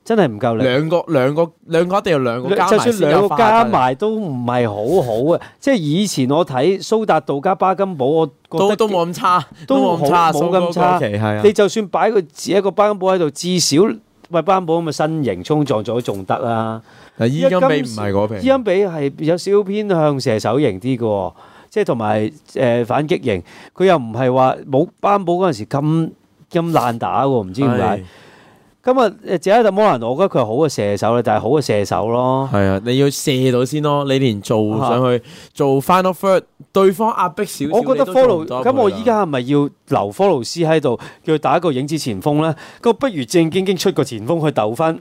真係唔夠力，兩個兩個兩個一定有兩個加埋，就算兩個加埋是都唔係好好啊！ 即係以前我睇蘇達道加巴金寶，我覺得都冇咁差，都冇咁差。差啊，你就算擺個只一個巴金寶喺度，至少喂，係巴金寶咁嘅身形沖撞咗仲得啦。嗱，依家比唔係嗰平，依家比係有少偏向射手型啲嘅，即係同埋誒反擊型，佢又唔係話冇巴金寶嗰陣時咁咁爛打喎，唔知點解。今日謝拉特摩蘭我覺得佢係好嘅射手咧，就係好嘅射手咯。係啊，你要射到先咯。你連做上去做 final third 對方壓迫少少，我覺得科魯。咁我依家係咪要留科路斯喺度，叫佢打一個影子前鋒咧？個不如正經經出個前鋒去鬥分。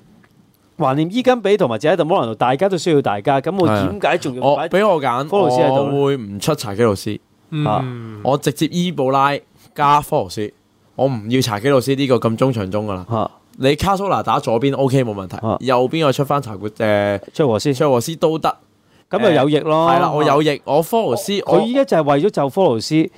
懷念依根比同埋謝拉特摩蘭大家都需要大家。咁我點解仲要？我俾我揀科路斯喺度。我會唔出柴基路斯？嗯，我直接伊布拉加科路斯，我唔要柴基路斯呢個咁中場中噶啦。你卡蘇拿打左邊 OK 冇問題，啊、右邊我出翻查谷誒，呃、出和斯，出和斯都得，咁咪有翼咯，係啦，我有翼，我科羅斯，佢依家就係為咗就科羅斯翼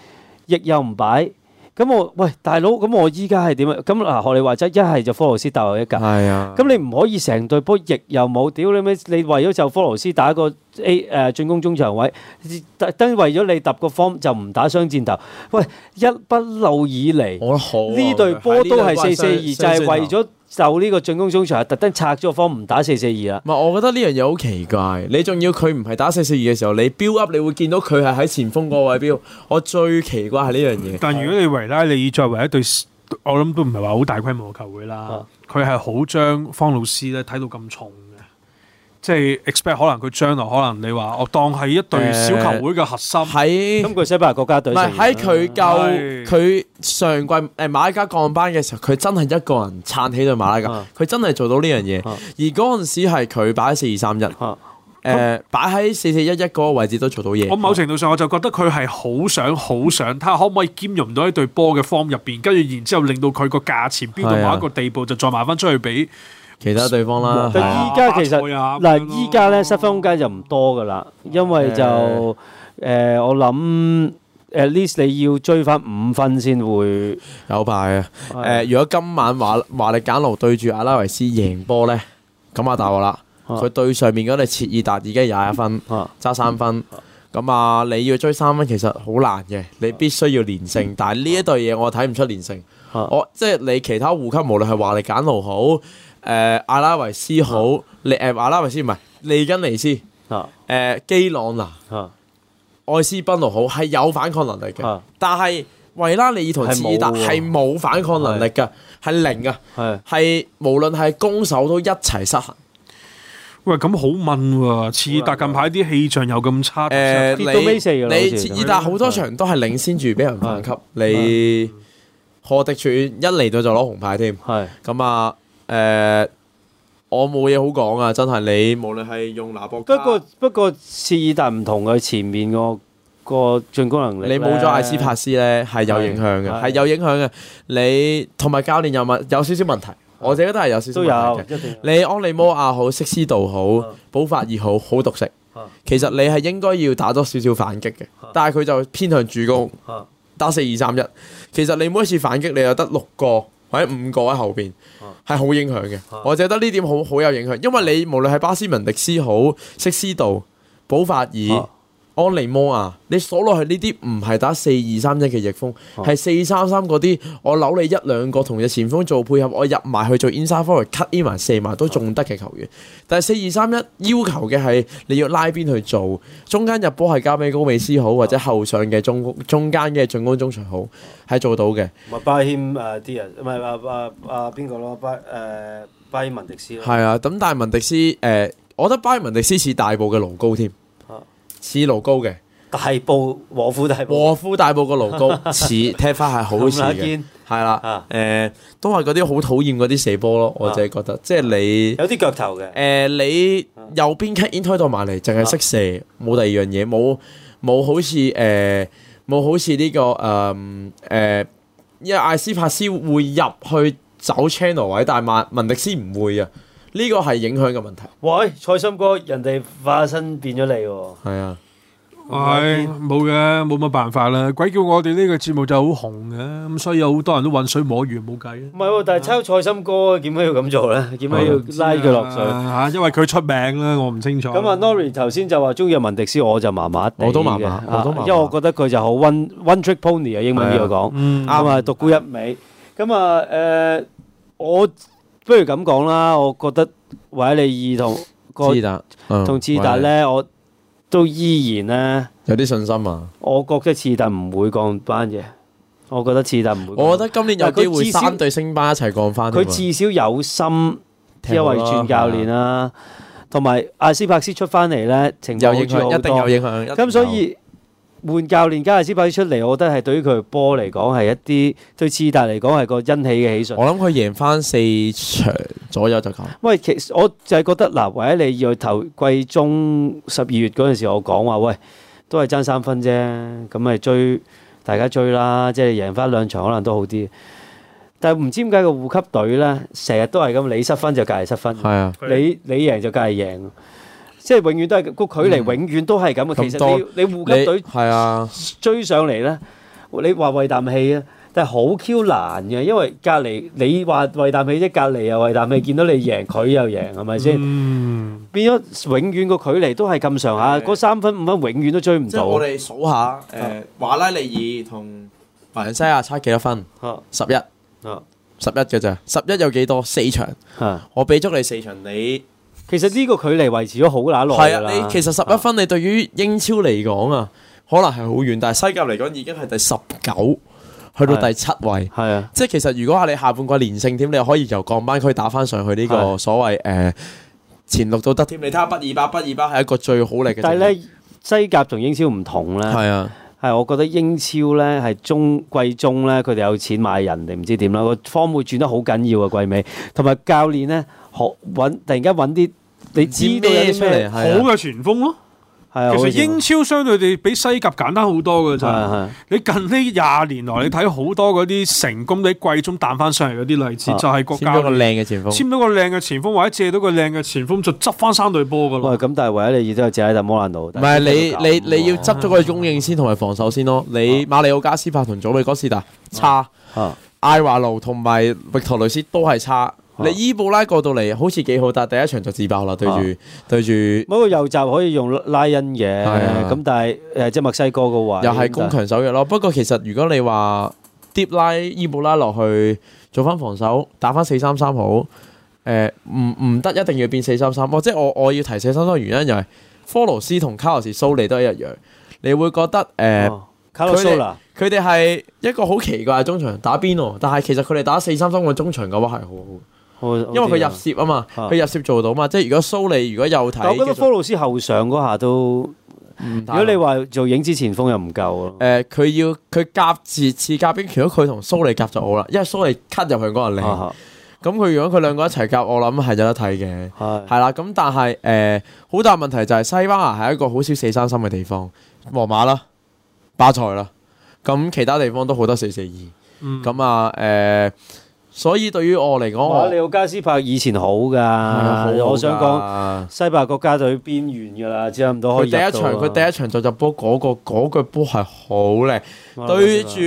又唔擺。咁我喂，大佬，咁我依家係點啊？咁嗱，學你話齋，一係就科羅斯鬥一格，咁的你唔可以成隊波翼又冇，屌你咩？你為咗就科羅斯打個 A 誒、啊、進攻中場位，等為咗你揼個方就唔打雙箭頭。喂，一不漏以嚟，呢隊、啊、波都係四四二，就係為咗。就呢個進攻中場特登拆咗個方唔打四四二啦。唔係，我覺得呢樣嘢好奇怪。你仲要佢唔係打四四二嘅時候，你 build up 你會見到佢係喺前鋒個位 build 我最奇怪係呢樣嘢。但如果你維拉利作為一隊，我諗都唔係話好大規模嘅球會啦。佢係好將方老師咧睇到咁重。即係 expect 可能佢將來可能你話我當係一隊小球會嘅核心、呃，喺咁佢西班牙國家隊。唔係喺佢夠佢上季誒、呃、馬拉加降班嘅時候，佢真係一個人撐起對馬拉加，佢、啊、真係做到呢樣嘢。啊、而嗰陣時係佢擺喺四二三一，誒擺喺四四一一嗰個位置都做到嘢。我某程度上我就覺得佢係好想好想，睇下可唔可以兼容到一對波嘅方入邊，跟住然之後,後令到佢個價錢飆到某一個地步，就再賣翻出去俾。其他地方啦，依家其實嗱，依家咧失分空間就唔多噶啦，因為就誒我諗誒，至少你要追翻五分先會有排啊！誒，如果今晚華華力簡奴對住阿拉維斯贏波咧，咁啊大鑊啦！佢對上面嗰隻切爾達已經廿一分，揸三分，咁啊你要追三分其實好難嘅，你必須要連勝，但係呢一隊嘢我睇唔出連勝，我即係你其他護級，無論係華力簡奴好。誒，阿拉維斯好，利誒阿拉維斯唔係利根尼斯，誒基朗拿，愛斯賓奴好係有反抗能力嘅，但係維拉利爾同切爾達係冇反抗能力嘅，係零啊，係無論係攻守都一齊失衡。喂，咁好問喎，切爾達近排啲氣象又咁差，誒你你切爾達好多場都係領先住俾人反級，你何迪喘一嚟到就攞紅牌添，係咁啊！誒，uh, 我冇嘢好講啊！真係，你無論係用拿破，不過不過次爾但唔同佢前面，那個個進攻能力，你冇咗艾斯帕斯咧，係有影響嘅，係有影響嘅。你同埋教練有問，有少少問題，我自己都係有少少問題都有有你安利摩阿好，色斯道好，補、啊、法二好，好獨食。其實你係應該要打多少少反擊嘅，但係佢就偏向主攻，打四二三一。啊、其實你每一次反擊，你又得六個。或者五個喺後邊，係好影響嘅。我覺得呢點好好有影響，因為你無論係巴斯文迪斯好，悉斯道、保法爾。啊安利摩亞鎖 4, 2, 3，啊！你鎖落去呢啲唔係打四二三一嘅翼鋒，係四三三嗰啲。我扭你一兩個同嘅前鋒做配合，我入埋去做 inside forward cut in 埋射埋都仲得嘅球員。啊、但係四二三一要求嘅係你要拉邊去做，中間入波係交俾高美斯好，或者後上嘅中中間嘅進攻中場好係做到嘅。唔係巴爾謙啊啲人，e 唔係啊啊啊邊個咯？巴誒巴文迪斯。係啊，咁但係文迪斯誒，我覺得巴文迪斯似大步嘅勞高添。似盧高嘅大埔和夫大埔，和夫大埔個盧高似， 踢法係好似嘅，係啦，誒都係嗰啲好討厭嗰啲射波咯，我凈係覺得，啊、即係你有啲腳頭嘅，誒、呃、你右邊 cut in 推到埋嚟，淨係識射，冇、啊、第二樣嘢，冇冇好似誒冇好似呢、這個誒誒、嗯呃，因為艾斯帕斯會入去走 channel 位，但係曼文迪斯唔會啊。呢個係影響嘅問題。喂，蔡心哥，人哋化身變咗你喎。係啊，係冇嘅，冇乜辦法啦。鬼叫我哋呢個節目就好紅嘅，咁所以有好多人都混水摸魚，冇計。唔係喎，但係抽蔡心哥，點解要咁做咧？點解要拉佢落水？啊，因為佢出名啦，我唔清楚。咁啊，Nori 頭先就話鍾意文迪斯，我就麻麻。我都麻麻，我都麻麻。因為我覺得佢就好 one one trick pony 啊，英文嚟講，啱啊，獨孤一味。咁啊，誒我。不如咁講啦，我覺得韋利爾同志達，同、嗯、志達咧，的我都依然咧有啲信心啊！我覺得志達唔會降班嘅，我覺得志達唔會。我覺得今年有機會三隊升班一齊降翻。佢至，至少有心，因為轉教練啦、啊，同埋阿斯帕斯出翻嚟咧，情況一定有影響。咁所以。換教練加下斯伯出嚟，我覺得係對於佢波嚟講係一啲，對次大嚟講係個欣喜嘅喜訊。我諗佢贏翻四場左右就夠。喂，其實我就係覺得嗱、呃，或者你要頭季中十二月嗰陣時，我講話喂，都係爭三分啫，咁咪追大家追啦，即係贏翻兩場可能都好啲。但係唔知點解個護級隊咧，成日都係咁，你失分就隔籬失分，係啊，你你贏就隔籬贏。即係永遠都係個距離，永遠都係咁嘅。其實你你護級隊追上嚟咧，你話餵啖氣啊，但係好 Q 難嘅，因為隔離你話餵啖氣啫，隔離又餵啖氣，見到你贏佢又贏，係咪先？嗯，變咗永遠個距離都係咁上下，嗰三分五分永遠都追唔到。即係我哋數下，誒，華拉利爾同華倫西亞差幾多分？啊，十一，啊，十一嘅咋？十一有幾多？四場。啊，我俾足你四場，你。其實呢個距離維持咗好耐喇。係啊，你其實十一分你對於英超嚟講啊，可能係好遠，但係西甲嚟講已經係第十九，去到第七位。係啊，啊即係其實如果話你下半季連勝添，你可以由降班區打翻上去呢個所謂誒、呃、前六都得添。你睇下畢爾巴、畢爾巴係一個最好力嘅。但係咧，西甲同英超唔同啦。係啊。係，我覺得英超咧係中季中咧，佢哋有錢買人，你唔知點啦。個方會轉得好緊要啊，季尾同埋教練咧，學揾突然間揾啲麼你知道嘅出嚟係麼是、啊、好嘅前鋒咯。其實英超相對地比西甲簡單好多噶咋，你近呢廿年來你睇好多嗰啲成功都喺季中彈翻上嚟嗰啲例子，就係國家簽個靚嘅前鋒，簽咗個靚嘅前鋒，或者借到個靚嘅前鋒就執翻三對波噶咯。喂，咁但係唯一你而家借喺度摩蘭度。唔係，你你你要執咗個供應先同埋防守先咯。你馬里奧加斯法同祖比哥斯達差，嗯、艾華奴同埋域陀雷斯都係差。你伊布拉過到嚟好似幾好，但係第一場就自爆啦。對住、啊、對住着，不過右閘可以用拉恩嘅，咁、啊、但係誒即係墨西哥嘅話又係攻強守弱咯。但不過其實如果你話跌拉伊布拉落去做翻防守，打翻四三三好，誒唔唔得，一定要變四三三。或者我我要提四三三原因就係、是、科羅斯同卡洛斯蘇利都係一樣，你會覺得誒、呃哦、卡洛蘇拉佢哋係一個好奇怪嘅中場打邊喎，但係其實佢哋打四三三個中場嘅話係好好。因為佢入攝啊嘛，佢、啊、入攝做到嘛。即係如果蘇利如果又睇，我覺得科老師後上嗰下都，唔如果你話做影子前鋒又唔夠咯。誒、呃，佢要佢夾住次夾邊，其實佢同蘇利夾就好啦。因為蘇利 cut 入去嗰個力，咁佢、啊啊、如果佢兩個一齊夾，我諗係有得睇嘅。係、啊，係啦。咁但係誒，好、呃、大問題就係西班牙係一個好少四三三嘅地方，皇馬啦、巴塞啦，咁其他地方都好多四四二。咁、嗯、啊誒。呃所以對於我嚟講，馬里奧加斯帕以前好噶，嗯、好我想講西班牙國家就去邊緣噶啦，差唔多可以入到。佢第一場，佢第一場就入波、那個，嗰、那個嗰腳波係好靚，對住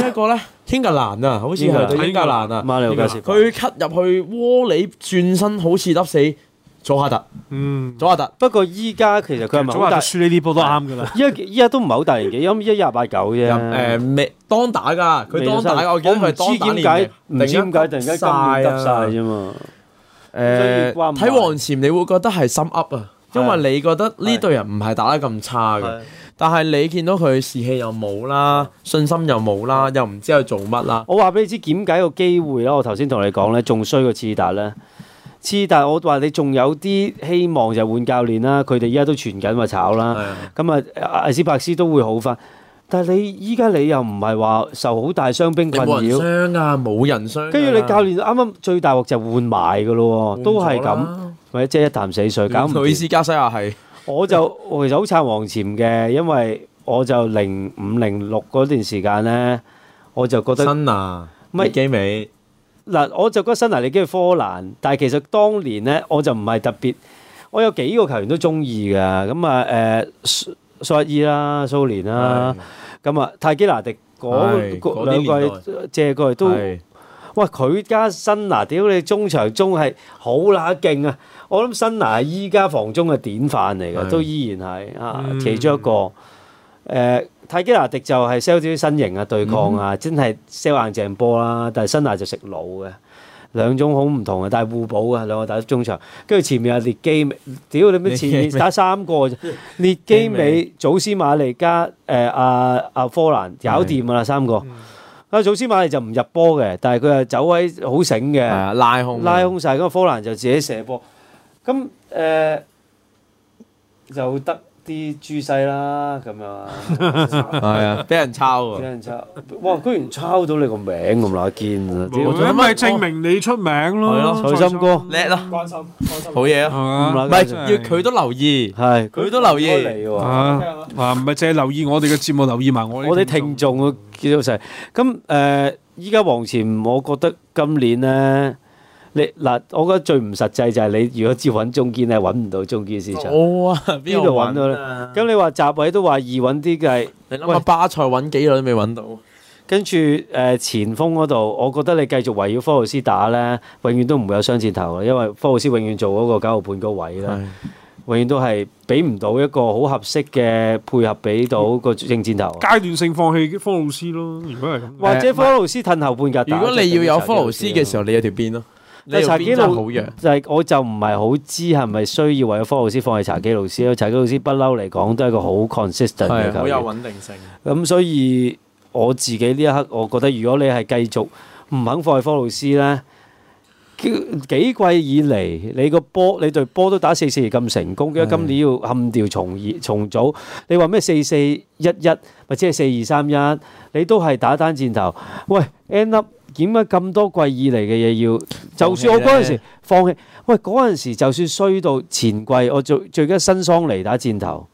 邊一個咧？英 呢格蘭啊，好似係對英格蘭啊，馬里奧加斯。佢 cut 入去窩裏轉身，好似甩死。左阿達，嗯，左阿達。不過依家其實佢係咪？左阿達輸呢啲波都啱噶啦。依家依家都唔係好大年紀，一廿八九啫。誒咩？當打㗎，佢當打。我見佢當打點解突然間今年晒曬啫嘛？誒、啊，睇黃潛你會覺得係心 up 啊，因為你覺得呢隊人唔係打得咁差嘅，啊、但係你見到佢士氣又冇啦，信心又冇啦，啊、又唔知佢做乜嗱。我話俾你知點解個機會啦，我頭先同你講咧，仲衰過次打咧。知，但係我話你仲有啲希望就換教練啦。佢哋依家都傳緊話炒啦。咁啊，阿斯帕斯都會好返。但係你依家你又唔係話受好大傷兵困擾，冇人傷㗎，冇人傷。跟住你教練啱啱最大鑊就換埋㗎咯，都係咁，或者即係一潭死水，搞唔到。羅伊斯加西亞係，我就其實好撐黃潛嘅，因為我就零五零六嗰段時間咧，我就覺得。新啊！麥基美。嗱，我就覺得新拿你幾似科蘭，但係其實當年咧，我就唔係特別，我有幾個球員都中意噶，咁啊誒蘇厄爾啦、蘇聯啦，咁啊的泰基拿迪嗰兩季借過去都，的哇佢加新拿屌你中場中係好乸勁啊！我諗新拿係依家防中嘅典範嚟嘅，的都依然係啊、嗯、其中一個。誒泰基拿迪就係 sell 啲身形啊，對抗啊，真係 sell 硬正波啦。但係新納就食腦嘅，兩種好唔同嘅，但係互補啊，兩個打中場。跟住前面阿列基屌你咩，前面打三個，列基尾、祖斯馬利加、誒阿阿科蘭搞掂啊啦三個。阿祖斯馬利就唔入波嘅，但係佢係走位好醒嘅，拉空拉空曬。咁科蘭就自己射波，咁誒就得。啲注勢啦，咁樣啊，係啊，俾人抄啊，俾人抄，哇，居然抄到你個名咁撚堅啊！咁咪證明你出名咯，開心哥叻啦，關心，關心，好嘢啊，唔係要佢都留意，係佢都留意喎，啊，唔係淨係留意我哋嘅節目，留意埋我，我哋聽眾嘅幾多成？咁誒，依家黃前，我覺得今年咧。你嗱，我覺得最唔實際就係你，如果只揾中堅咧，揾唔到中堅市場。我啊，邊度揾到咧？咁你話集位都話易揾啲，嘅，係你諗下巴塞揾幾耐都未揾到。跟住誒前鋒嗰度，我覺得你繼續圍繞科魯斯打咧，永遠都唔會有雙箭頭，因為科魯斯永遠做嗰個九號半個位啦，永遠都係俾唔到一個好合適嘅配合俾到個正箭頭。階段性放棄科魯斯咯，如果係咁。或者科魯斯褪後半格。如果你要有科魯斯嘅時候，你有條邊咯。你茶幾佬好弱，就係我就唔係好知係咪需要為咗科路斯放棄查基路斯咯？查基路斯不嬲嚟講都係一個好 consistent 嘅球員，好有穩定性。咁所以我自己呢一刻，我覺得如果你係繼續唔肯放棄科路斯咧，幾季以嚟你個波，你對波都打四四二咁成功，如果今年要冚掉重二重組，你話咩四四一一，或者係四二三一，你都係打單箭頭。喂，end up。點解咁多季以嚟嘅嘢要？就算我嗰陣時放棄，喂，嗰陣時就算衰到前季，我最最緊新桑尼打箭頭。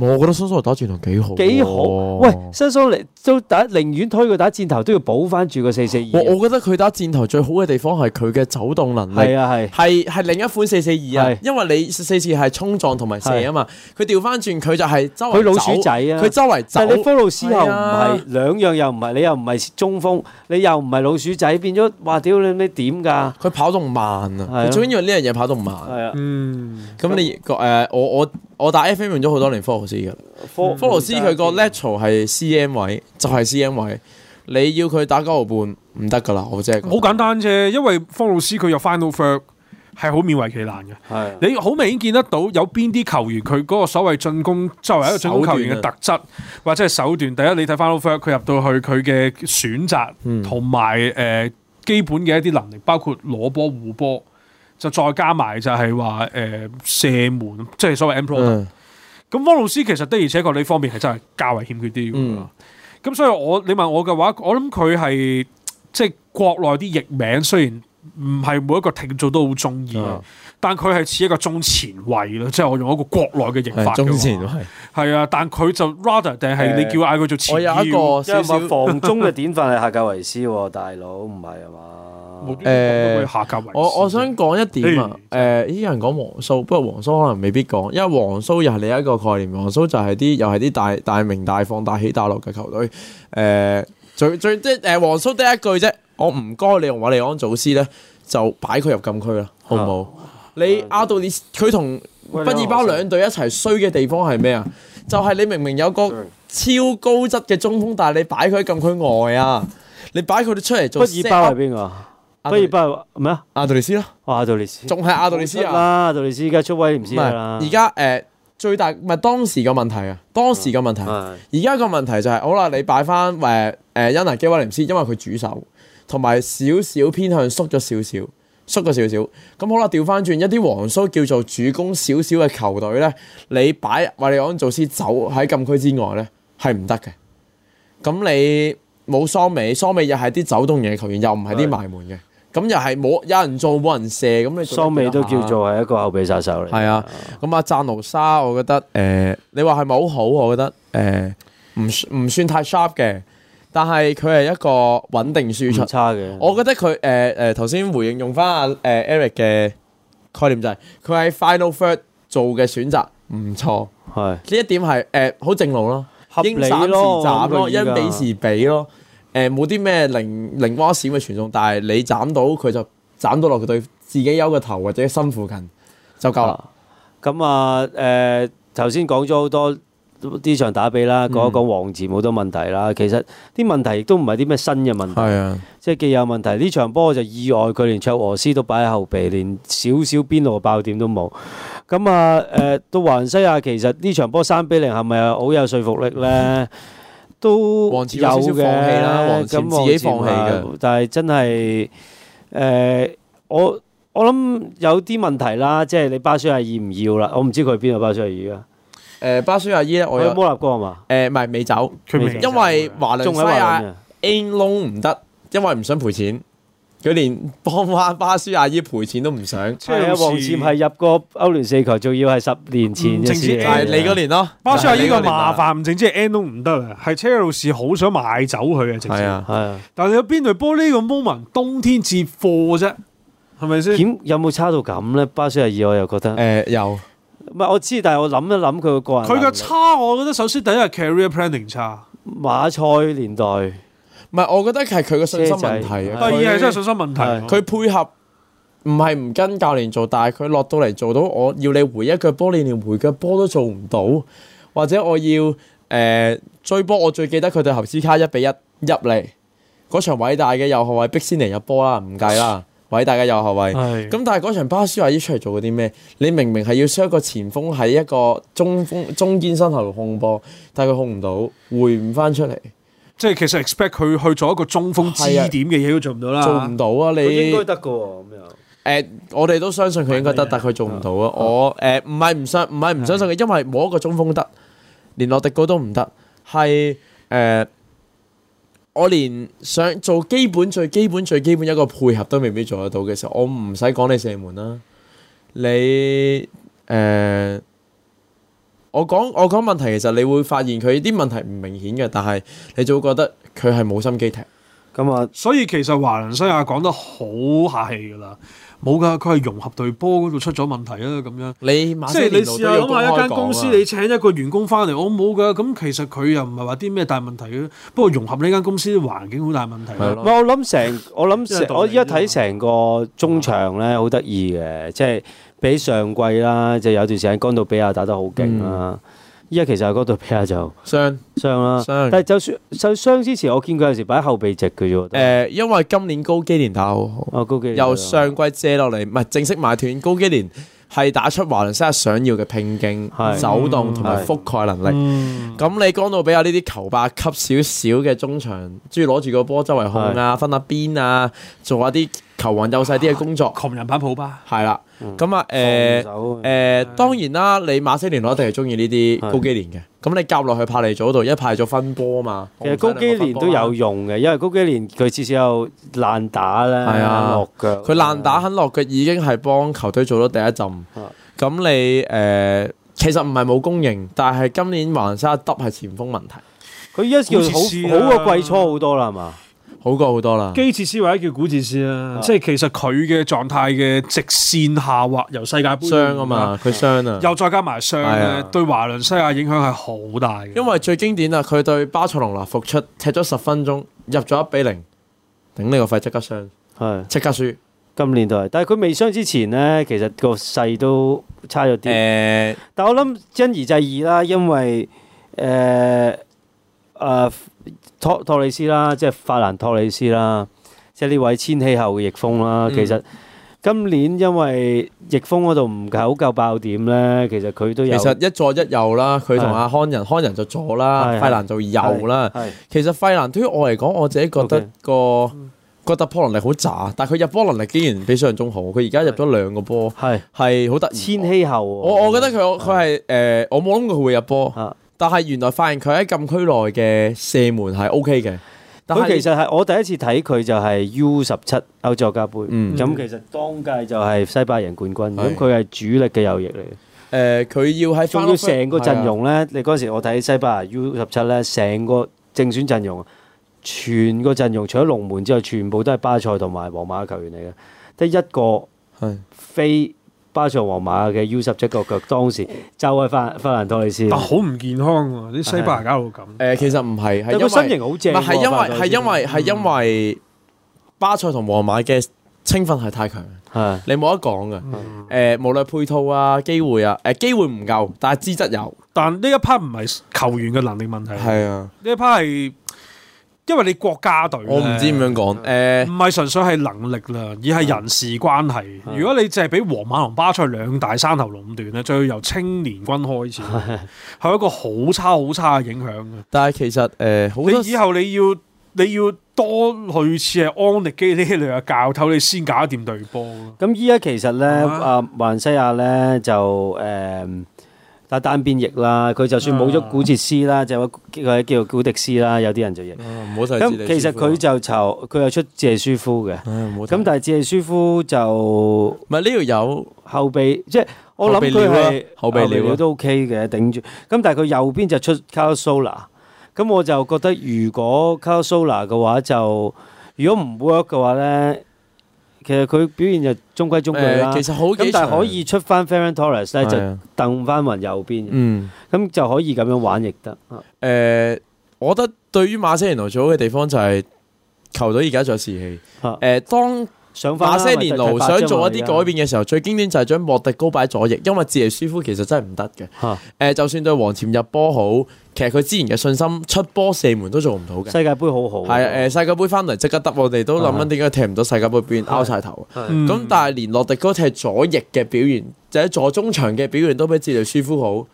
我覺得蘇蘇打箭頭幾好、啊，幾好。喂，蘇蘇你都打，寧願推佢打箭頭，都要補翻住個四四二。我我覺得佢打箭頭最好嘅地方係佢嘅走動能力。係啊係，另一款四四二啊，啊因為你四四二係衝撞同埋射啊嘛，佢調翻轉佢就係周圍走佢老鼠仔啊，佢周圍走。但你福路斯又唔係兩樣又唔係，你又唔係中鋒，你又唔係老鼠仔，變咗哇屌你咩點㗎？佢跑得慢啊，啊最緊要呢樣嘢跑得唔慢。係啊，咁你誒我、呃、我。我我我打 FM 用咗好多年，科勞斯嘅。科科、嗯、斯佢個 level 係 CM 位，就係、是、CM 位。你要佢打九號半唔得噶啦，我即係。好簡單啫，因為科勞斯佢有 final four 係好勉為其難嘅。係、啊。你好明顯見得到有邊啲球員佢嗰個所謂進攻作為一個進攻球員嘅特質或者手段。第一，你睇 final four 佢入到去佢嘅選擇同埋誒基本嘅一啲能力，包括攞波護波。就再加埋就係話誒射門，即係所謂 employer。咁、嗯、方老師其實的而且確呢方面係真係較為欠缺啲。咁所以我你問我嘅話，我諗佢係即係國內啲譯名，雖然唔係每一個聽眾都好鍾意。嗯但佢係似一個中前衛咯，即係我用一個國內嘅譯法，中前係係啊，但佢就 rather 定係你叫嗌佢做前？我有一個因為 防中嘅典範係下格維斯大佬，唔係嘛？誒、欸，下格維斯我我想講一點啊。誒、嗯，依、呃、人講黃蘇，不過黃蘇可能未必講，因為黃蘇又係另一個概念。黃蘇就係啲又係啲大大鳴大放大起大落嘅球隊。誒、呃，最最即誒、呃，黃蘇得一句啫，我唔該你用瓦利安祖斯咧，就擺佢入禁區啦，好唔好？啊你阿杜利斯佢同畢爾包兩隊一齊衰嘅地方係咩啊？就係、是、你明明有個超高質嘅中鋒，但係你擺佢喺禁區外啊！你擺佢哋出嚟做畢爾包係邊個啊？畢爾包唔係啊？阿杜利斯咯、啊，阿杜利斯仲係阿杜利斯啦，阿杜利斯而家出威廉斯係啦。而家誒最大唔係當時嘅問題啊，當時嘅問題。而家個問題就係、是、好啦，你擺翻誒誒恩拿基威廉斯，因為佢主手同埋少少偏向縮咗少少。縮咗少少，咁好啦，調翻轉一啲黃蘇叫做主攻少少嘅球隊呢，你擺話你安祖斯走喺禁區之外呢，係唔得嘅。咁你冇桑美，桑美又係啲走動型嘅球員，又唔係啲埋門嘅，咁又係冇有，有人做冇人射，咁你得得桑美都叫做係一個後備殺手嚟。係啊，咁阿贊奴沙，我覺得誒，呃、你話係咪好好？我覺得誒，唔、呃、唔、呃、算太 sharp 嘅。但係佢係一個穩定輸出，差嘅。我覺得佢誒誒，頭、呃、先、呃、回應用翻阿誒 Eric 嘅概念就係、是，佢係 Final Third 做嘅選擇唔錯，係呢是一點係誒好正路咯，合理咯，因比時、啊、時比咯，誒冇啲咩零零花閃嘅傳送，但係你斬到佢就斬到落佢對自己有個頭或者心附近就夠啦。咁啊誒頭先講咗好多。呢場打比啦，講一講黃志冇得問題啦。其實啲問題亦都唔係啲咩新嘅問題，的即係既有問題。呢場波就意外，佢連卓和斯都擺喺後備，連少少邊路爆點都冇。咁啊，誒、呃、到華倫西亞，其實呢場波三比零係咪好有說服力呢？ 都有少少放棄啦，黃志自己放棄嘅。但係真係誒、呃，我我諗有啲問題啦，即係你巴舒亞要唔要啦？我唔知佢邊度巴舒亞而家。誒，巴舒阿姨咧，我有摩納哥係嘛？誒，唔係未走，因為華倫西亞 end loan 唔得，因為唔想賠錢，佢連幫翻巴舒阿姨賠錢都唔想。係啊，黃漸係入過歐聯四球，仲要係十年前嘅事。係你嗰年咯，巴舒阿姨個麻煩唔淨，即係 end loan 唔得啊，係車路士好想買走佢嘅。正正係啊，但係有邊隊波呢個 moment 冬天接貨啫，係咪先？點有冇差到咁咧？巴舒阿姨，我又覺得誒有。唔係我知，但係我諗一諗佢個個人，佢個差，我覺得首先第一係 career planning 差。馬賽年代，唔係我覺得係佢個信心問題。第二係真係信心問題。佢他他配合唔係唔跟教練做，但係佢落到嚟做到，我要你回一腳波，你連回腳波都做唔到。或者我要誒、呃、追波，我最記得佢對侯斯卡一比一入嚟嗰場偉大嘅，又係為逼先嚟入波啦，唔計啦。 喂，大家有後位，咁是的 但係嗰場巴舒亞依出嚟，做咗啲咩？你明明係要輸一個前鋒喺一個中鋒中堅身後控波，但係佢控唔到，回唔翻，出嚟，即係其實 expect 佢去做一個中鋒支點嘅嘢，都做唔到啦，做唔到啊！你佢應該得嘅喎，咁又，誒、呃，我哋都相信佢應該得，的但係佢做唔到啊！的我，誒、呃，唔係唔相，唔係唔相信佢，不不信的因為冇一個中鋒得，連洛迪哥都唔得，係誒。呃我連想做基本最基本最基本一個配合都未必做得到嘅時候，我唔使講你射門啦，你誒、呃，我講我講問題，其實你會發現佢啲問題唔明顯嘅，但係你就會覺得佢係冇心機踢。咁啊，所以其實華倫西亞講得好客氣噶啦。冇噶，佢係融合隊波嗰度出咗問題啊！咁樣，你即係你試下我買一間公司，你請一個員工翻嚟，我冇噶。咁其實佢又唔係話啲咩大問題嘅，不過融合呢間公司環境好大問題的 我諗成，我諗我依家睇成個中場咧，好得意嘅，即係比上季啦，就有段時間干到比亞打得好勁啦。依家其實喺嗰度劈下就傷傷啦，但係就算就傷之前，我見佢有時擺喺後備席嘅啫。誒、呃，因為今年高基連打好好，高基連由上季借落嚟，唔係正式買斷。高基連係打出華倫西亞想要嘅拼勁、是走動同埋覆蓋能力。咁是你講到比較呢啲球霸級少少嘅中場，中意攞住個波周圍控啊，是分下邊啊，做下啲。球王幼細啲嘅工作，窮人版普巴係啦，咁啊，誒，誒，當然啦，你馬斯連我一定係中意呢啲高基連嘅。咁你夾落去帕利佐度，一派咗分波嘛。其實高基連都有用嘅，因為高基連佢至少有爛打啦，落腳，佢爛打肯落腳已經係幫球隊做咗第一浸。咁你誒，其實唔係冇供應，但係今年華山 double 係前鋒問題，佢而家叫好好過季初好多啦，係嘛？好過好多啦，機智師或者叫古智師啦、啊，啊、即係其實佢嘅狀態嘅直線下滑，由世界杯傷啊嘛，佢傷啊，又再加埋傷咧，啊、對華倫西亞影響係好大嘅。因為最經典啦，佢對巴塞隆拿復出踢咗十分鐘，入咗一比零，頂呢個肺，即刻傷，係即刻輸。今年都係，但係佢未傷之前呢，其實個勢都差咗啲。誒、欸，但係我諗因而就二啦，因為誒、呃呃，啊。托托里斯啦，即係法蘭托里斯啦，即係呢位千禧後嘅逆風啦。嗯、其實今年因為逆風嗰度唔夠夠爆點咧，其實佢都有。其實一左一右啦，佢同阿康仁，康仁是就左啦，費是蘭就右啦。其實費蘭對於我嚟講，我自己覺得個個突破能力好渣，但係佢入波能力竟然比想像中好。佢而家入咗兩個波，係係好得。千禧後，我我覺得佢佢係誒，我冇諗過佢會入波。但係原來發現佢喺禁區內嘅射門係 OK 嘅。佢其實係我第一次睇佢就係 U 十七歐洲盃。嗯，咁其實當屆就係西班牙人冠軍。咁佢係主力嘅右翼嚟嘅。誒，佢要喺仲要成個陣容咧。你嗰時我睇西班牙 U 十七咧，成個正選陣容，全個陣容除咗龍門之外，全部都係巴塞同埋皇馬嘅球員嚟嘅，得一個飛。巴塞皇馬嘅 U 十七個腳，當時就係法法蘭多利斯，但好唔健康喎、啊，啲西班牙搞到咁。誒、啊呃，其實唔係，個身形好正、啊，係因為係因為係因，、嗯、因為巴塞同皇馬嘅青訓係太強，係、啊、你冇得講嘅。誒、嗯呃，無論配套啊，機會啊，誒、呃，機會唔夠，但係資質有。但呢一 part 唔係球員嘅能力問題，係啊，呢、啊、一 part 係。因為你國家隊咧，我唔知點樣講，唔係純粹係能力啦，而係人事關係。嗯、如果你淨係俾皇馬同巴塞兩大山頭壟斷咧，就要由青年軍開始，係、嗯、一個好差好差嘅影響嘅。但係其實誒，呃、你以後你要你要多類似係安力基呢類嘅教頭，你先搞得掂隊波。咁依家其實咧，阿馬、嗯啊、西亞咧就誒。嗯但係單邊翼啦，佢就算冇咗古哲斯啦，嗯、就話叫叫古迪斯啦，有啲人就譯。咁、嗯、其實佢就籌，佢又、嗯、出謝舒夫嘅。咁、哎、但係謝舒夫就唔係呢度有後備，即係我諗佢係後備料啊，後備料都 OK 嘅頂住。咁但係佢右邊就出 Carl Sola，咁我就覺得如果 Carl Sola 嘅話就，如果唔 work 嘅話咧。其實佢表現就中規中矩，呃、其啦，咁但係可以出翻 Ferran Torres 咧的，就蹬翻勻右邊，咁、嗯、就可以咁樣玩亦得。誒、呃，我覺得對於馬斯蘭奴最好嘅地方就係球隊而家仲有士氣。誒、嗯呃，當馬斯列奴想做一啲改變嘅時候，現在 最經典就係將莫迪高擺左翼，因為智利舒夫其實真係唔得嘅。誒、啊呃，就算對黃潛入波好，其實佢之前嘅信心出波射門都做唔到嘅。世界杯好好，係誒、呃，世界杯翻嚟即刻得，我哋都諗緊點解踢唔到世界杯表，變拗晒頭。咁、嗯、但係連洛迪高踢左翼嘅表現，就喺、是、左中場嘅表現都比智利舒夫好。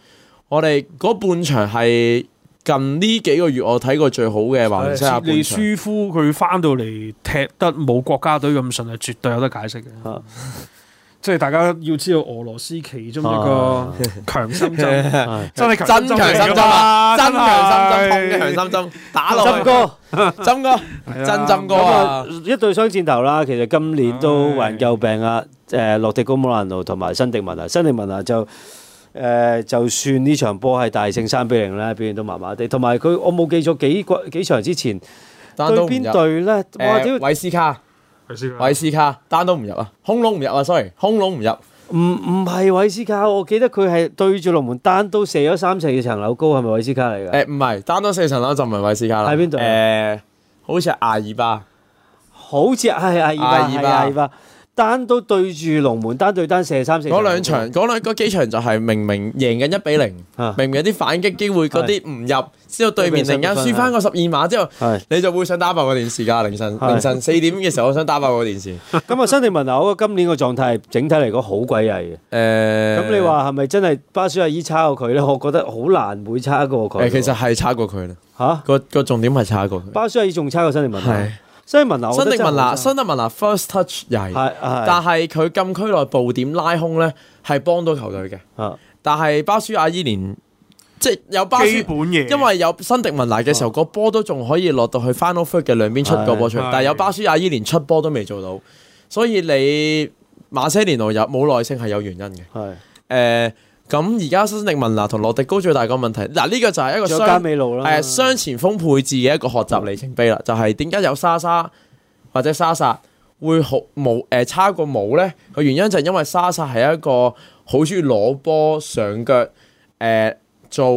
我哋嗰半場係。近呢幾個月我睇過最好嘅，華連斯阿半你舒夫，佢翻到嚟踢得冇國家隊咁順，係絕對有得解釋嘅。即係大家要知道俄羅斯其中一個強心針，真係強心針啊！真強心針，真強心針，打落針哥，針哥，真針哥一對雙箭頭啦，其實今年都還夠病啊。誒，洛迪高、莫蘭奴同埋新迪文啊，新迪文啊就誒、呃，就算呢場波係大勝三比零咧，表現都麻麻地。同埋佢，我冇記錯，幾個幾場之前單對邊隊咧？哇、呃！點解？韋斯卡，韋斯卡，單都唔入啊！空窿唔入啊！Sorry，空窿唔入。唔唔係韋斯卡，我記得佢係對住龍門單都射咗三層嘅層樓高，係咪韋斯卡嚟嘅？誒唔係，單都四層樓就唔係韋斯卡啦。喺邊隊？誒、呃，好似阿爾巴，好似係阿爾巴，係阿爾巴。單都對住龍門單對單射三四，嗰兩場嗰兩嗰幾場就係，明明贏緊一比零，明明有啲反擊機會，嗰啲唔入，之後對面突然間輸翻個十二碼之後，你就會想打爆個電視噶，凌晨凌晨四點嘅時候，我想打爆個電視。咁啊，新地文樓今年個狀態整體嚟講好鬼曳嘅。誒，咁你話係咪真係巴舒亞依差過佢咧？我覺得好難會差過佢。其實係差過佢啦。吓，個個重點係差過佢，巴舒亞依仲差過新地文樓。新迪文拿，新迪文拿 first touch 係，但係佢禁區內步點拉空呢，係幫到球隊嘅。啊、但係巴舒亞依連，即係有巴舒基本嘅，因為有新迪文拿嘅時候，啊、個波都仲可以落到去 final third 嘅兩邊出個波出，但係有巴舒亞依連出波都未做到，所以你馬些連奴有冇耐性係有原因嘅。係是，誒。呃咁而家新力文拿同羅迪高最大個問題，嗱、啊、呢、這個就係一個雙誒雙、呃、前鋒配置嘅一個學習里、嗯、程碑啦。就係點解有莎莎，或者莎莎會好冇誒、呃、差過冇咧？個原因就係因為莎莎係一個好中意攞波上腳誒、呃、做，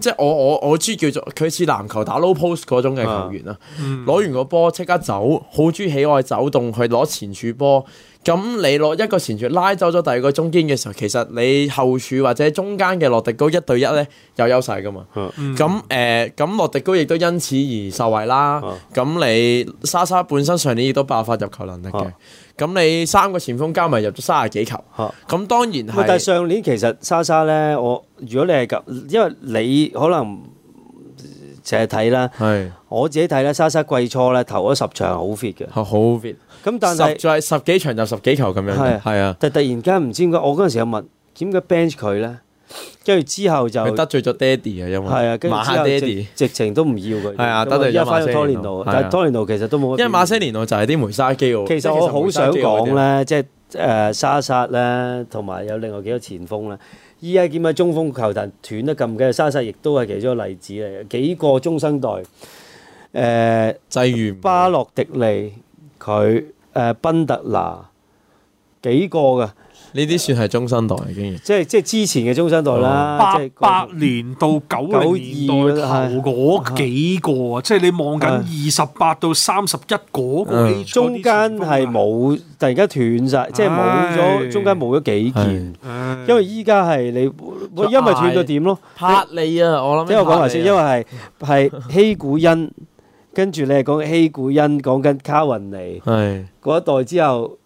即係我我我中意叫做佢似籃球打 low post 嗰種嘅球員啦。攞、啊嗯、完個波即刻走，好中意喜愛走動去攞前柱波。咁你落一個前鋒拉走咗第二個中堅嘅時候，其實你後處或者中間嘅洛迪高一對一咧有優勢噶嘛？嗯。咁誒，咁、呃、洛迪高亦都因此而受惠啦。咁、啊、你莎莎本身上年亦都爆發入球能力嘅。咁、啊、你三個前鋒加埋入咗三十幾球。嚇、啊。咁當然但係上年其實莎莎咧，我如果你係咁，因為你可能淨係睇啦。係是。我自己睇咧，莎莎季初咧投咗十場好 fit 嘅。好 fit。咁但係十在十幾場就十幾球咁樣嘅，啊！但突然間唔知點解，我嗰陣時有問點解 bench 佢咧，跟住之後就得罪咗 Daddy 啊，因為爹哋直情都唔要佢，係啊得因為翻咗托尼奴，但係托尼奴其實都冇，因為馬些年奴就係啲梅沙基喎。其實我好想講咧，即係誒沙沙咧，同埋有另外幾多前鋒咧。依家點解中鋒球壇斷得咁嘅？沙沙亦都係其中一個例子嚟嘅。幾個中生代誒，例如巴洛迪利佢。誒賓特拿幾個嘅？呢啲算係中生代，竟然即係即係之前嘅中生代啦，八八年到九零年代頭嗰幾個啊！即係你望緊二十八到三十一嗰個，中間係冇突然間斷晒，即係冇咗中間冇咗幾件，因為依家係你，因為斷到點咯？拍你啊，我諗即係我講埋先，因為係係希古因。跟住你係講希古恩，講緊卡雲尼，係嗰一代之後，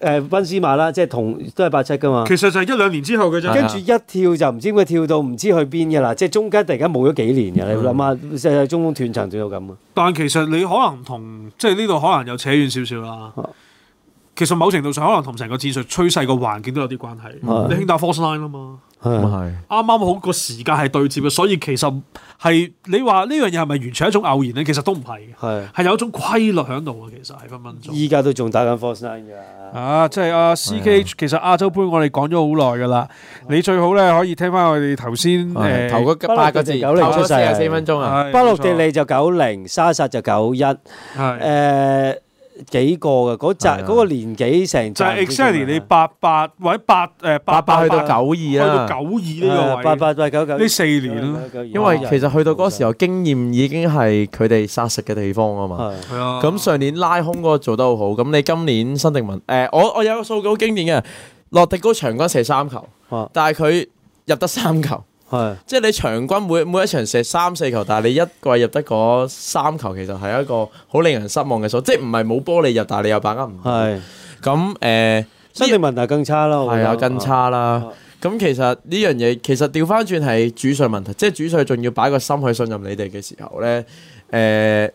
誒賓斯馬啦，即係同都係八七噶嘛。其實就係一兩年之後嘅啫。跟住一跳就唔知會跳到唔知去邊嘅啦，即係中間突然間冇咗幾年嘅，你諗下，即係中鋒斷層就到咁啊。但其實你可能同即係呢度可能又扯遠少少啦。其實某程度上可能同成個戰術趨勢個環境都有啲關係。你興打 four line 啊嘛。係，啱啱好個時間係對接嘅，所以其實係你話呢樣嘢係咪完全一種偶然咧？其實都唔係，係的有一種規律喺度啊！其實係分分鐘，依家都仲打緊火山啊，即係阿 CK，其實亞洲盃我哋講咗好耐噶啦。的你最好咧可以聽翻我哋頭先誒，頭嗰八個字九零出世，四啊四分鐘啊。巴洛迪利就九零，沙薩就九一，誒、嗯。幾個嘅嗰集嗰個年紀成就 exactly 你八八或者八誒、呃、八八去到九二啦，去到九二呢個八八八九九呢四年，因為其實去到嗰時候經驗已經係佢哋殺食嘅地方啊嘛。係啊，咁上、啊、年拉空嗰個做得好好，咁你今年新定文誒、呃、我我有個數據好經典嘅，洛迪高場均射三球，但係佢入得三球。係，是即係你場均每每一場射三四球，但係你一季入得嗰三球，其實係一個好令人失望嘅數，即係唔係冇波你入，但係你又把握唔到。係是，咁誒，呃、身體問題更差咯，係對啊，更差啦。咁其實呢樣嘢其實調翻轉係主帥問題，即係主帥仲要擺個心去信任你哋嘅時候咧，誒、呃，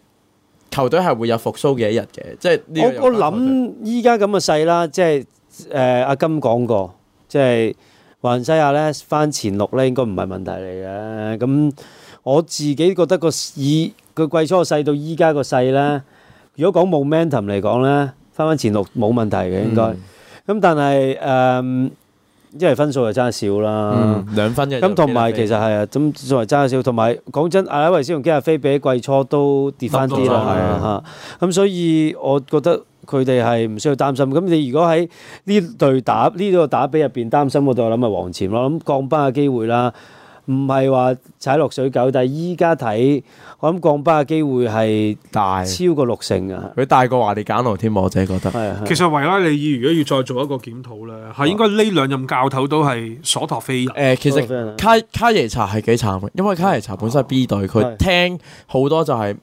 球隊係會有復甦嘅一日嘅我。即係我我諗依家咁嘅勢啦，即係誒阿金講過，即係。華倫西亞咧翻前六咧應該唔係問題嚟嘅。咁我自己覺得個以個季初個勢到依家個勢啦，嗯、如果講 momentum 嚟講咧，翻翻前六冇問題嘅應該、嗯，咁但係誒，因為分數又爭少啦，兩、嗯、分咁，同埋其實係啊，咁仲係爭少，同埋講真阿拉維斯同基阿飛比起季初都跌翻啲啦，係啊，咁的的所以我覺得。佢哋係唔需要擔心。咁你如果喺呢隊打呢、呢個打比入邊擔心，我度諗係黃潛咯。咁降班嘅機會啦，唔係話踩落水狗。但係依家睇，我諗降班嘅機會係大，超過六成啊！佢大過華地簡奴添，我自己覺得。其實維拉利爾如果要再做一個檢討咧，係應該呢兩任教頭都係索托菲。誒、呃，其實卡卡耶查係幾慘嘅，因為卡耶查本身係 B 隊，佢、啊、聽好多就係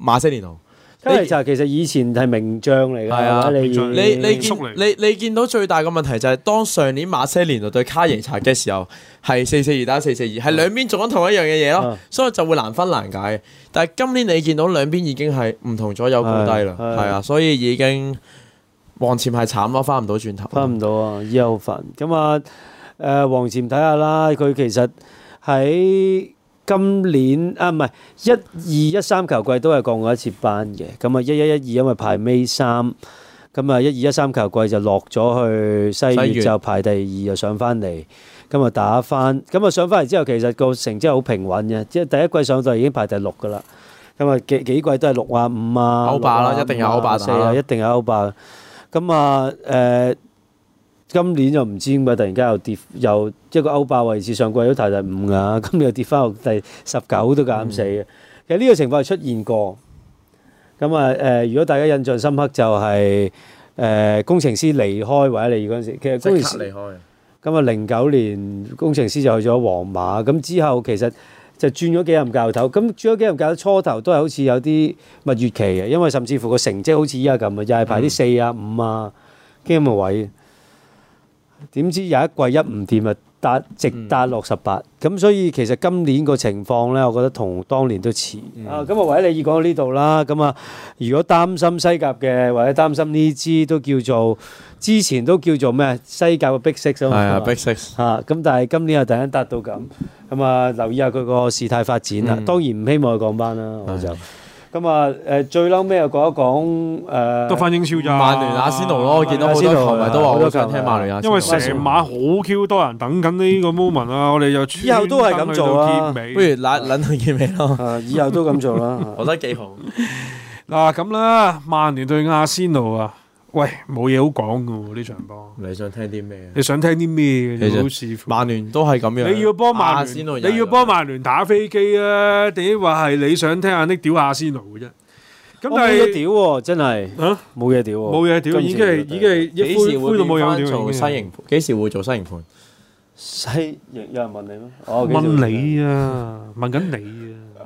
馬塞尼奴。真係就其實以前係名將嚟嘅，係啊的將，你見你見你你見到最大嘅問題就係、是、當上年馬斯連奴對卡型擦嘅時候，係四四二打四四二，係兩邊做緊同一樣嘅嘢咯，的所以就會難分難解。但係今年你見到兩邊已經係唔同咗，有高低啦，係啊，所以已經黃潛係慘咯，翻唔到轉頭了，翻唔到啊，依家好煩。咁啊，誒、呃、黃潛睇下啦，佢其實喺。今年啊，唔係一二一三球季都係降過一次班嘅。咁啊，一一一二因為排尾三，咁啊一二一三球季就落咗去西乙，就元排第二，就上翻嚟。咁啊打翻，咁啊上翻嚟之後，其實個成績好平穩嘅。即係第一季上到已經排第六噶啦。咁啊幾幾季都係六啊五啊，歐霸啦，一定有歐霸，四啊一定有歐霸。咁啊，誒。今年就唔知點解突然間又跌，又一個歐霸位置，上季都排第五㗎，今年又跌翻落第十九，都搞死嘅。其實呢個情況係出現過。咁啊。誒，如果大家印象深刻就係誒工程師離開或者離異嗰陣時，其實工程師離開咁啊，零九年工程師就去咗皇馬，咁之後其實就轉咗幾任教頭。咁轉咗幾任教頭，初頭都係好似有啲蜜月期嘅，因為甚至乎個成績好似依家咁啊又係排啲四啊五啊咁嘅位。點知有一季一唔掂啊，達直達六十八，咁、嗯、所以其實今年個情況咧，我覺得同當年都似。啊，咁啊，為咗你講到呢度啦，咁啊，如果擔心西甲嘅或者擔心呢支都叫做之前都叫做咩？西甲嘅 Big Six 咯。係啊，Big Six< 吧>。嚇 Six！咁、啊、但係今年又突然間達到咁，咁啊，留意下佢個事態發展啦。嗯、當然唔希望佢降班啦，我就、嗯。咁啊，誒最嬲咩啊？講一講誒，都翻英超咋？啊、曼聯阿仙奴咯，見、啊、到好多球迷、啊、都話好想聽曼聯亞，啊、因為成晚好 Q 多人等緊呢個 moment 啊！我哋又穿翻去到結尾，不如攬攬去結尾咯。以後都咁做啦，我覺得幾好。嗱咁啦，曼聯對阿仙奴啊。喂，冇嘢好講噶喎，呢場波。你想聽啲咩？你想聽啲咩？其實，曼聯都係咁樣。你要幫曼聯，你要幫曼聯打飛機啊？定話係你想聽下啲屌阿仙奴嘅啫。咁但係，冇得屌喎，真係。嚇，冇嘢屌喎，冇嘢屌。已經係已經係，幾時會變翻做西營盤？幾時會做西營盤？西營有人問你咩？問你啊，問緊你啊。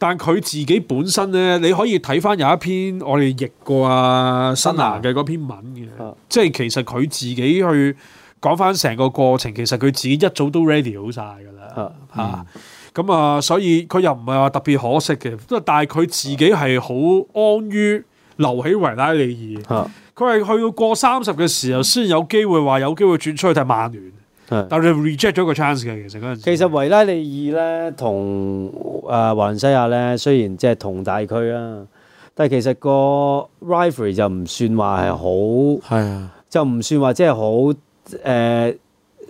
但佢自己本身咧，你可以睇翻有一篇我哋譯過啊，辛拿嘅嗰篇文嘅，啊、即係其實佢自己去講翻成個過程，其實佢自己一早都 ready 好晒㗎啦嚇。咁啊、嗯、啊，所以佢又唔係話特別可惜嘅，都但係佢自己係好安於留喺維拉利爾。佢係、啊、去到過三十嘅時候，先有機會話有機會轉出去睇曼聯。但係 reject 咗個 chance 嘅，其實嗰陣時。其實維拉利爾咧同啊華倫西亞咧，雖然即係同大區啦、啊，但係其實個 rivalry 就唔算話係好，係啊、嗯呃，就唔、是嗯、算話即係好誒，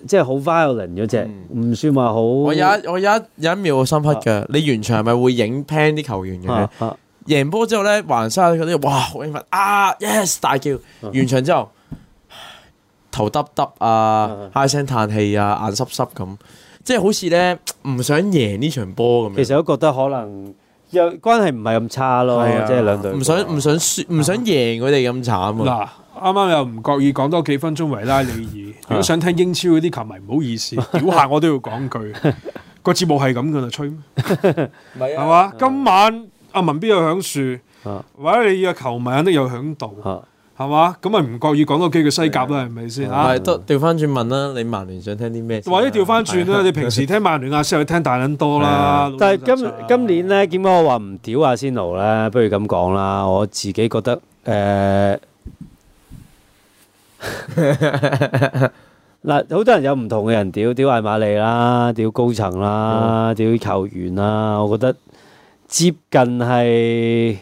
即係好 violent 嗰隻，唔算話好。我有一秒我有一有一秒好深刻嘅，啊、你完場係咪會影 pan 啲球員嘅？啊啊、贏波之後咧，華倫西亞嗰啲哇，好興奮啊！Yes，大叫完場之後。頭耷耷啊，唉聲嘆氣啊，眼濕濕咁，即係好似咧唔想贏呢場波咁樣。其實我覺得可能有關係唔係咁差咯，即係兩隊唔想唔想輸唔想贏佢哋咁慘啊！嗱想，啱啱又唔覺意講多幾分鐘維拉利爾，如果想聽英超嗰啲球迷，唔好意思，屌下我都要講句， 個節目係咁噶啦，吹係嘛？ 啊、 今晚阿文必有響樹，或者你個球迷肯定有響度。 係嘛？咁咪唔覺意講到幾句西甲啦，係咪先啊？唔係，都調翻轉問啦。你曼聯想聽啲咩？或者調翻轉啦，啊、你平時聽曼聯阿仙奴聽大撚多啦、啊。但係今七七、啊、今年咧，點解我話唔屌阿仙奴咧？不如咁講啦，我自己覺得誒嗱，好、呃、 多人有唔同嘅人屌，屌艾瑪利啦，屌高層啦，屌、嗯、球員啦，我覺得接近係。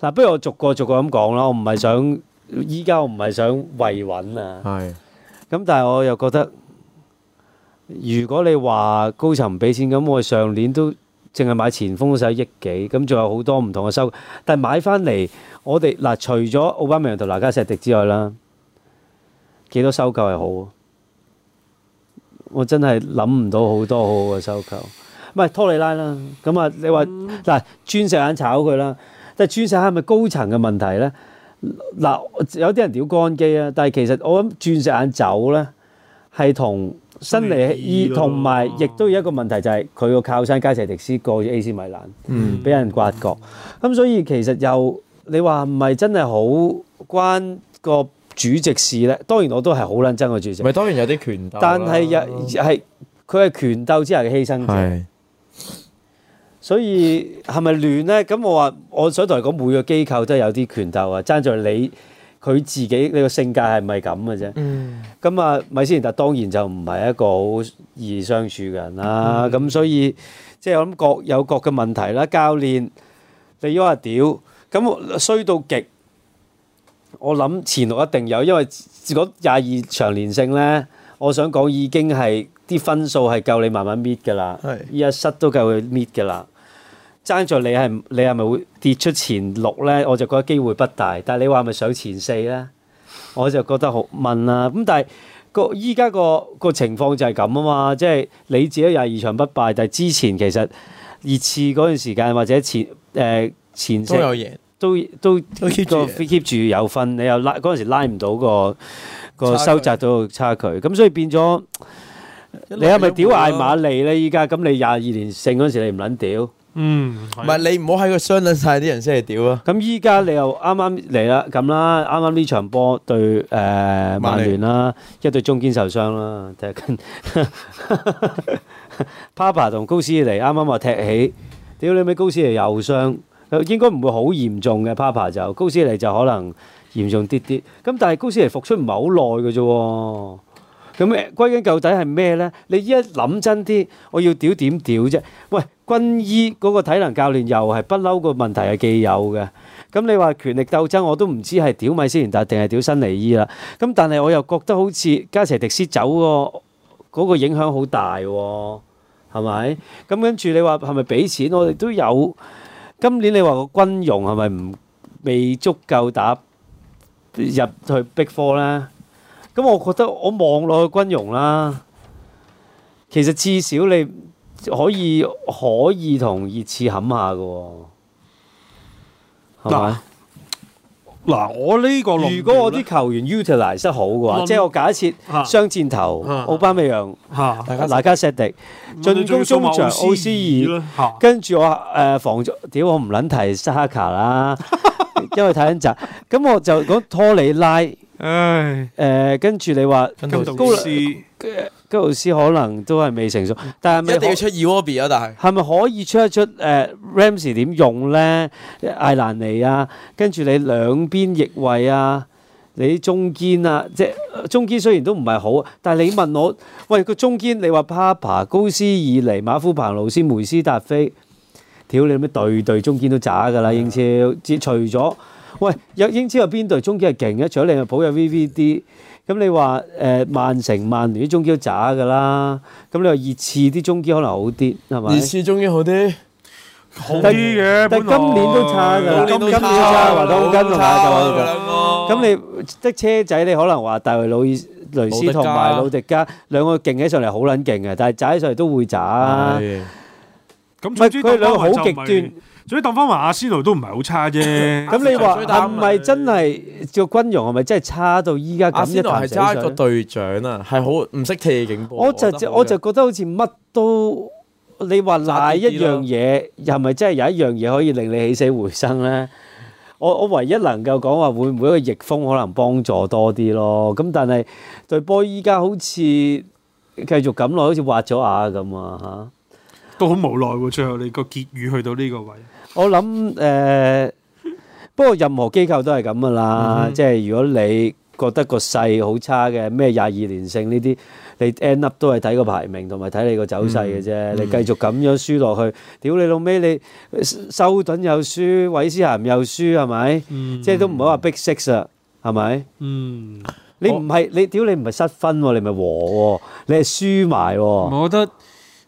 嗱，不如我逐個逐個咁講啦。我唔係想依家我唔係想維穩啊。係。咁但係我又覺得，如果你話高層唔俾錢，咁我上年都淨係買前鋒都使億幾，咁仲有好多唔同嘅收。但係買翻嚟，我哋嗱除咗奧巴明同拿卡錫迪之外啦，幾多收購係好？我真係諗唔到好多好好嘅收購。唔係托里拉啦，咁啊你話嗱專石眼炒佢啦。即係鑽石眼係咪高層嘅問題咧？嗱、呃，有啲人屌乾機啊！但係其實我諗鑽石眼走咧，係同新嚟，同埋亦都有一個問題就係佢個靠山加齊迪斯過咗 AC 米蘭，俾、嗯、人刮角。咁、嗯嗯、所以其實又你話唔係真係好關個主席事咧。當然我都係好撚憎個主席。咪當然有啲權鬥，但係又係佢係權鬥之下嘅犧牲者。所以係咪亂咧？咁我話，我想同你講，每個機構都係有啲權鬥啊，爭在你佢自己你個性格係咪咁嘅啫。咁啊、嗯，米斯但係當然就唔係一個好易相處嘅人啦。咁、嗯、所以即係、就是、我諗各有各嘅問題啦。教練，你如果話屌，咁衰到極，我諗前六一定有，因為嗰廿二場連勝咧，我想講已經係啲分數係夠你慢慢搣㗎啦。依一室都夠佢搣㗎啦。爭在你係你係咪會跌出前六咧？我就覺得機會不大。但係你話咪上前四咧？我就覺得好問啦，啊。咁但係個依家個個情況就係咁啊嘛，即係你自己廿二場不敗，但係之前其實二次嗰段時間或者前誒，呃、前四都有贏，都都個 keep 住有分，你又拉嗰陣時拉唔到，那個個收窄到個差距，咁所以變咗你係咪屌艾瑪利咧？依家咁你廿二年勝嗰時你唔撚屌？嗯，唔係你唔好喺個傷得晒啲人先係屌咯。咁依家你又啱啱嚟啦，咁啦，啱啱呢場波對誒曼聯啦，一對中堅受傷啦，踢 Papa 同高斯尼，啱啱話踢起，屌你咪高斯尼又傷，應該唔會好嚴重嘅。Papa 就高斯尼就可能嚴重啲啲，咁但係高斯尼復出唔係好耐嘅啫。咁歸根究底係咩咧？你依家諗真啲，我要屌點屌啫？喂！軍醫嗰個體能教練又係不嬲個問題係既有嘅，咁你話權力鬥爭我都唔知係屌米斯連達，定係屌新尼依啦。咁但係我又覺得好似加石迪斯走喎，嗰個影響好大喎，係咪？咁跟住你話係咪俾錢？我哋都有。今年你話個軍容係咪唔未足夠打入去 Big Four 呢？咁我覺得我望落去個軍容啦，其實至少你。可以可以同熱刺冚下嘅。嗱嗱，我呢個如果我啲球員 utilise 得好嘅話，即係我假設雙箭頭奧巴美揚，大家大家塞迪進攻中場奧斯爾，跟住我誒防咗，屌我唔撚提沙卡啦，因為睇緊集，咁我就講托里拉，誒誒，跟住你話高斯。吉魯斯可能都係未成熟，但係咪一定要出伊沃比啊？但係係咪可以出一出誒？Ramsey 點用咧？艾蘭尼啊，跟住你兩邊翼位啊，你中堅啊，即係中堅雖然都唔係好，但係你問我，喂個中堅你話帕帕、高斯、以嚟馬夫、彭老師、梅斯達菲，屌你咩隊隊中堅都渣㗎啦！英超即係除咗喂，有英超有邊隊中堅係勁嘅？除咗利物浦有 VVD。咁你話誒曼城、曼聯啲中堅渣㗎啦，咁你話熱刺啲中堅可能好啲，係咪？熱刺中堅好啲，好啲嘅，但係今年都差㗎啦，今年差，話到好跟唔埋就係咁。咁你啲車仔，你可能話大衛魯爾、雷斯同埋魯迪加兩個勁起上嚟好撚勁嘅，但係渣起上嚟都會渣。唔係佢兩個好極端。所以打翻埋阿仙奴都唔係好差啫。咁你話係咪真係個軍容，係咪真係差到依家咁一塌？阿仙奴係差個隊長啊，係好唔識踢嘅勁波。我就就我就覺得好似乜都，你話邊一樣嘢，又係咪真係有一樣嘢可以令你起死回生咧？我我唯一能夠講，話會唔會一個逆風可能幫助多啲咯。咁但係對波依家好似繼續咁耐，好似滑咗下咁啊嚇。都好無奈喎，最後你個結語去到呢個位。我諗誒，呃、 不過任何機構都係咁噶啦，嗯、哼即係如果你覺得個勢好差嘅，咩廿二連勝呢啲，你 end up 都係睇個排名同埋睇你個走勢嘅啫。嗯嗯、你繼續咁樣輸落去，屌你老尾，你修頓又輸，韋斯咸又輸，係咪？即係都唔好話 Big Six 啦，係咪？嗯。是是嗯你唔係我 你屌你唔係失分喎，你咪和喎，你係輸埋喎。我覺得。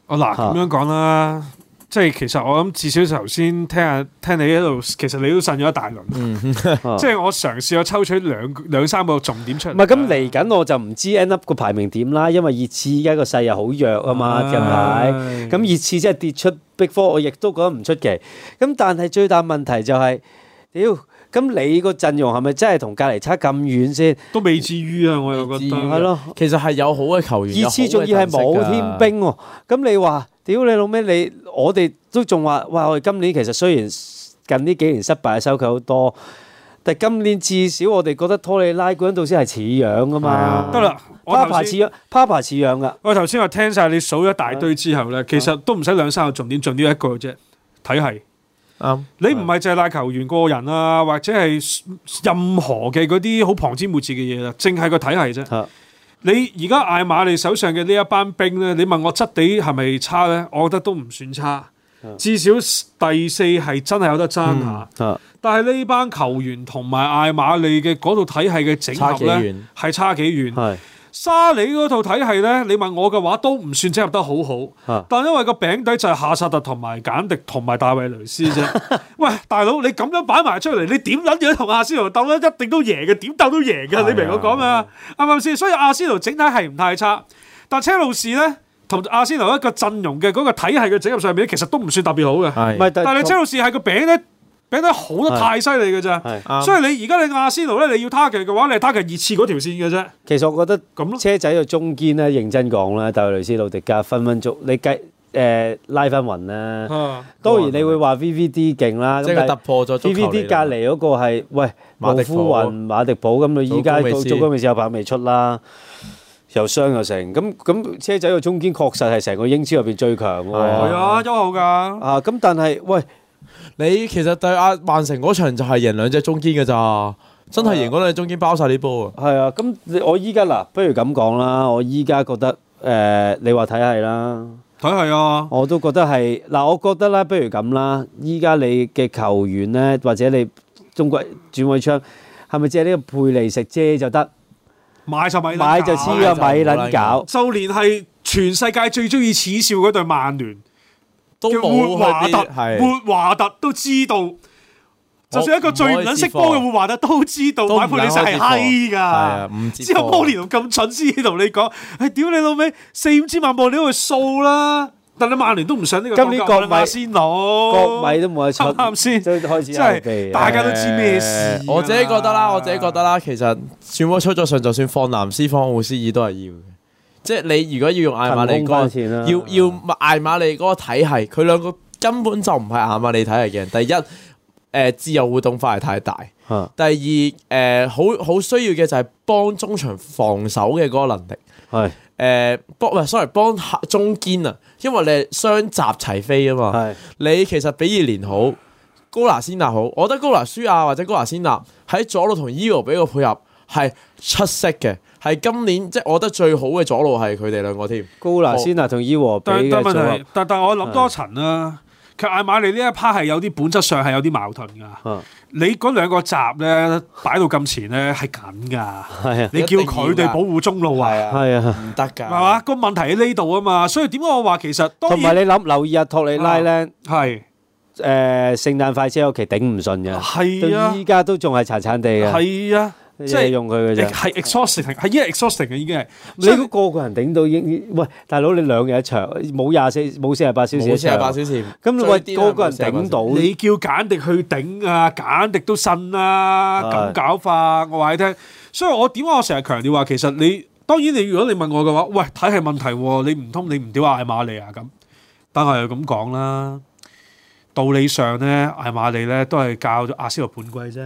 哦嗱，咁樣講啦，即係其實我諗至少頭先聽下聽你喺度，其實你都信咗一大輪，嗯、呵呵即係我嘗試過抽取兩兩三個重點出、嗯。嚟、嗯，唔係咁嚟緊我就唔知 end up 個排名點啦，因為熱刺而家個勢又好弱啊嘛，係咪、哎？咁熱、嗯、刺即係跌出 Big Four，我亦都覺得唔出奇。咁但係最大問題就係、是，屌。咁你個陣容係咪真係同隔離差咁遠先？都未至於啊！我又覺得係咯。的其實係有好嘅球員，其次仲要係冇添兵、啊。咁你話屌你老尾老味你，我哋都仲話哇！我哋今年其實雖然近呢幾年失敗收購好多，但係今年至少我哋覺得托里拉管到先係似樣噶嘛。得啦、嗯，帕帕似樣，帕帕似樣噶。我頭先話聽晒你數咗一大堆之後咧，嗯、其實都唔使兩三個重點，重點一個啫，體系。嗯、你唔係淨係賴球員個人啊，或者係任何嘅嗰啲好旁枝末節嘅嘢啦，淨係個體系啫。嗯、你而家艾瑪利手上嘅呢一班兵咧，你問我質地係咪差咧？我覺得都唔算差，至少第四係真係有得爭下、嗯。嗯嗯、但係呢班球員同埋艾瑪利嘅嗰套體系嘅整合咧，係差幾遠？沙里嗰套體系咧，你問我嘅話，都唔算整入得好好，啊、但係因為個餅底就係夏薩特同埋簡迪同埋大衛雷斯啫。 喂，大佬你咁樣擺埋出嚟，你點諗住同阿仙奴鬥咧？一定都贏嘅，點鬥都贏嘅。是啊、你明我講咩是啊？啱唔啱先？所以阿仙奴整體係唔太差，但係車路士咧同阿仙奴一個陣容嘅嗰個體系嘅整入上面，其實都唔算特別好嘅。係，是啊、但係車路士係個餅咧。俾得好得太犀利嘅啫，所以你而家你阿仙奴咧，你要他奇嘅話，你係他奇二次嗰條線嘅啫。其實我覺得咁咯，車仔嘅中堅咧，認真講咧，戴雷斯魯迪加分分鐘你計誒拉翻雲咧。當然你會話 VVD 勁啦，即係突破咗 VVD 隔離嗰個係喂馬德庫馬迪普咁。你依家佢足弓嘅傷病未出啦，又傷又成咁，咁車仔嘅中堅確實係成個英超入邊最強喎。係啊，都好㗎啊！咁但係喂。你其實對阿曼城嗰場就係贏兩隻中堅嘅咋，真係贏嗰兩隻中堅包晒呢波啊！係啊，咁我依家，嗱，不如咁講啦，我依家覺得誒、呃，你話睇，係啦，睇，係啊，我都覺得係嗱，我覺得咧，不如咁啦，依家你嘅球員咧，或者你中國轉位窗係咪借係呢個配利食啫？就得？買就買，買就黐個米捻，搞。就連係全世界最中意恥笑嗰隊曼聯。叫活華特，活華特都知道，就算一個最捻識波嘅活華特都知道，哪怕你成係閪噶，之後威廉咁蠢先去同你講，係屌你老味，四五千萬部你去掃啦。但係曼聯都唔想呢個，今年國米先攞，國米都冇一次啱先，真係大家都知咩事。我自己覺得啦，我自己覺得啦，其實轉會操作上，就算放南斯、放奧斯爾都係要。即係你如果要用艾馬利嗰個，要要艾馬利嗰個體系，佢，嗯，兩個根本就唔係艾馬利體系嘅人。第一，誒、呃、自由活動範圍太大，啊、第二，誒、呃、好好需要嘅就係幫中場防守嘅嗰個能力。係是、呃，誒幫唔 sorry 幫中堅啊，因為你雙閘齊飛啊嘛。係，是 你其實比二連好，高拿仙納好，我覺得高拿舒亞或者高拿仙納喺左路同伊羅比個配合係出色嘅。係今年即係我覺得最好嘅左路係佢哋兩個添，高拉仙拿同伊和比嘅組合。但但我諗多一層啊，其實艾馬利呢一 part 係有啲本質上係有啲矛盾噶。你嗰兩個閘咧擺到咁前咧係緊噶，你叫佢哋保護中路位啊，係啊，唔得噶。係嘛個問題喺呢度啊嘛，所以點解我話其實同埋你諗留意阿托里拉咧，係誒聖誕快車有其頂唔順嘅，啊，到依家都仲係殘殘地嘅，係啊。即係用佢嘅啫，係 exhausting，係真係 exhausting 嘅，已經係你個個人頂到，已經喂大佬你兩日一場，冇廿四冇四十八小時，冇四十八小時，咁你個個人頂到？你叫簡迪去頂啊，簡迪都信啦，咁搞法，我話你聽。所以我點解我成日強調話，其實你當然你如果你問我嘅話，喂睇係問題喎，你唔通你唔屌亞馬利亞咁？但係又咁講啦。道理上咧，艾馬利咧都係教咗阿斯洛半季啫。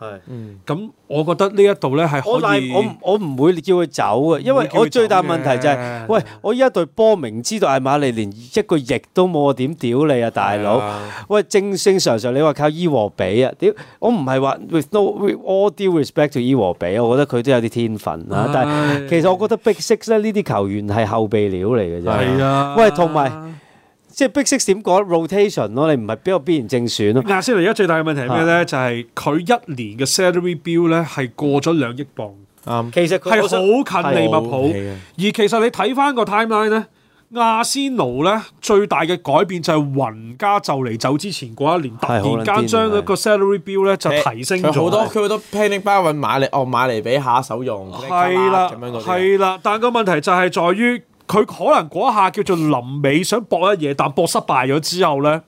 係、嗯，咁、嗯、我覺得呢一度咧係可以。我我唔會叫佢走嘅，因為我最大問題就係、是，喂，我依家隊波明知道艾馬利連一個翼都冇，我點屌你啊，大佬？啊、喂正正常常你話靠伊和比啊？點？我唔係話 with no with all due respect to 伊和比，我覺得佢都有啲天分嚇、啊。啊、但係其實我覺得 Big Six 咧呢啲球員係後備料嚟嘅啫。係啊，喂，同埋。即係逼息點講 rotation 咯，Rot ation，你唔係比較必然正選咯。亞仙奴而家最大嘅問題係咩咧？是就係佢一年嘅 salary bill 咧係過咗兩億磅。啱、嗯，其實佢係好近利物浦。嗯嗯、而其實你睇翻個 timeline 咧，亞仙奴咧最大嘅改變就係雲加就嚟走之前嗰一年，突然間將嗰個、S、salary bill 咧就提升咗好多。佢好多 panic 包運買嚟哦，買嚟俾下手用。係 啦，係啦，啦，但個問題就係在於。佢可能嗰下叫做臨尾想搏一嘢，但搏失敗咗之後呢？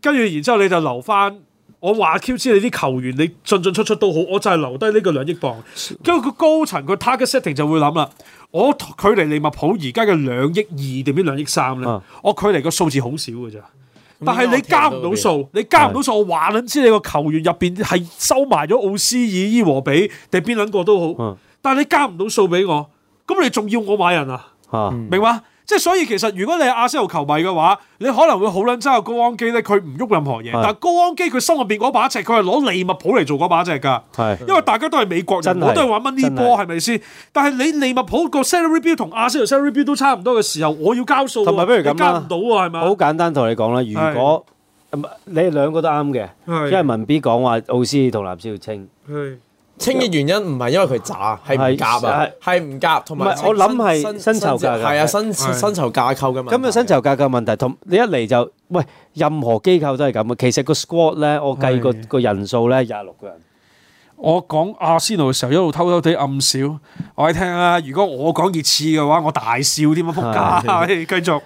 跟住然之後你就留翻我話 Q 知你啲球員，你進進出出都好，我就係留低呢個兩億磅。跟住個高層佢 target setting 就會諗啦，我距離利物浦而家嘅兩億二定邊兩億三呢？2. 2. 3，我距離個數字好少嘅咋？但係你加唔到數，你加唔到數，我話你知你個球員入邊係收埋咗奧斯爾、伊和比定邊兩個都好，但係你加唔到數俾我，咁你仲要我買人啊？啊，明嘛？即係所以其實如果你係阿仙奴球迷嘅話，你可能會好卵憎高安基咧，佢唔喐任何嘢。是但係高安基佢心入邊嗰把尺，佢係攞利物浦嚟做嗰把尺噶。係是，因為大家都係美國人，的我都係玩 money< 的>波 e 係咪先？但係你利物浦個 salary bill 同阿仙奴 salary bill 都差唔多嘅時候，我要交數。同埋不如咁交唔到係咪？好簡單同你講啦。如果是你兩個都啱嘅，是因為文 B 講話奧斯同藍少清。清嘅原因唔係因為佢渣，係唔夾啊，係唔夾，同埋我諗係薪酬價係啊，薪薪酬架構噶嘛。咁嘅薪酬架構問題同你一嚟，就喂，任何機構都係咁啊。其實個 squad 咧，我計過個人數咧，廿六個人。我講阿仙奴嘅時候，一路偷偷地暗笑。我哋聽啦，如果我講熱刺嘅話，我大笑添，乜仆街。繼續，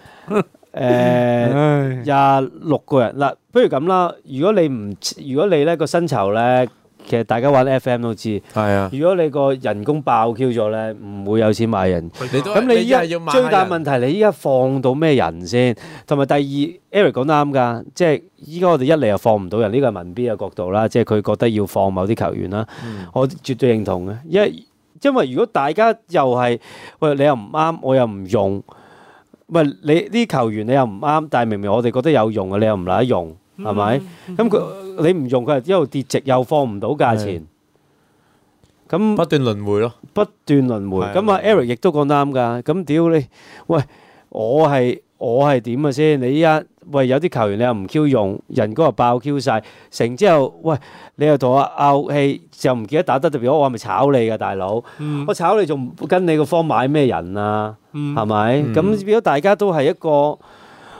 誒，廿六個人嗱，不如咁啦，如果你唔，如果你咧個薪酬咧。其實大家玩 FM 都知，係啊。如果你個人工爆 Q 咗咧，唔會有錢買人。咁你依，最大、嗯、現問題你依家放到咩人先？同埋第二，Eric 講得啱㗎，即係依家我哋一嚟又放唔到人，呢個係民 B 嘅角度啦，即係佢覺得要放某啲球員啦。嗯、我絕對認同嘅，因為因為如果大家又係喂你又唔啱，我又唔用，喂你啲球員你又唔啱，但係明明我哋覺得有用嘅，你又唔嚟得用。係咪？咁佢你唔用佢又一路跌值，又放唔到價錢。咁不斷輪迴咯。不斷輪迴。咁阿 Eric 亦都講得啱㗎。咁屌你，喂，我係我係點啊先？你依家喂有啲球員你又唔 Q 用，人工又爆 Q 曬，成之後喂你又同我拗氣，就唔記得打得特別好，我係咪炒你㗎大佬？我炒你仲跟你個方買咩人啊？係咪？咁如果大家都係一個。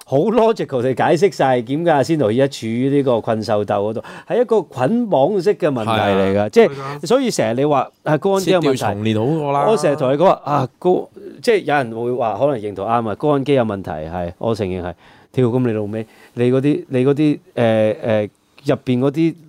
好 logical 地解釋晒點解阿仙奴而家處於呢個困獸鬥嗰度，係一個捆綁式嘅問題嚟㗎。啊、即係的所以成日你話啊高安機有問題，我成日同你講話啊高，即係有人會話可能認同啱啊高安機有問題係，我承認係跳咁你老味？你嗰啲你嗰啲誒誒入邊嗰啲。呃呃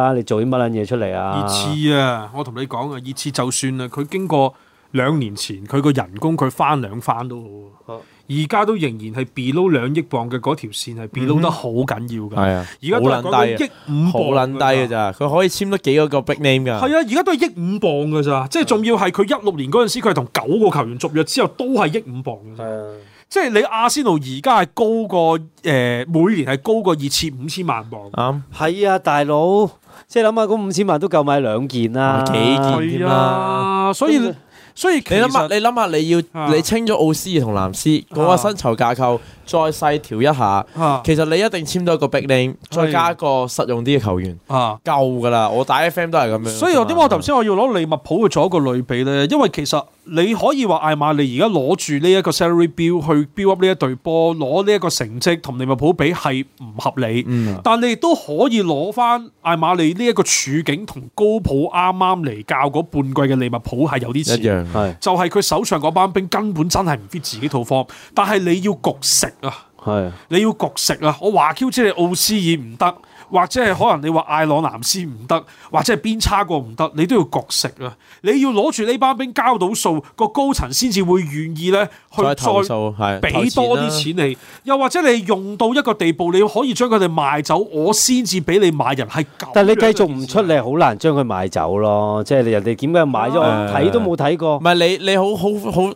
你做啲乜撚嘢出嚟啊？熱刺啊！我同你講啊，熱刺就算啦，佢經過兩年前佢個人工佢翻兩翻都好，而家都仍然係 below 兩億磅嘅嗰條線，係 below 得好緊要噶。係啊，而家都係講到億五磅，好撚低嘅咋。佢可以簽得幾個個 big name 㗎。係啊，而家都係億五磅㗎咋，即係仲要係佢一六年嗰陣時佢係同九個球員續約之後都係億五磅。㗎咋。即係你阿仙奴而家係高過誒、呃，每年係高過二千五千萬磅、嗯。啱，係啊，大佬，即係諗下嗰五千萬都夠買兩件啦、啊啊，幾件啦、啊啊。所以所以，所以你諗下，你諗下你要你清咗奧斯同藍斯嗰個薪酬架構，再細調一下。啊、其實你一定簽到一個 big name，再加一個實用啲嘅球員，夠噶啦。我打 F M 都係咁樣。所以我點解我頭先我要攞利物浦去做一個類比咧，因為其實。你可以話艾馬利而家攞住呢一個 salary bill 去 build up 呢一隊波，攞呢一個成績同利物浦比係唔合理。嗯、但你都可以攞翻艾馬利呢一個處境同高普啱啱嚟教嗰半季嘅利物浦係有啲似樣，就係佢手上嗰班兵根本真係唔必自己套方，但係你要焗食啊，是你要焗食啊！我話 Q 知你，你奧斯爾唔得。或者係可能你話艾朗南斯唔得，或者係邊差過唔得，你都要焗食啊！你要攞住呢班兵交到數，個高層先至會願意咧去再俾多啲錢你。錢啊、又或者你用到一個地步，你可以將佢哋賣走，我先至俾你賣人係。但係你繼續唔出，你係好難將佢賣走咯。即係你人哋點解買咗睇都冇睇過？唔係你你好好好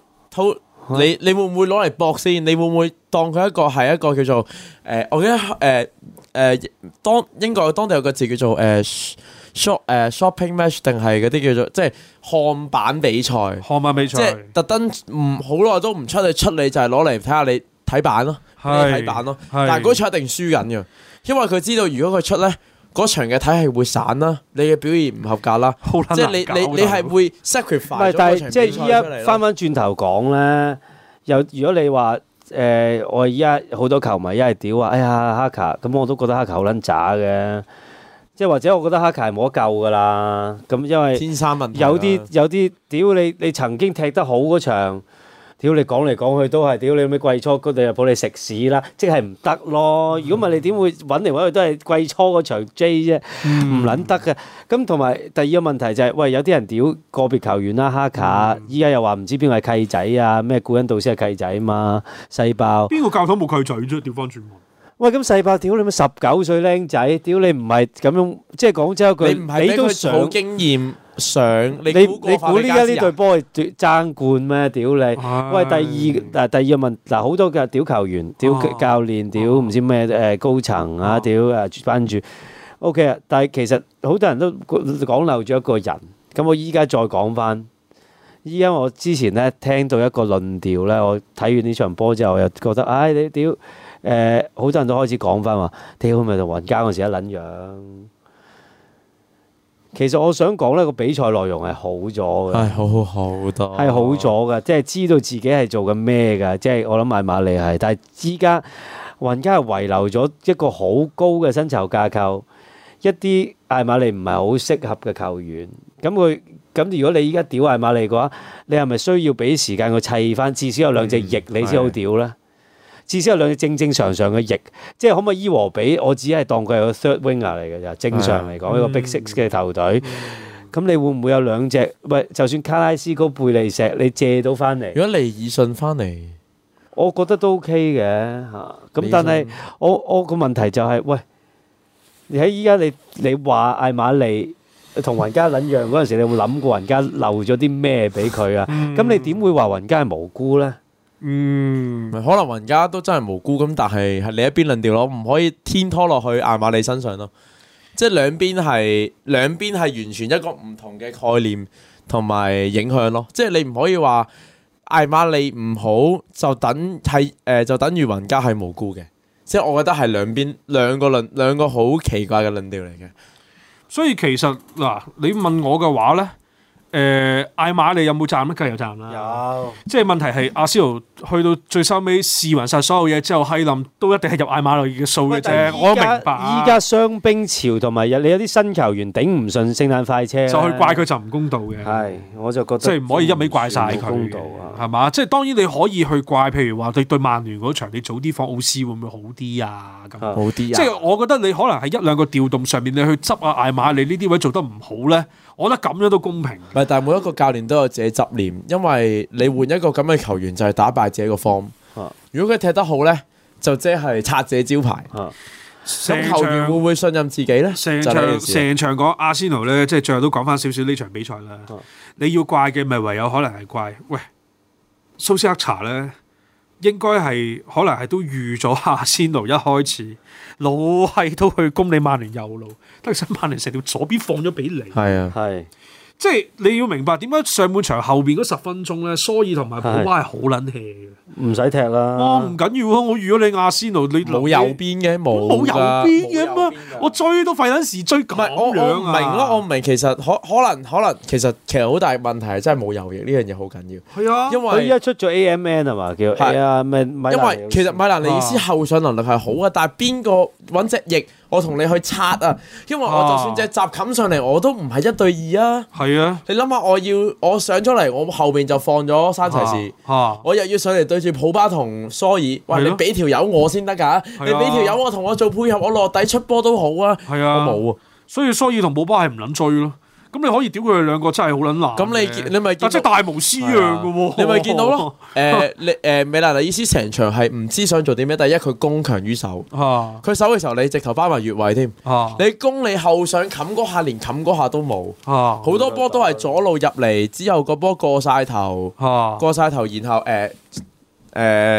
好，你你會唔會攞嚟搏先？你會唔會，會，會當佢一個係一個叫做誒？我記得誒。呃啊誒、呃，當英國當地有個字叫做誒、呃、shop、呃、shopping match，定係嗰啲叫做即係看板比賽。看板比賽，即係特登唔好耐都唔出嚟出嚟，就係攞嚟睇下你睇板咯，睇板咯。但係嗰場一定輸緊嘅，因為佢知道如果佢出呢，嗰場嘅體係會散啦，你嘅表現唔合格啦。即係你你你係會 sacrifice 即係依家翻翻轉頭講呢，又如果你話。誒、呃、我而家好多球迷一係屌啊！哎呀黑卡，咁我都覺得黑卡好撚渣嘅，即係或者我覺得黑卡係冇得救㗎啦。咁因為有啲有啲屌你，你曾經踢得好嗰場。屌你講嚟講去都係，屌你咩季初佢哋又幫你食屎啦，即係唔得咯。如果唔係你點會揾嚟揾去都係季初嗰場 J 啫，唔撚、嗯、得嘅。咁同埋第二個問題就係、是，喂有啲人屌個別球員啦、啊，哈卡依家、嗯、又話唔知邊個係契仔啊，咩古恩道斯係契仔嘛，細爆，邊個教頭冇契仔啫？調翻轉問。喂咁細爆屌你咪十九歲僆仔，屌你唔係咁樣，即係講真一句你唔係俾佢想你你估呢家呢隊波去奪爭冠咩？屌你！ 喂，第二嗱，第二問嗱，好、啊、多嘅屌球員、屌教練、屌唔知咩誒、呃、高層啊，屌誒班主 O K 啊，okay, 但係其實好多人都講漏咗一個人。咁我依家再講翻。依家我之前咧聽到一個論調咧，我睇完呢場波之後我又覺得，唉、哎，你屌誒，好、呃、多人都開始講翻話，屌咪同雲加嗰時一撚樣。其實我想講呢個比賽內容係好咗嘅，係、哎、好好好多，係好咗嘅，即係知道自己係做緊咩㗎。即係我諗艾馬利係，但係依家雲加係遺留咗一個好高嘅薪酬架構，一啲艾馬利唔係好適合嘅球員。咁佢咁如果你依家屌艾馬利嘅話，你係咪需要俾時間去砌翻？至少有兩隻翼你先好屌呢。嗯。至少有兩隻正正常常嘅翼，即係可唔可以伊和比？我只係當佢係個 third winger 嚟嘅啫，正常嚟講一個 big six 嘅球隊。咁你會唔會有兩隻？喂，就算卡拉斯哥、貝利石，你借到翻嚟？如果利爾信翻嚟，我覺得都 OK 嘅吓。咁但係我我個問題就係，喂，你喺依家你你話艾馬利同雲嘉撚樣嗰陣時，你有冇會諗過雲嘉漏咗啲咩俾佢啊？咁你點會話雲嘉係無辜咧？嗯，可能雲加都真係無辜咁，但係，係你一邊論調咯，唔可以天拖落去艾瑪利身上咯。即係兩邊係，兩邊係完全一個唔同嘅概念同埋影響咯。即係你唔可以話艾瑪利唔好，就等係誒、呃，就等於雲加係無辜嘅。即係我覺得係兩邊，兩個論，兩個好奇怪嘅論調嚟嘅。所以其實嗱，你問我嘅話咧。誒、呃、艾瑪，你有冇賺咧？梗係有賺啦，賺啊，有，即係問題係阿 s 去到最收尾試完晒所有嘢之後，希冧都一定係入艾馬利嘅數嘅啫。我明白、啊。依家傷兵潮同埋你有啲新球員頂唔順聖誕快車，就去怪佢就唔公道嘅。係，我就覺得即係唔可以一味怪晒佢。唔公道啊，係嘛？即係當然你可以去怪，譬如話對對曼聯嗰場，你早啲放奧斯會唔會好啲啊？咁好啲啊！嗯嗯、即係我覺得你可能係一兩個調動上面你去執啊艾馬利呢啲位做得唔好咧，我覺得咁樣都公平。但係每一個教練都有自己執念，因為你換一個咁嘅球員就係打敗。這個 form，如果佢踢得好咧，就即係拆自己招牌。咁場球員會唔會信任自己咧？成場成場講阿仙奴咧，即係最後都講翻少少呢場比賽啦。啊、你要怪嘅咪唯有可能係怪喂蘇斯克查咧，應該係可能係都預咗阿仙奴一開始老係都去攻你曼聯右路，但係曼聯成條左邊放咗俾你。係啊，係。即係你要明白點解上半場後邊嗰十分鐘咧，所以同埋普巴係好撚氣，唔使踢啦，哦。我唔緊要啊，我預咗你阿仙奴你冇右邊嘅，冇右邊嘅嘛。我追都費卵事，追唔係我，我唔明咯，我唔明，我唔明其實可可能可能其實其實好大問題，真係冇右翼呢樣嘢好緊要。係啊，因為佢依家出咗 AMN 啊嘛，叫 AMN，是因為蘭，其實米蘭尼斯思後上能力係好啊，但係邊個搵隻翼？我同你去拆啊，因為我就算只閘冚上嚟，我都唔係一對二啊。係啊，你諗下，我要我上出嚟，我後面就放咗山齊士，啊啊、我又要上嚟對住普巴同蘇爾。喂，啊、你俾條友我先得噶，啊、你俾條友我同我，我做配合，我落底出波都好啊。係啊，我冇啊，所以蘇爾同普巴係唔捻追咯。咁你可以屌佢哋兩個真係好撚難。咁你見你咪，但係即大無師樣嘅喎。你咪見到咯？誒、 呃，你誒、呃、美蘭尼伊斯成場係唔知想做啲咩？第一，佢攻強於守，佢、啊、守嘅時候，你直頭翻埋越位添。啊、你攻你後上冚嗰下，連冚嗰下都冇。好、啊、多波都係左路入嚟之後，個波過晒頭。啊！過曬頭，然後誒誒、呃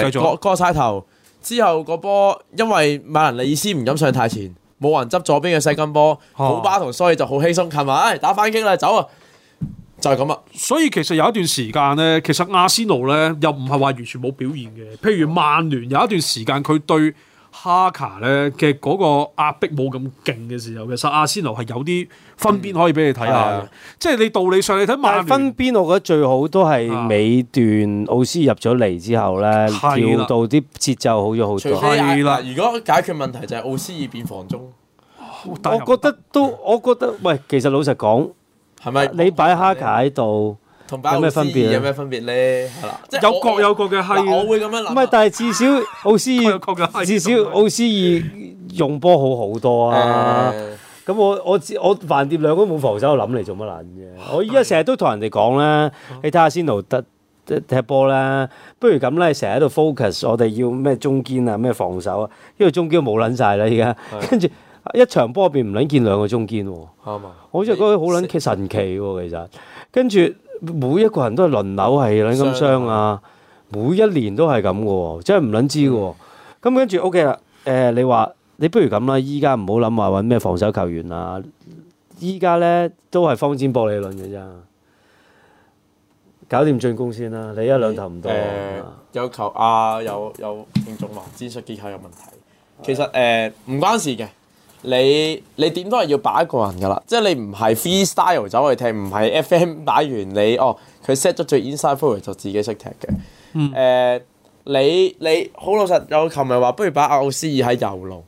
呃、繼續過過曬頭之後個，個波因為美蘭尼伊斯唔敢上太前，冇人執咗邊嘅細金波，好、啊、巴同所以就好輕鬆，琴晚、哎，打翻機啦，走啊，就係咁啊。所以其實有一段時間咧，其實阿仙奴咧又唔係話完全冇表現嘅，譬如曼聯有一段時間佢對哈卡咧嘅嗰個壓迫冇咁勁嘅時候，其實阿仙奴係有啲分邊可以俾你睇下、嗯、即係你道理上你睇埋分邊，我覺得最好都係尾段奧斯爾入咗嚟之後咧，調、啊、到啲節奏好咗好多。係啦，如果解決問題就係奧斯爾變防中。我覺得都，我覺得喂，其實老實講，係咪你擺哈卡喺度？E、有咩分別？ 有咩分別咧？係 啦，即係有各有各嘅係。我會咁樣諗。唔係，但係至少奧斯爾 至少奧斯爾用波好好多啊。咁我我我反掂兩個冇防守，諗嚟做乜撚啫？ 對我依家成日都同人哋講啦： 對「你睇下仙奴得踢波啦，不如咁咧，成日喺度 focus，我哋要咩中堅啊，咩防守啊，因為中堅冇撚晒啦，依家。是的 跟住一場波入邊唔撚見兩個中堅喎、喔。啱啊！我真係覺得好撚神奇喎、哦，其實跟住。每一個人都係輪流係撚金傷啊了！每一年都係咁嘅喎，真係唔撚知嘅喎。咁跟住 O K 啦。誒、OK 呃，你話你不如咁啦，依家唔好諗話揾咩防守球員啊！依家咧都係方尖波理論嘅啫，搞掂進攻先啦。你一兩頭唔到、欸呃。有球啊！有有競總嘛，戰術結構有問題，其實誒唔、呃、關事嘅。你你點都係要擺一個人噶啦，即係你唔係 free style 走去踢，唔係 FM 擺完你哦，佢 set 咗最 inside forward 就自己識踢嘅。誒、嗯呃，你你好老實，有琴日話不如擺阿奧斯爾喺右路，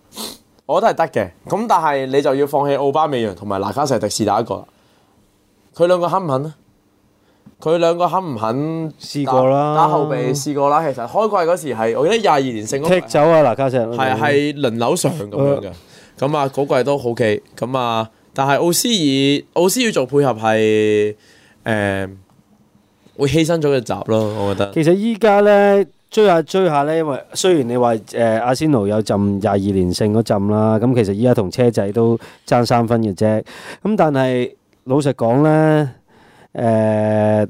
我覺得係得嘅。咁但係你就要放棄奧巴美揚同埋拿卡石迪士打一個啦。佢兩個肯唔肯咧？佢兩個肯唔肯試過啦？打後備試過啦。其實開季嗰時係我記得廿二年成功踢走啊拿卡石，係係輪流上咁樣嘅。 咁啊，嗰季都 OK，咁啊，但係奧斯爾奧斯爾做配合係，誒、呃，會犧牲咗一集咯，我覺得。其實依家咧追下追下咧，因為雖然你話誒、呃、阿仙奴有浸廿二連勝嗰浸啦，咁其實依家同車仔都爭三分嘅啫，咁但係老實講咧，誒、呃、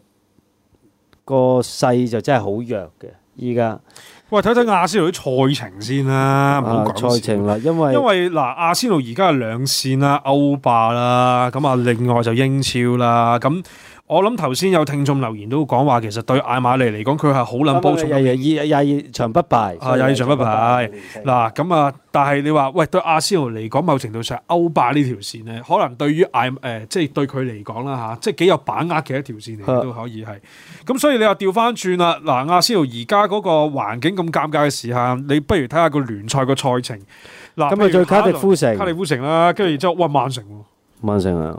個勢就真係好弱嘅依家。喂，睇睇阿仙奴啲賽程先啦，唔好講賽程。因為，因為嗱，阿、啊、仙奴而家係兩線啦，歐霸啦，咁啊，另外就英超啦，咁。我諗頭先有聽眾留言都講話，其實對艾瑪利嚟講，佢係好捻波重。廿廿廿二場不敗。啊，廿二場不敗。嗱，咁啊，但係你話喂，對阿仙奴嚟講，某程度上歐霸呢條線咧，可能對於艾誒、呃，即係對佢嚟講啦吓，即係幾有把握嘅一條線嚟都可以係。咁是、啊、所以你話調翻轉啦，嗱，阿仙奴而家嗰個環境咁尷尬嘅時候，你不如睇下個聯賽個賽程。嗱，咁啊，再卡迪夫城，卡迪夫城啦，跟住之後屈曼城。慢升啊！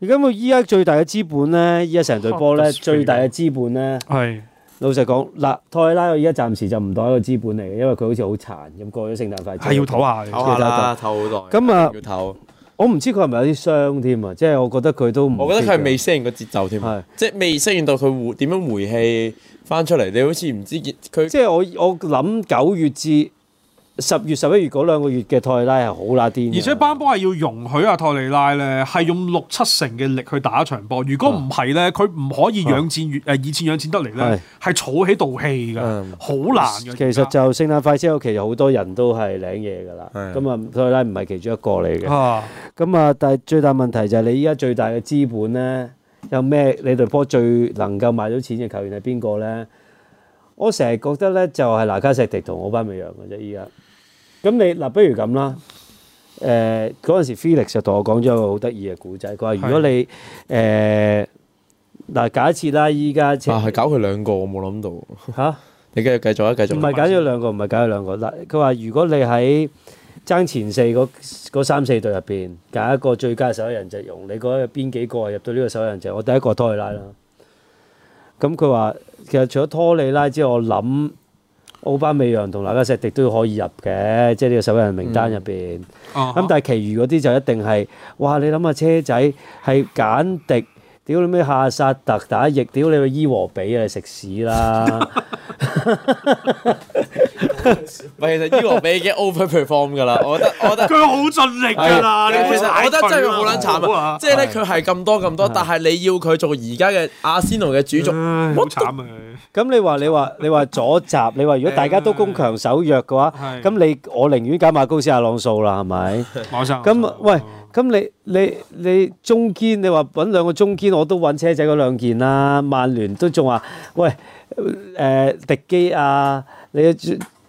而家佢依家最大嘅資本咧，依家成隊波咧，最大嘅資本咧，係老實講嗱，托拉我依家暫時就唔當一個資本嚟嘅，因為佢好似好殘咁過咗聖誕快節，係要唞下嘅，唞下啦，唞好耐。咁啊，要唞。我唔知佢係咪有啲傷添啊，即係我覺得佢都，唔。我覺得佢係未適應個節奏添，即係未適應到佢點樣回氣翻出嚟。你好似唔知佢，即係我我諗九月至。十月十一月嗰兩個月嘅托尼拉係好啦癲，而且班波係要容許阿托尼拉咧，係用六七成嘅力去打一場波。如果唔係咧，佢唔可以養戰越誒以戰養戰得嚟咧，係儲是起度氣㗎，好、嗯、難㗎。其實就聖誕快車其實好多人都係領嘢㗎啦，咁啊托尼拉唔係其中一個嚟嘅。咁啊，但係最大問題就係你依家最大嘅資本咧，有咩你隊波最能夠賣到錢嘅球員係邊個咧？我成日覺得咧，就係、是、拿卡石迪同奧班美揚嘅啫。依家咁你嗱，不如咁啦。誒、呃，嗰陣時 Felix 就同我講咗一個好得意嘅古仔，佢話如果你誒嗱的、呃，假設啦，依家啊，係搞佢兩個，我冇諗到嚇。啊、你繼續繼續啊，繼續。唔係搞咗兩個，唔係搞咗兩個。嗱，佢話如果你喺爭前四嗰三四隊入邊揀一個最佳首人陣容，你覺得有邊幾個入到呢個首人陣？我第一個拖你拉啦。咁佢話其實除咗拖你拉之外，我諗。奧巴美揚同拿卡錫迪都可以入嘅，即係呢個十一人名單入邊。咁、嗯 uh huh. 但係，其餘嗰啲就一定係，哇！你諗下車仔係簡迪，屌你咩夏薩特打翼，屌你個伊和比啊食屎啦！唔係，其實伊沃比已經 overperform 噶啦，我覺得我覺得佢好盡力噶啦。你其實我覺得真係好撚慘啊！即係咧，佢係咁多咁多，但係你要佢做而家嘅阿仙奴嘅主將，好慘啊！咁你話你話你話左閘，你話如果大家都攻強守弱嘅話，咁你我寧願揀馬高斯阿朗素啦，係咪？冇錯。咁喂，咁你你你中堅，你話搵兩個中堅，我都搵車仔嗰兩件啦。曼聯都仲話喂，誒迪基啊，你？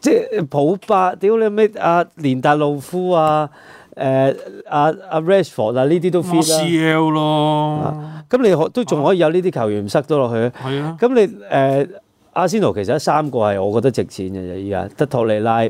即普巴屌你咩阿連達魯夫啊，誒阿阿 Rashford 啊呢啲都 fit 啦、啊。摩咯、oh，咁、啊、你可都仲可以有呢啲球員塞到落去咧？Oh. 啊，咁你誒、呃、阿仙奴其實三個係我覺得值錢嘅，依家德托利拉。